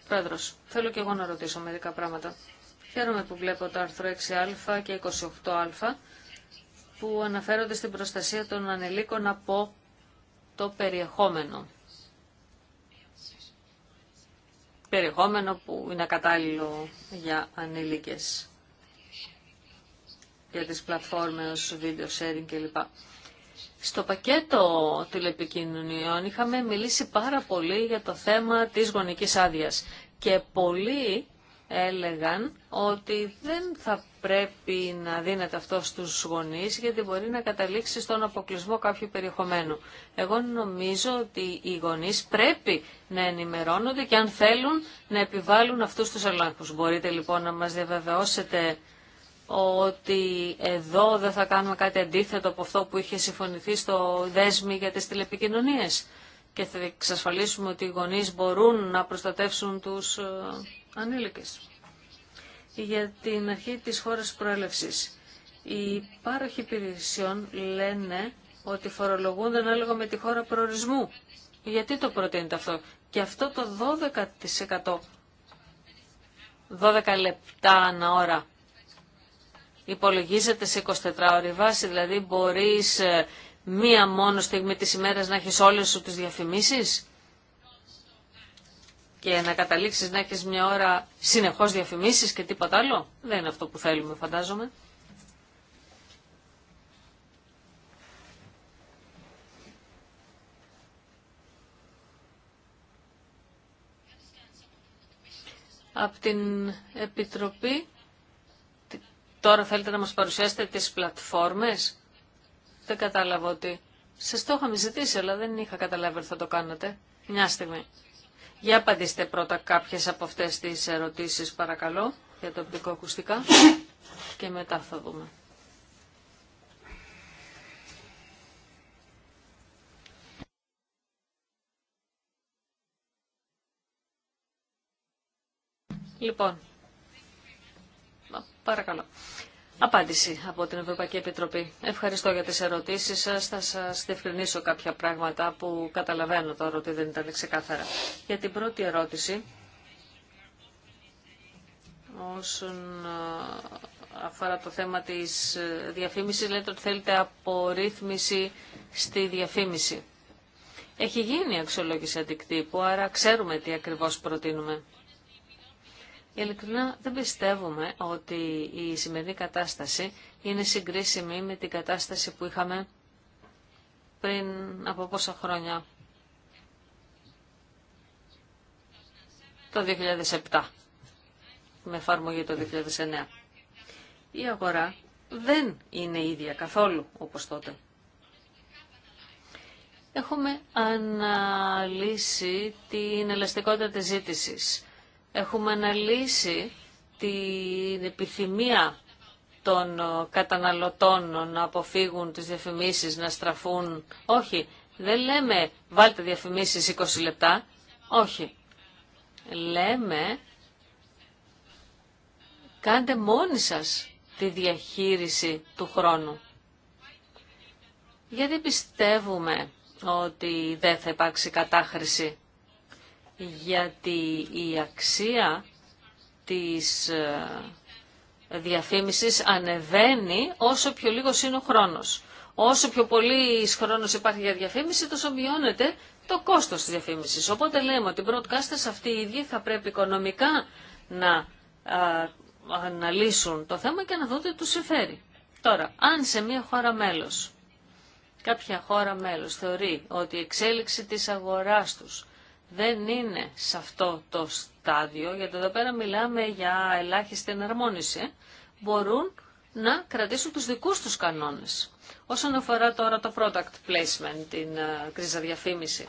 Πρόεδρος, θέλω και εγώ να ρωτήσω μερικά πράγματα. Χαίρομαι που βλέπω το άρθρο 6α και 28α, που αναφέρονται στην προστασία των ανελίκων από το περιεχόμενο. Περιεχόμενο που είναι κατάλληλο για ανελίκες, για τις πλατφόρμες, video sharing κλπ. Στο πακέτο τηλεπικοινωνιών είχαμε μιλήσει πάρα πολύ για το θέμα της γονικής άδειας και πολλοί έλεγαν ότι δεν θα πρέπει να δίνεται αυτό στους γονείς γιατί μπορεί να καταλήξει στον αποκλεισμό κάποιου περιεχομένου. Εγώ νομίζω ότι οι γονείς πρέπει να ενημερώνονται και αν θέλουν να επιβάλλουν αυτούς τους ελάχους. Μπορείτε λοιπόν να μας διαβεβαιώσετε ότι εδώ δεν θα κάνουμε κάτι αντίθετο από αυτό που είχε συμφωνηθεί στο δέσμι για τις τηλεπικοινωνίες και θα εξασφαλίσουμε ότι οι γονείς μπορούν να προστατεύσουν τους ε, ανήλικες για την αρχή της χώρας προέλευσης. Οι πάροχοι υπηρεσιών λένε ότι φορολογούνται ανάλογα με τη χώρα προορισμού. Γιατί το προτείνετε αυτό. Και αυτό το 12% 12 λεπτά ανά ώρα υπολογίζεται σε 24 ώρες βάση, δηλαδή μπορείς ε, μία μόνο στιγμή της ημέρας να έχεις όλες σου τις διαφημίσεις και να καταλήξεις να έχεις μια ώρα συνεχώς διαφημίσεις και τίποτα άλλο. Δεν είναι αυτό που θέλουμε φαντάζομαι. Από την Επιτροπή τώρα θέλετε να μας παρουσιάσετε τις πλατφόρμες. Δεν κατάλαβα ότι... Σας το είχαμε ζητήσει, αλλά δεν είχα καταλάβει ότι θα το κάνετε. Μια στιγμή. Για απαντήστε πρώτα κάποιες από αυτές τις ερωτήσεις παρακαλώ για το οπτικό ακουστικά και μετά θα δούμε. Λοιπόν, παρακαλώ απάντηση από την Ευρωπαϊκή Επιτροπή. Ευχαριστώ για τις ερωτήσεις σας. Θα σας διευκρινίσω κάποια πράγματα που καταλαβαίνω τώρα ότι δεν ήταν ξεκάθαρα. Για την πρώτη ερώτηση, όσον αφορά το θέμα της ε, διαφήμισης, λέτε ότι θέλετε απορρίθμιση στη διαφήμιση. Έχει γίνει αξιολόγηση αντικτύπου, άρα ξέρουμε τι ακριβώς προτείνουμε. Ειλικρινά δεν πιστεύουμε ότι η σημερινή κατάσταση είναι συγκρίσιμη με την κατάσταση που είχαμε πριν από πόσα χρόνια. Το 2007, με εφαρμογή το 2009. Η αγορά δεν είναι ίδια καθόλου όπως τότε. Έχουμε αναλύσει την ελαστικότητα της ζήτησης έχουμε αναλύσει την επιθυμία των ε, καταναλωτών να αποφύγουν τις διαφημίσεις, να στραφούν. Όχι, δεν λέμε βάλτε διαφημίσεις 20 λεπτά. Όχι. Λέμε κάντε μόνοι σας τη διαχείριση του χρόνου. Γιατί πιστεύουμε ότι δεν θα υπάρξει κατάχρηση γιατί η αξία της ε, διαφήμισης ανεβαίνει όσο πιο λίγο είναι ο χρόνος. Όσο πιο πολύ χρόνος υπάρχει για διαφήμιση, τόσο μειώνεται το κόστος της διαφήμισης. Οπότε λέμε ότι οι broadcasters αυτοί οι ίδιοι θα πρέπει οικονομικά να ε, αναλύσουν το θέμα και να δουν τι τους συμφέρει. Τώρα, αν σε μια χώρα μέλος, κάποια χώρα μέλος θεωρεί ότι η εξέλιξη της αγοράς τους δεν είναι σε αυτό το στάδιο, γιατί εδώ πέρα μιλάμε για ελάχιστη εναρμόνιση, μπορούν να κρατήσουν τους δικούς τους κανόνες. Όσον αφορά τώρα το product placement, την ε, κρίζα διαφήμιση,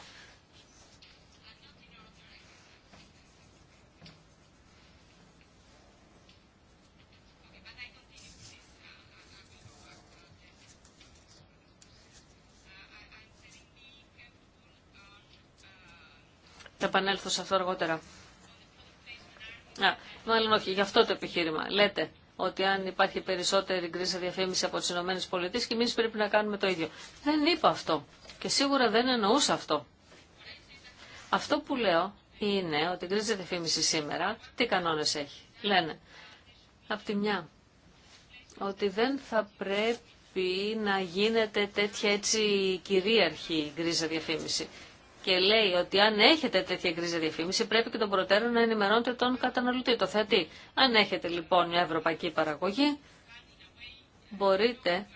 Θα επανέλθω σε αυτό αργότερα. Α, μάλλον όχι, γι' αυτό το επιχείρημα. Λέτε ότι αν υπάρχει περισσότερη γκρίζα διαφήμιση από τι ΗΠΑ και εμεί πρέπει να κάνουμε το ίδιο. Δεν είπα αυτό. Και σίγουρα δεν εννοούσα αυτό. Αυτό που λέω είναι ότι η γκρίζα διαφήμιση σήμερα τι κανόνε έχει. Λένε, απ' τη μια, ότι δεν θα πρέπει να γίνεται τέτοια έτσι κυρίαρχη γκρίζα διαφήμιση και λέει ότι αν έχετε τέτοια κρίση διαφήμιση πρέπει και τον προτέρων να ενημερώνετε τον καταναλωτή, το θεατή. Αν έχετε λοιπόν μια ευρωπαϊκή παραγωγή, μπορείτε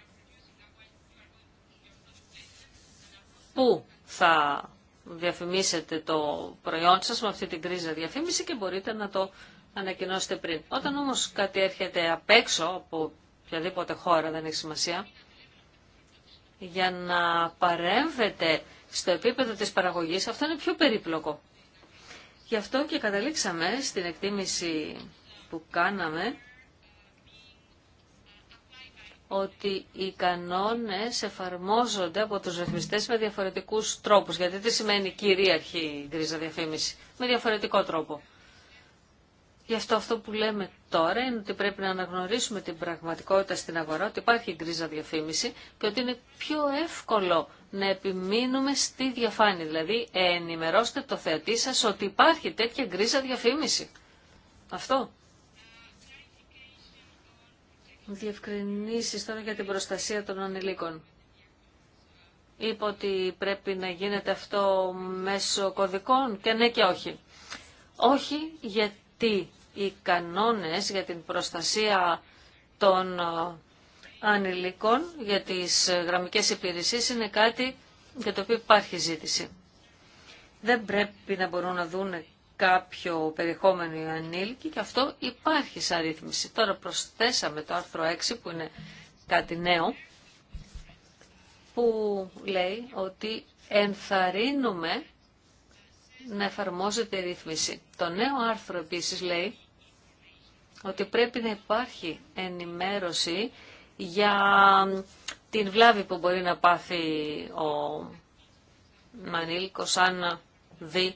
πού θα διαφημίσετε το προϊόν σας με αυτή την κρίση διαφήμιση και μπορείτε να το ανακοινώσετε πριν. Όταν όμως κάτι έρχεται απ' έξω από οποιαδήποτε χώρα, δεν έχει σημασία, για να παρέμβετε στο επίπεδο της παραγωγής αυτό είναι πιο περίπλοκο. Γι' αυτό και καταλήξαμε στην εκτίμηση που κάναμε ότι οι κανόνες εφαρμόζονται από τους ρυθμιστές με διαφορετικούς τρόπους. Γιατί τι σημαίνει κυρίαρχη γκρίζα διαφήμιση. Με διαφορετικό τρόπο. Γι' αυτό αυτό που λέμε τώρα είναι ότι πρέπει να αναγνωρίσουμε την πραγματικότητα στην αγορά, ότι υπάρχει γκρίζα διαφήμιση και ότι είναι πιο εύκολο να επιμείνουμε στη διαφάνεια. Δηλαδή, ενημερώστε το θεατή σας ότι υπάρχει τέτοια γκρίζα διαφήμιση. Αυτό. Διευκρινήσει τώρα για την προστασία των ανηλίκων. Είπα ότι πρέπει να γίνεται αυτό μέσω κωδικών και ναι και όχι. Όχι γιατί οι κανόνες για την προστασία των ανηλίκων για τις ε, γραμμικές υπηρεσίες είναι κάτι για το οποίο υπάρχει ζήτηση. Δεν πρέπει να μπορούν να δουν κάποιο περιεχόμενο οι ανήλικοι και αυτό υπάρχει σαν ρύθμιση. Τώρα προσθέσαμε το άρθρο 6 που είναι κάτι νέο που λέει ότι ενθαρρύνουμε να εφαρμόζεται η ρύθμιση. Το νέο άρθρο επίσης λέει ότι πρέπει να υπάρχει ενημέρωση για την βλάβη που μπορεί να πάθει ο Μανίλικος αν δει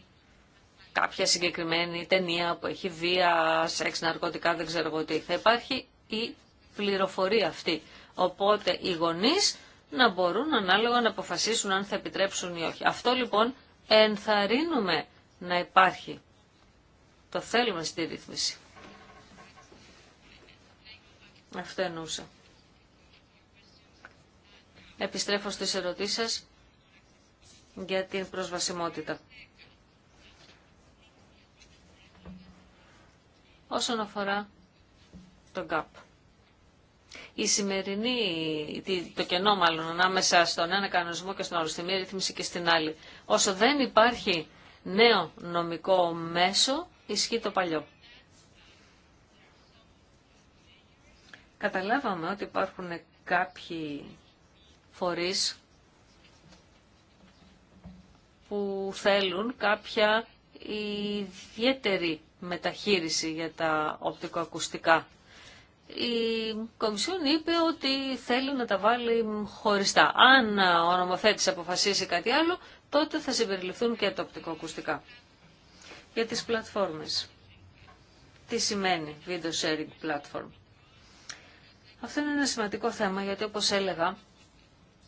κάποια συγκεκριμένη ταινία που έχει βία, σεξ, ναρκωτικά, δεν ξέρω εγώ τι. Θα υπάρχει η πληροφορία αυτή. Οπότε οι γονείς να μπορούν ανάλογα να αποφασίσουν αν θα επιτρέψουν ή όχι. Αυτό λοιπόν ενθαρρύνουμε να υπάρχει. Το θέλουμε στη ρύθμιση. Αυτό εννοούσα επιστρέφω στις ερωτήσεις για την προσβασιμότητα. Όσον αφορά το gap. Η σημερινή, το κενό μάλλον ανάμεσα στον ένα κανονισμό και στον άλλο, στη μία ρύθμιση και στην άλλη. Όσο δεν υπάρχει νέο νομικό μέσο, ισχύει το παλιό. Καταλάβαμε ότι υπάρχουν κάποιοι φορείς που θέλουν κάποια ιδιαίτερη μεταχείριση για τα οπτικοακουστικά. Η Κομισιόν είπε ότι θέλει να τα βάλει χωριστά. Αν ο νομοθέτης αποφασίσει κάτι άλλο, τότε θα συμπεριληφθούν και τα οπτικοακουστικά. Για τις πλατφόρμες. Τι σημαίνει video sharing platform. Αυτό είναι ένα σημαντικό θέμα γιατί όπως έλεγα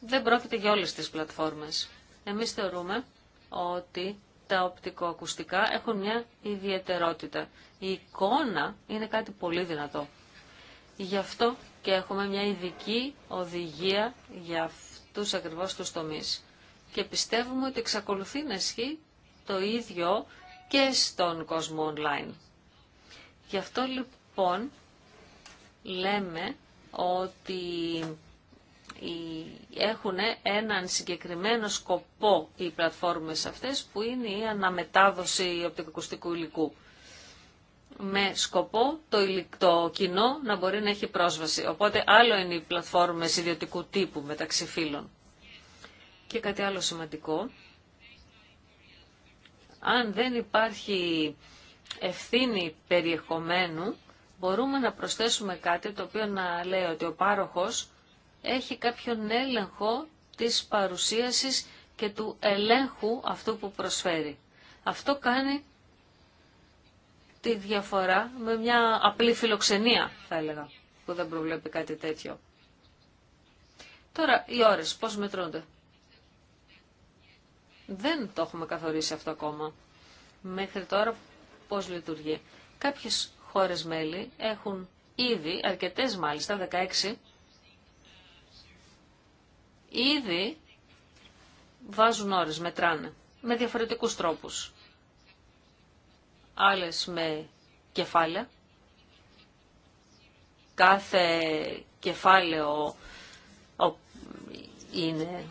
δεν πρόκειται για όλες τις πλατφόρμες. Εμείς θεωρούμε ότι τα οπτικοακουστικά έχουν μια ιδιαιτερότητα. Η εικόνα είναι κάτι πολύ δυνατό. Γι' αυτό και έχουμε μια ειδική οδηγία για αυτούς ακριβώς τους τομείς. Και πιστεύουμε ότι εξακολουθεί να ισχύει το ίδιο και στον κόσμο online. Γι' αυτό λοιπόν λέμε ότι έχουν έναν συγκεκριμένο σκοπό οι πλατφόρμες αυτές που είναι η αναμετάδοση οπτικοκουστικού υλικού με σκοπό το, κοινό να μπορεί να έχει πρόσβαση. Οπότε άλλο είναι οι πλατφόρμες ιδιωτικού τύπου μεταξύ φύλων. Και κάτι άλλο σημαντικό, αν δεν υπάρχει ευθύνη περιεχομένου, μπορούμε να προσθέσουμε κάτι το οποίο να λέει ότι ο πάροχος έχει κάποιον έλεγχο της παρουσίασης και του ελέγχου αυτού που προσφέρει. Αυτό κάνει τη διαφορά με μια απλή φιλοξενία, θα έλεγα, που δεν προβλέπει κάτι τέτοιο. Τώρα, οι ώρες πώς μετρούνται. Δεν το έχουμε καθορίσει αυτό ακόμα. Μέχρι τώρα πώς λειτουργεί. Κάποιες χώρες μέλη έχουν ήδη, αρκετές μάλιστα, 16, ήδη βάζουν ώρες, μετράνε, με διαφορετικούς τρόπους. Άλλες με κεφάλαια. Κάθε κεφάλαιο είναι,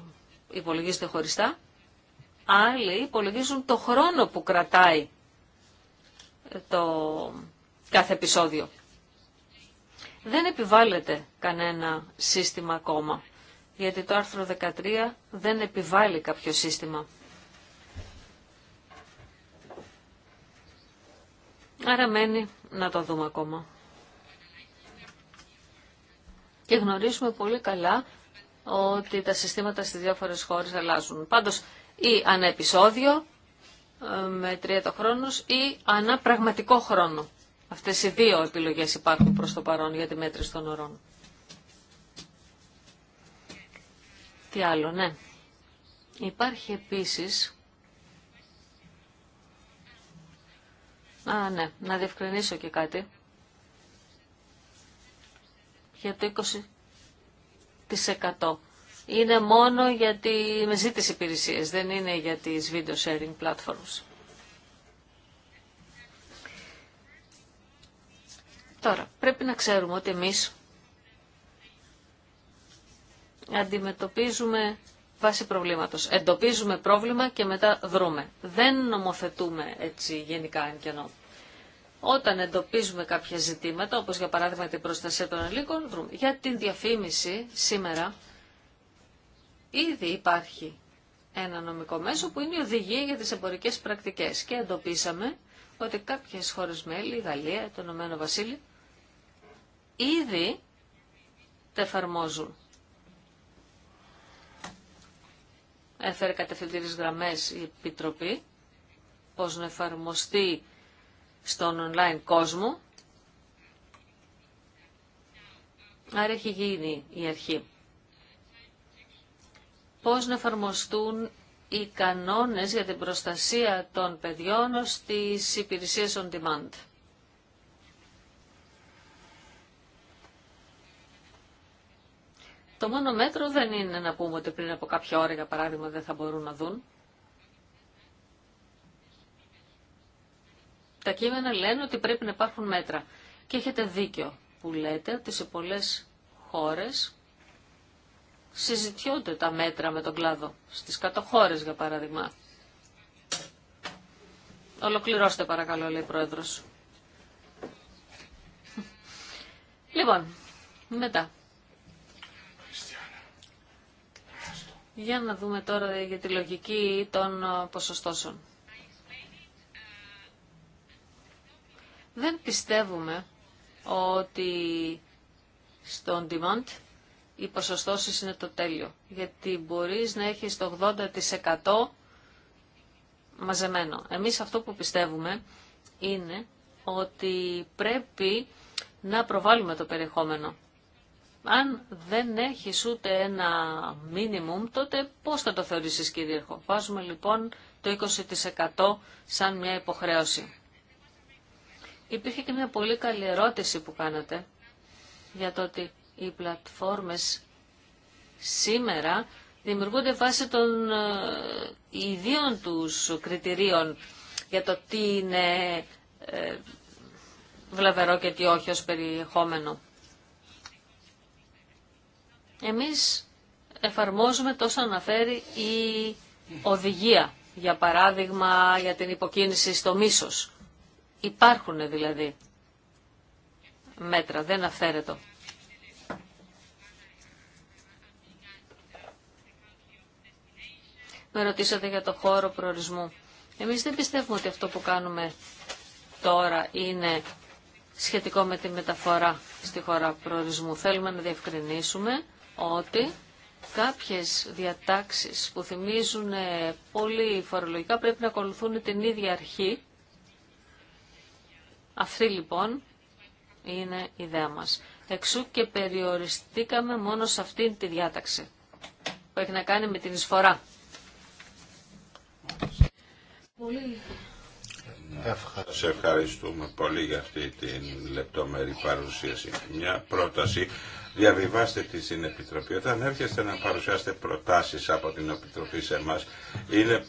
υπολογίζεται χωριστά. Άλλοι υπολογίζουν το χρόνο που κρατάει ε, το κάθε επεισόδιο. Δεν επιβάλλεται κανένα σύστημα ακόμα γιατί το άρθρο 13 δεν επιβάλλει κάποιο σύστημα. Άρα μένει να το δούμε ακόμα. Και γνωρίζουμε πολύ καλά ότι τα συστήματα στις διάφορες χώρες αλλάζουν. Πάντως, ή ανά επεισόδιο, ε, με το χρόνος, ή ανά χρόνο. Αυτές οι δύο επιλογές υπάρχουν προς το παρόν για τη μέτρηση των ορών. Τι άλλο, ναι. Υπάρχει επίσης... Α, ναι, να διευκρινίσω και κάτι. Για το 20%. Είναι μόνο για τη μεζήτηση υπηρεσίες, δεν είναι για τις video sharing platforms. Τώρα, πρέπει να ξέρουμε ότι εμείς αντιμετωπίζουμε βάση προβλήματος. Εντοπίζουμε πρόβλημα και μετά δρούμε. Δεν νομοθετούμε έτσι γενικά εν κενό. Όταν εντοπίζουμε κάποια ζητήματα, όπως για παράδειγμα την προστασία των ελίκων, δρούμε. Για την διαφήμιση σήμερα ήδη υπάρχει ένα νομικό μέσο που είναι η οδηγία για τις εμπορικές πρακτικές. Και εντοπίσαμε ότι κάποιες χώρες μέλη, η Γαλλία, το Ηνωμένο Βασίλειο, ήδη τα έφερε κατευθυντήρες γραμμές η Επιτροπή, πώς να εφαρμοστεί στον online κόσμο. Άρα έχει γίνει η αρχή. Πώς να εφαρμοστούν οι κανόνες για την προστασία των παιδιών στις υπηρεσίες on demand. Το μόνο μέτρο δεν είναι να πούμε ότι πριν από κάποια ώρα, για παράδειγμα, δεν θα μπορούν να δουν. Τα κείμενα λένε ότι πρέπει να υπάρχουν μέτρα. Και έχετε δίκιο που λέτε ότι σε πολλές χώρες συζητιούνται τα μέτρα με τον κλάδο. Στις κατοχώρες, για παράδειγμα. Ολοκληρώστε παρακαλώ, λέει η Πρόεδρος. Λοιπόν, μετά. Για να δούμε τώρα για τη λογική των ε, ποσοστώσεων. Δεν πιστεύουμε ότι στον demand οι ποσοστώσεις είναι το τέλειο. Γιατί μπορείς να έχεις το 80% μαζεμένο. Εμείς αυτό που πιστεύουμε είναι ότι πρέπει να προβάλλουμε το περιεχόμενο. Αν δεν έχει ούτε ένα μίνιμουμ, τότε πώς θα το θεωρήσεις κυρίαρχο. Βάζουμε λοιπόν το 20% σαν μια υποχρέωση. Υπήρχε και μια πολύ καλή ερώτηση που κάνατε για το ότι οι πλατφόρμες σήμερα δημιουργούνται βάσει των ε, ιδίων τους κριτηρίων για το τι είναι ε, βλαβερό και τι όχι ως περιεχόμενο. Εμείς εφαρμόζουμε τόσο αναφέρει η οδηγία, για παράδειγμα για την υποκίνηση στο μίσος. Υπάρχουν δηλαδή μέτρα, δεν αφαίρετο. Με ρωτήσατε για το χώρο προορισμού. Εμείς δεν πιστεύουμε ότι αυτό που κάνουμε τώρα είναι σχετικό με τη μεταφορά στη χώρα προορισμού. Θέλουμε να διευκρινίσουμε ότι κάποιες διατάξεις που θυμίζουν ε, πολύ φορολογικά πρέπει να ακολουθούν την ίδια αρχή. Αυτή λοιπόν είναι η ιδέα μας. Εξού και περιοριστήκαμε μόνο σε αυτήν τη διάταξη που έχει να κάνει με την εισφορά. Πολύ. Σε ευχαριστούμε πολύ για αυτή την λεπτομερή παρουσίαση. Μια πρόταση διαβιβάστε τη στην Επιτροπή. Όταν έρχεστε να παρουσιάσετε προτάσεις από την Επιτροπή σε εμά, είναι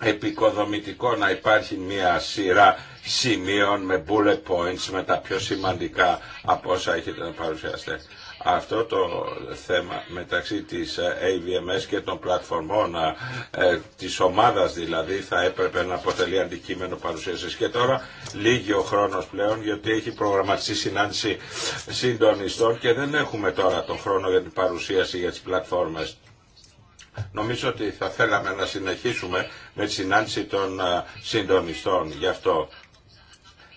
επικοδομητικό να υπάρχει μια σειρά σημείων με bullet points με τα πιο σημαντικά από όσα έχετε να παρουσιάσετε αυτό το θέμα μεταξύ της ε, AVMS και των πλατφορμών ε, ε, της ομάδας δηλαδή θα έπρεπε να αποτελεί αντικείμενο παρουσίασης και τώρα λίγη ο χρόνος πλέον γιατί έχει προγραμματιστεί συνάντηση συντονιστών και δεν έχουμε τώρα τον χρόνο για την παρουσίαση για τις πλατφόρμες. Νομίζω ότι θα θέλαμε να συνεχίσουμε με τη συνάντηση των συντονιστών γι' αυτό.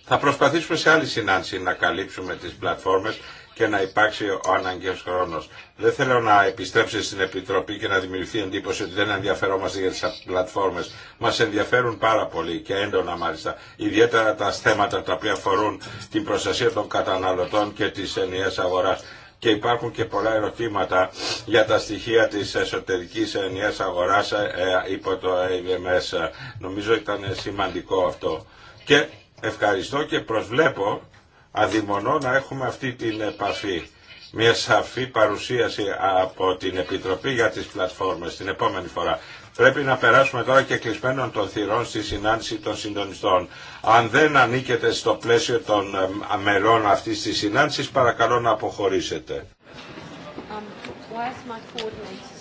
Θα προσπαθήσουμε σε άλλη συνάντηση να καλύψουμε τις πλατφόρμες και να υπάρξει ο αναγκαίος χρόνος. Δεν θέλω να επιστρέψει στην Επιτροπή και να δημιουργηθεί εντύπωση ότι δεν ενδιαφερόμαστε για τις πλατφόρμες. Μας ενδιαφέρουν πάρα πολύ και έντονα μάλιστα, ιδιαίτερα τα θέματα τα οποία αφορούν την προστασία των καταναλωτών και της ενιαίας αγοράς και υπάρχουν και πολλά ερωτήματα για τα στοιχεία της εσωτερικής ενιαίας αγοράς ε, υπό το AVMS. Νομίζω ήταν σημαντικό αυτό. Και ευχαριστώ και προσβλέπω Αδειμονώ να έχουμε αυτή την επαφή. Μια σαφή παρουσίαση από την Επιτροπή για τις πλατφόρμες την επόμενη φορά. Πρέπει να περάσουμε τώρα και κλεισμένων των θυρών στη συνάντηση των συντονιστών. Αν δεν ανήκετε στο πλαίσιο των ε, μελών αυτής της συνάντησης, παρακαλώ να αποχωρήσετε. Um,